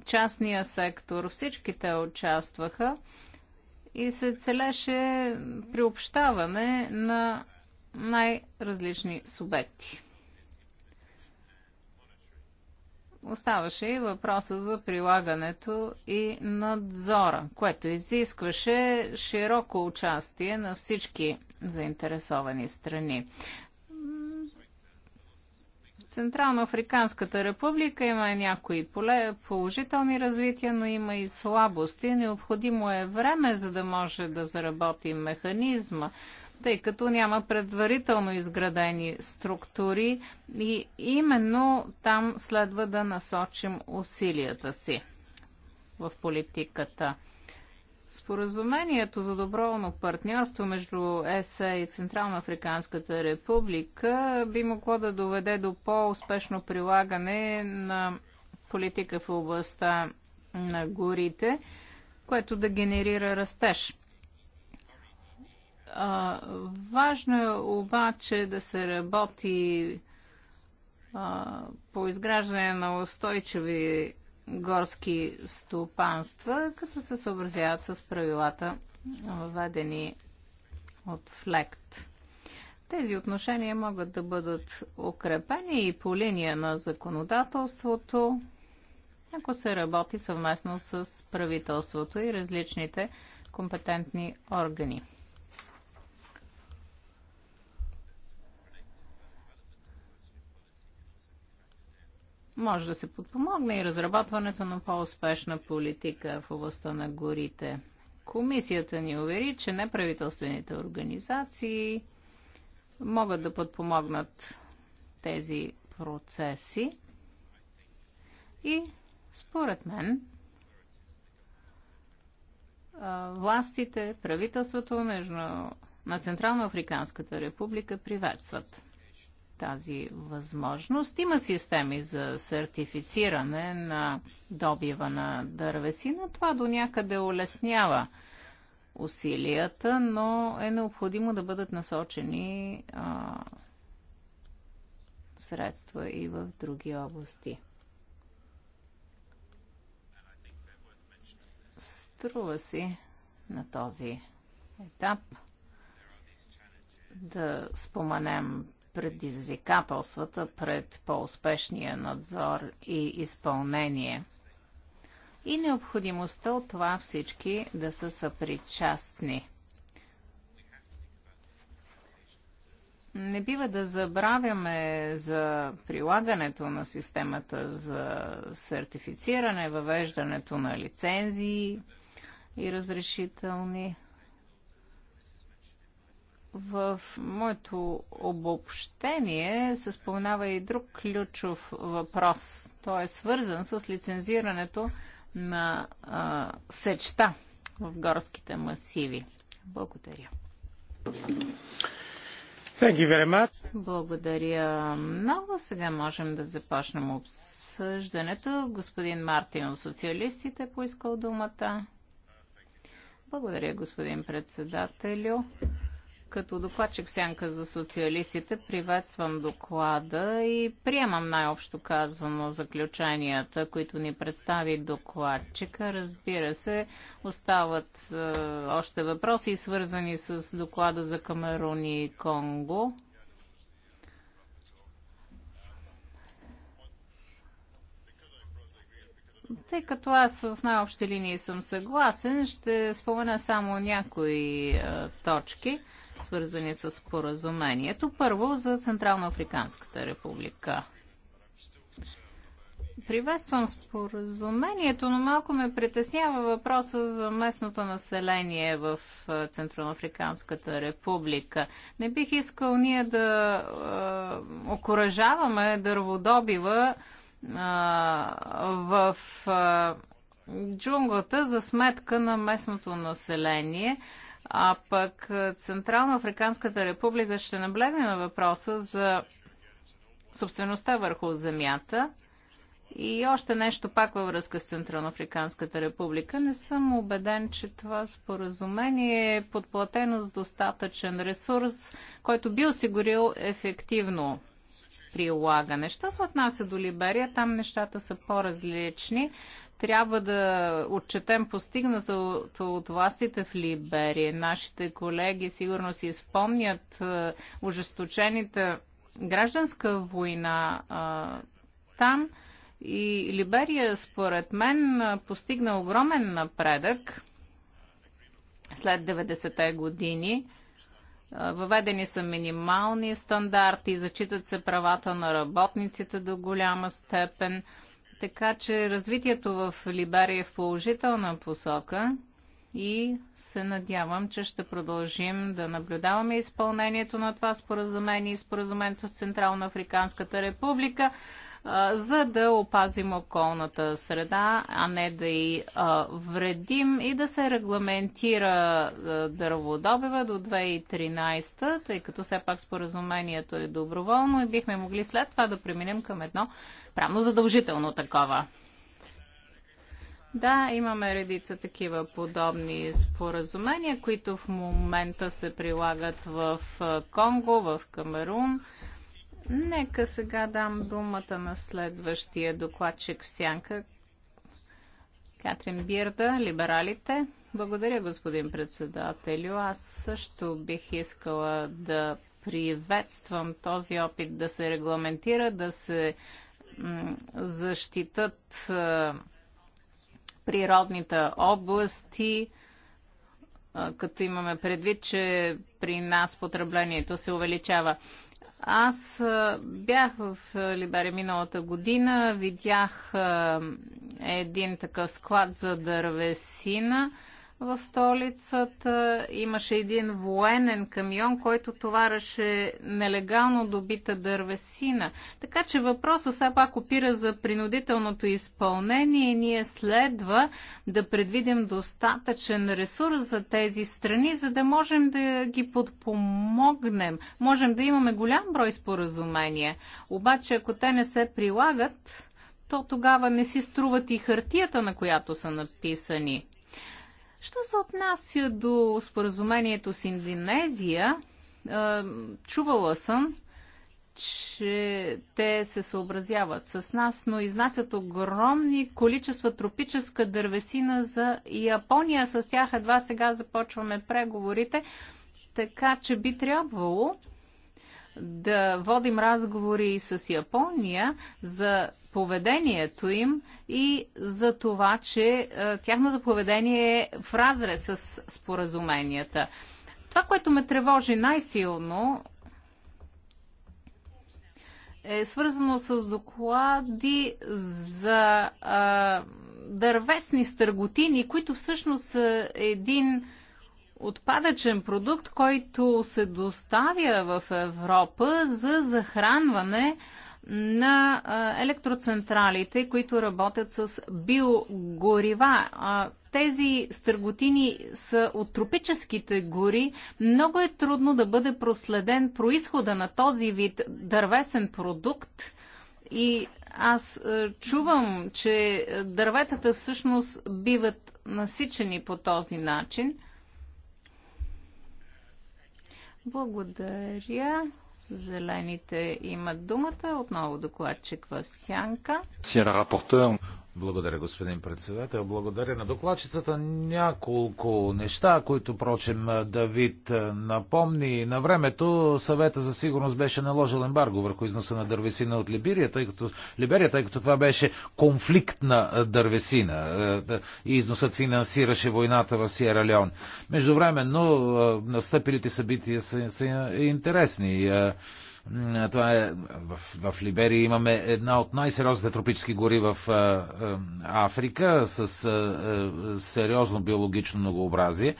частния сектор, всички те участваха и се целеше приобщаване на най-различни субекти. оставаше и въпроса за прилагането и надзора, което изискваше широко участие на всички заинтересовани страни. Централно-Африканската република има някои поле, положителни развития, но има и слабости. Необходимо е време, за да може да заработи механизма тъй като няма предварително изградени структури и именно там следва да насочим усилията си в политиката. Споразумението за доброволно партньорство между ЕСА и Централна Африканската република би могло да доведе до по-успешно прилагане на политика в областта на горите, което да генерира растеж. А, важно е обаче да се работи а, по изграждане на устойчиви горски стопанства, като се съобразяват с правилата, въведени от ФЛЕКТ. Тези отношения могат да бъдат укрепени и по линия на законодателството, ако се работи съвместно с правителството и различните компетентни органи. може да се подпомогне и разработването на по-успешна политика в областта на горите. Комисията ни увери, че неправителствените организации могат да подпомогнат тези процеси и според мен властите, правителството на Централно Африканската република приветстват тази възможност. Има системи за сертифициране на добива на дървесина. Това до някъде улеснява усилията, но е необходимо да бъдат насочени а, средства и в други области. Струва си на този етап да споменем предизвикателствата пред по-успешния надзор и изпълнение и необходимостта от това всички да са съпричастни. Не бива да забравяме за прилагането на системата за сертифициране, въвеждането на лицензии и разрешителни – в моето обобщение се споменава и друг ключов въпрос. Той е свързан с лицензирането на а, сечта в горските масиви. Благодаря. Thank you very much. Благодаря много. Сега можем да започнем обсъждането. Господин Мартин от социалистите е поискал думата. Благодаря, господин председателю. Като докладчик сянка за социалистите приветствам доклада и приемам най-общо казано заключенията, които ни представи докладчика. Разбира се, остават е, още въпроси, свързани с доклада за Камерун и Конго. Тъй като аз в най-общи линии съм съгласен, ще спомена само някои е, точки свързани с поразумението. Първо за Централно-Африканската република. Приветствам споразумението, но малко ме притеснява въпроса за местното население в Централноафриканската република. Не бих искал ние да е, окоръжаваме дърводобива е, в е, джунглата за сметка на местното население. А пък е, Централно Африканската република ще наблегне на въпроса за собствеността върху земята. И още нещо пак във връзка с Централноафриканската република. Не съм убеден, че това споразумение е подплатено с достатъчен ресурс, който би осигурил ефективно прилагане. Що се отнася до Либерия, там нещата са по-различни трябва да отчетем постигнатото от властите в Либерия. Нашите колеги сигурно си спомнят е, ужесточените гражданска война а, е, там. И Либерия, според мен, постигна огромен напредък след 90-те години. Е, въведени са минимални стандарти, зачитат се правата на работниците до голяма степен. Така че развитието в Либария е в положителна посока и се надявам, че ще продължим да наблюдаваме изпълнението на това споразумение и споразумението с Централно Африканската република за да опазим околната среда, а не да й вредим и да се регламентира дърводобива до 2013, тъй като все пак споразумението е доброволно и бихме могли след това да преминем към едно правно задължително такова. Да, имаме редица такива подобни споразумения, които в момента се прилагат в Конго, в Камерун, Нека сега дам думата на следващия докладчик в сянка. Катрин Бирда, либералите. Благодаря, господин председателю. Аз също бих искала да приветствам този опит да се регламентира, да се защитат природните области, като имаме предвид, че при нас потреблението се увеличава. Аз бях в Либере миналата година, видях един такъв склад за дървесина в столицата. Имаше един военен камион, който товареше нелегално добита дървесина. Така че въпросът сега, пак опира за принудителното изпълнение ние следва да предвидим достатъчен ресурс за тези страни, за да можем да ги подпомогнем. Можем да имаме голям брой споразумения. Обаче, ако те не се прилагат, то тогава не си струват и хартията, на която са написани. Що се отнася до споразумението с Индонезия, е, чувала съм, че те се съобразяват с нас, но изнасят огромни количества тропическа дървесина за Япония. С тях едва сега започваме преговорите, така че би трябвало да водим разговори и с Япония за поведението им и за това, че е, тяхното поведение е в разрез с споразуменията. Това, което ме тревожи най-силно е свързано с доклади за а, е, дървесни стърготини, които всъщност са един отпадъчен продукт, който се доставя в Европа за захранване на електроцентралите, които работят с биогорива. Тези стърготини са от тропическите гори. Много е трудно да бъде проследен происхода на този вид дървесен продукт. И аз чувам, че дърветата всъщност биват насичени по този начин. Благодаря. Зелените имат думата. Отново докладчик в сянка. Благодаря, господин председател. Благодаря на докладчицата. Няколко неща, които, прочим, Давид е, напомни. На времето съвета за сигурност беше наложил ембарго върху износа на дървесина от Либерия, тъй като, Либерия, тъй като това беше конфликтна е, дървесина. Е, и износът финансираше войната в Сиера Леон. Междувременно настъпилите събития са, са интересни. Това е, в, в Либерия имаме една от най-сериозните тропически гори в Африка с сериозно биологично многообразие.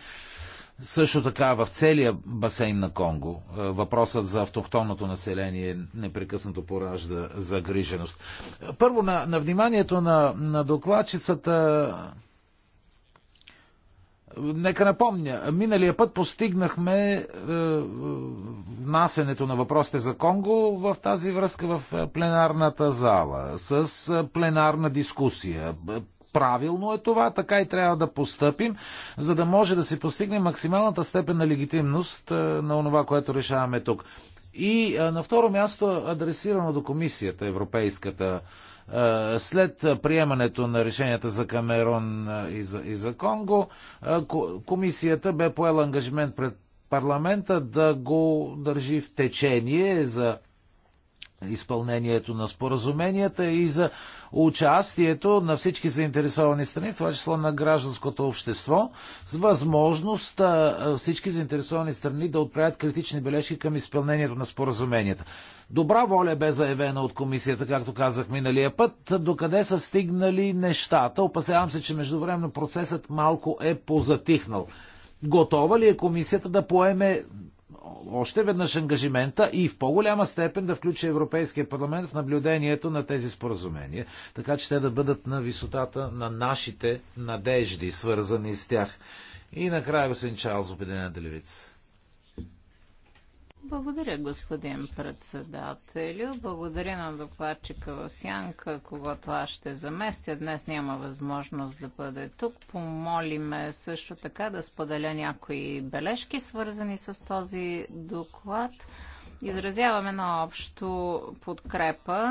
Също така в целия басейн на Конго въпросът за автохтонното население непрекъснато поражда загриженост. Първо на, на вниманието на, на докладчицата Нека напомня, миналия път постигнахме е, внасенето на въпросите за Конго в тази връзка в пленарната зала, с пленарна дискусия. Правилно е това, така и трябва да постъпим, за да може да се постигне максималната степен на легитимност е, на онова, което решаваме тук. И е, на второ място, адресирано до комисията, Европейската е, след приемането на решенията за Камерон е, и за, и за Конго, е, комисията бе поела ангажимент пред парламента да го държи в течение за изпълнението на споразуменията и за участието на всички заинтересовани страни, в това число на гражданското общество, с възможност всички заинтересовани страни да отправят критични бележки към изпълнението на споразуменията. Добра воля бе заявена от комисията, както казах миналия път, докъде са стигнали нещата. Опасявам се, че междувременно процесът малко е позатихнал. Готова ли е комисията да поеме още веднъж ангажимента и в по-голяма степен да включи Европейския парламент в наблюдението на тези споразумения, така че те да бъдат на висотата на нашите надежди, свързани с тях. И накрая господин Чарлз, Обединена левица. Благодаря, господин председателю. Благодаря на докладчика в Сянка, когато аз ще заместя. Днес няма възможност да бъде тук. Помолиме също така да споделя някои бележки, свързани с този доклад. Изразяваме на общо подкрепа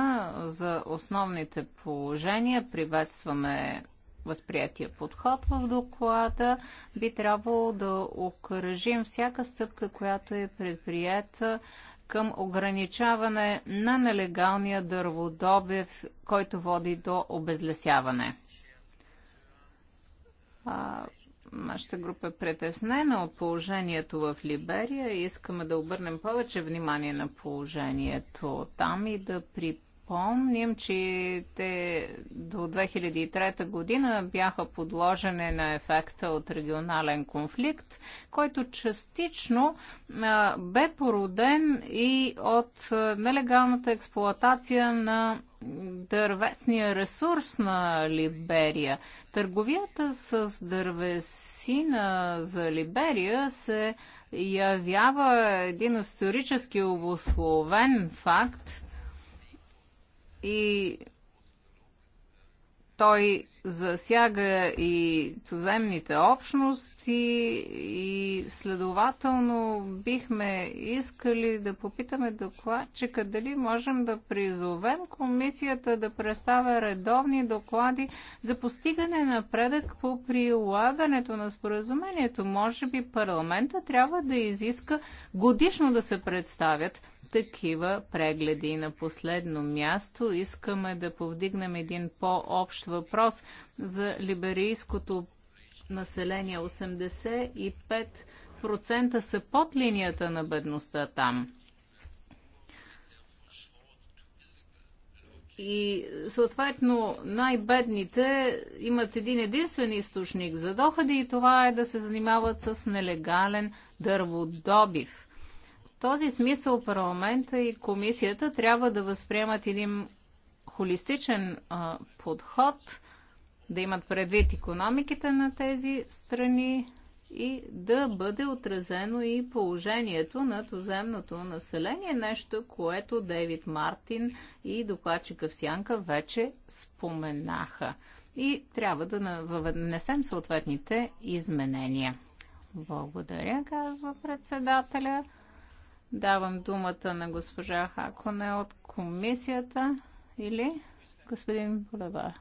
за основните положения. Приветстваме възприятия подход в доклада, би трябвало да окръжим всяка стъпка, която е предприята към ограничаване на нелегалния дърводобив, който води до обезлесяване. А, нашата група е притеснена от положението в Либерия и искаме да обърнем повече внимание на положението там и да припомним, Помним, че те до 2003 година бяха подложени на ефекта от регионален конфликт, който частично а, бе породен и от нелегалната експлоатация на дървесния ресурс на Либерия. Търговията с дървесина за Либерия се явява един исторически обословен факт, и той засяга и туземните общности и следователно бихме искали да попитаме докладчика дали можем да призовем комисията да представя редовни доклади за постигане на предък по прилагането на споразумението. Може би парламента трябва да изиска годишно да се представят такива прегледи. И на последно място искаме да повдигнем един по-общ въпрос за либерийското население. 85% са под линията на бедността там. И съответно най-бедните имат един единствен източник за доходи и това е да се занимават с нелегален дърводобив този смисъл парламента и комисията трябва да възприемат един холистичен а, подход, да имат предвид економиките на тези страни и да бъде отразено и положението на туземното население, нещо, което Дейвид Мартин и докладчика в Сянка вече споменаха. И трябва да внесем съответните изменения. Благодаря, казва председателя. Давам думата на госпожа Хаконе от комисията или господин Болевар.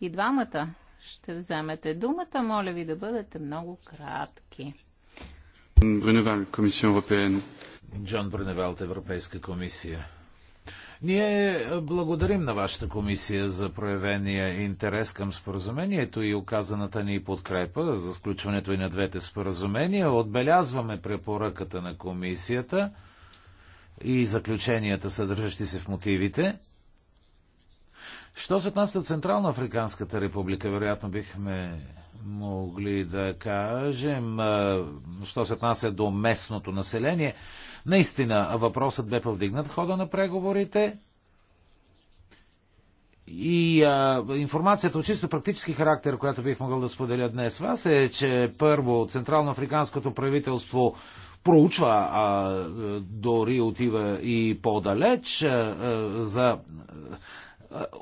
И двамата ще вземете думата. Моля ви да бъдете много кратки. Брюневал, Комисия Европейна. Джон Брюневал, Европейска комисия. Ние благодарим на вашата комисия за проявения интерес към споразумението и оказаната ни подкрепа за сключването и на двете споразумения. Отбелязваме препоръката на комисията и заключенията, съдържащи се в мотивите. Що се отнася до Централно Африканската република, вероятно бихме могли да кажем, що се отнася до местното население. Наистина, въпросът бе повдигнат в хода на преговорите. И а, информацията от чисто практически характер, която бих могъл да споделя днес с вас е, че първо Централноафриканското правителство проучва, а дори отива и по-далеч за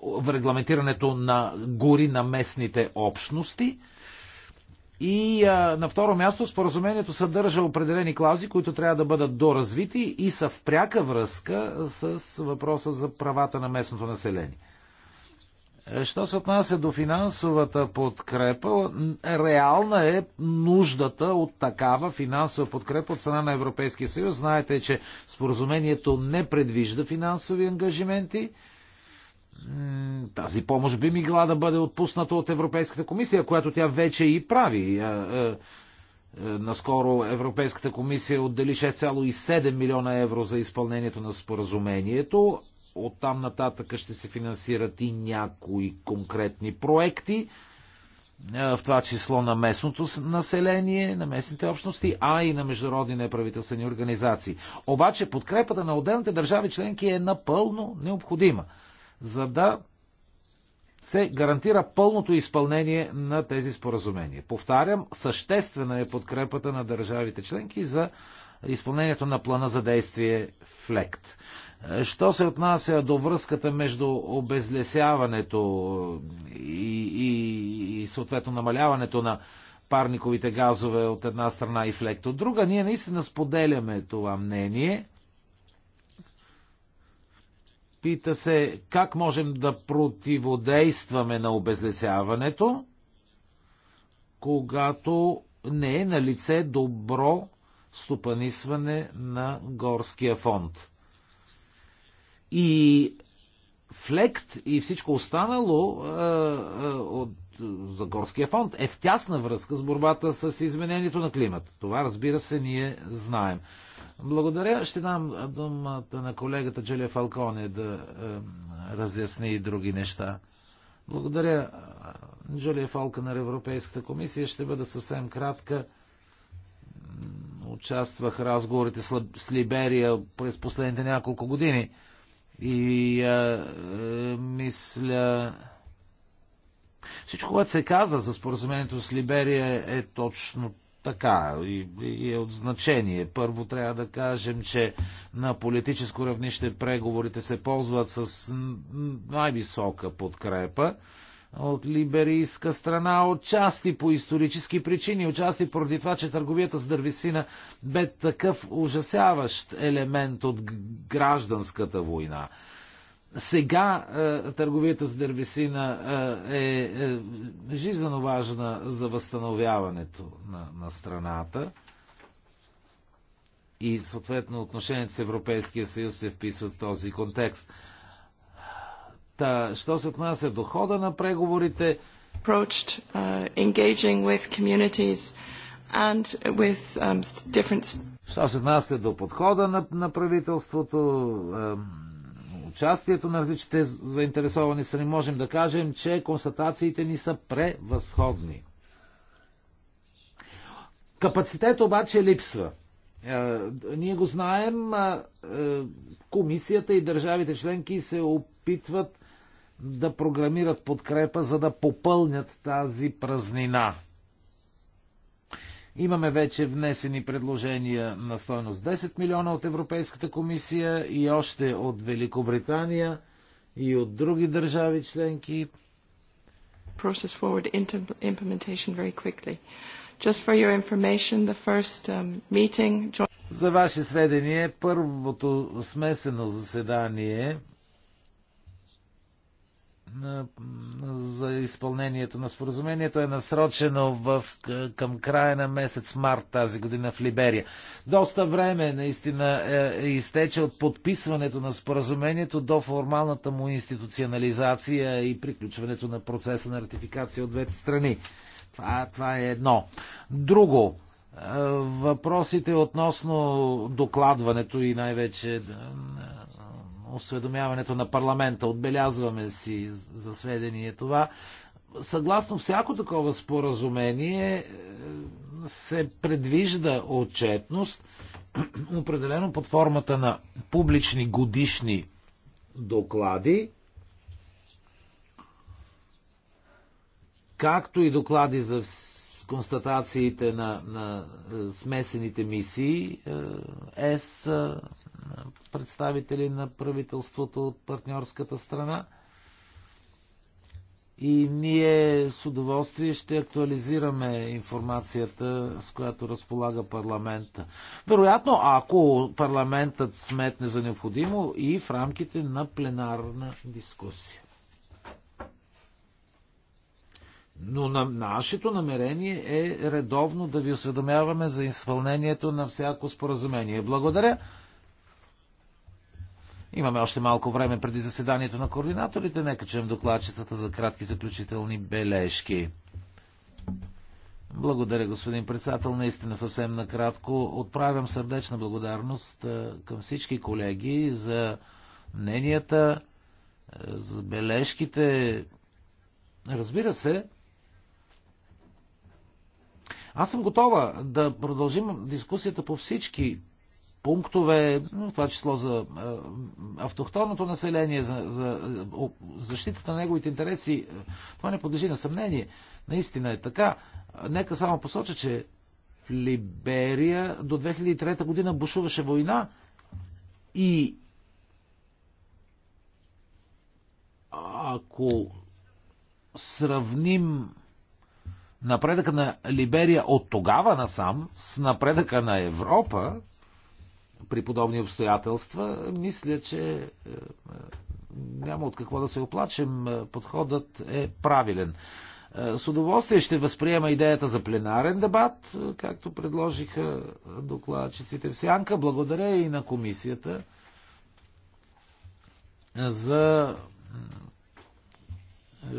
в регламентирането на гори на местните общности. И а, на второ място споразумението съдържа определени клаузи, които трябва да бъдат доразвити и са в пряка връзка с въпроса за правата на местното население. Що се отнася до финансовата подкрепа, реална е нуждата от такава финансова подкрепа от страна на Европейския съюз. Знаете, че споразумението не предвижда финансови ангажименти тази помощ би мигла да бъде отпусната от Европейската комисия, която тя вече и прави. Наскоро Европейската комисия отдели 6,7 милиона евро за изпълнението на споразумението. Оттам нататък ще се финансират и някои конкретни проекти, в това число на местното население, на местните общности, а и на международни неправителствени организации. Обаче подкрепата на отделните държави членки е напълно необходима за да се гарантира пълното изпълнение на тези споразумения. Повтарям, съществена е подкрепата на държавите членки за изпълнението на плана за действие ФЛЕКТ. Що се отнася до връзката между обезлесяването и, и, и съответно намаляването на парниковите газове от една страна и флект от друга, ние наистина споделяме това мнение – Пита се как можем да противодействаме на обезлесяването, когато не е на лице добро стопанисване на горския фонд. И флект и всичко останало е, е, от, за горския фонд е в тясна връзка с борбата с изменението на климата. Това, разбира се, ние знаем. Благодаря. Ще дам думата на колегата Джулия Фалконе да е, разясни и други неща. Благодаря. Е, Джулия Фалка на Европейската комисия. Ще бъда съвсем кратка. Участвах в разговорите с, с Либерия през последните няколко години. И е, е, мисля. Всичко, което се каза за споразумението с Либерия е точно така и, и е от значение. Първо трябва да кажем, че на политическо равнище преговорите се ползват с най-висока подкрепа от либерийска страна, отчасти по исторически причини, отчасти поради това, че търговията с дървесина бе такъв ужасяващ елемент от гражданската война. Сега е, търговията с дървесина е, е, е жизненно важна за възстановяването на, на страната и съответно отношението с Европейския съюз се вписва в този контекст. Та, що се отнася до хода на преговорите? Approached, uh, engaging with communities and with um, different... Що се отнася до подхода на, на правителството, uh, участието на различните заинтересовани страни, можем да кажем, че констатациите ни са превъзходни. Капацитет обаче липсва. Е, ние го знаем, е, комисията и държавите членки се опитват да програмират подкрепа, за да попълнят тази празнина – Имаме вече внесени предложения на стойност 10 милиона от Европейската комисия и още от Великобритания и от други държави членки. Process forward implementation very quickly. Just for your information, the first um, meeting... За ваше сведение, първото смесено заседание за изпълнението на споразумението е насрочено в, към края на месец март тази година в Либерия. Доста време наистина е, е изтече от подписването на споразумението до формалната му институционализация и приключването на процеса на ратификация от двете страни. Това, това е едно. Друго, е, въпросите относно докладването и най-вече е, осведомяването на парламента. Отбелязваме си за сведение това. Съгласно всяко такова споразумение е, се предвижда отчетност, определено под формата на публични годишни доклади, както и доклади за констатациите на, на е, смесените мисии е, ЕС представители на правителството от партньорската страна. И ние с удоволствие ще актуализираме информацията, с която разполага парламента. Вероятно, ако парламентът сметне за необходимо и в рамките на пленарна дискусия. Но на, нашето намерение е редовно да ви осведомяваме за изпълнението на всяко споразумение. Благодаря. Имаме още малко време преди заседанието на координаторите. Нека чуем докладчицата за кратки заключителни бележки. Благодаря, господин председател. Наистина съвсем накратко. Отправям сърдечна благодарност към всички колеги за мненията, за бележките. Разбира се, аз съм готова да продължим дискусията по всички пунктове, в това число за е, автохтонното население, за, за защитата на неговите интереси, е, това не подлежи на съмнение. Наистина е така. Нека само посоча, че в Либерия до 2003 година бушуваше война и ако сравним напредъка на Либерия от тогава насам с напредъка на Европа, при подобни обстоятелства, мисля, че е, няма от какво да се оплачем. Подходът е правилен. Е, с удоволствие ще възприема идеята за пленарен дебат, е, както предложиха докладчиците в Сянка. Благодаря и на комисията за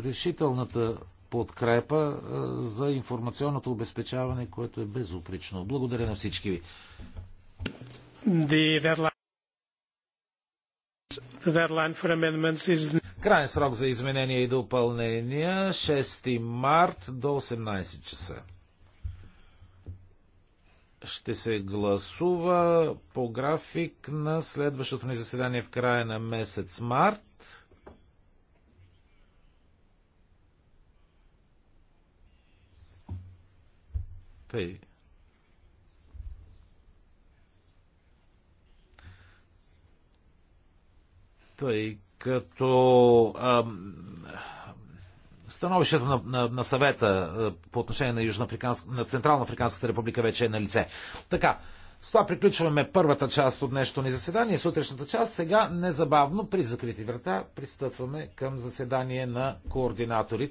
решителната подкрепа за информационното обезпечаване, което е безупречно. Благодаря на всички ви. The deadline Крайен срок за изменения и допълнения 6 март до 18 часа. Ще се гласува по график на следващото ни заседание в края на месец март. Тъй. тъй като ам, становището на, на, на съвета по отношение на, Южноафриканска, на Централно Африканската република вече е на лице. Така, с това приключваме първата част от днешното ни заседание, сутрешната част. Сега незабавно при закрити врата пристъпваме към заседание на координаторите.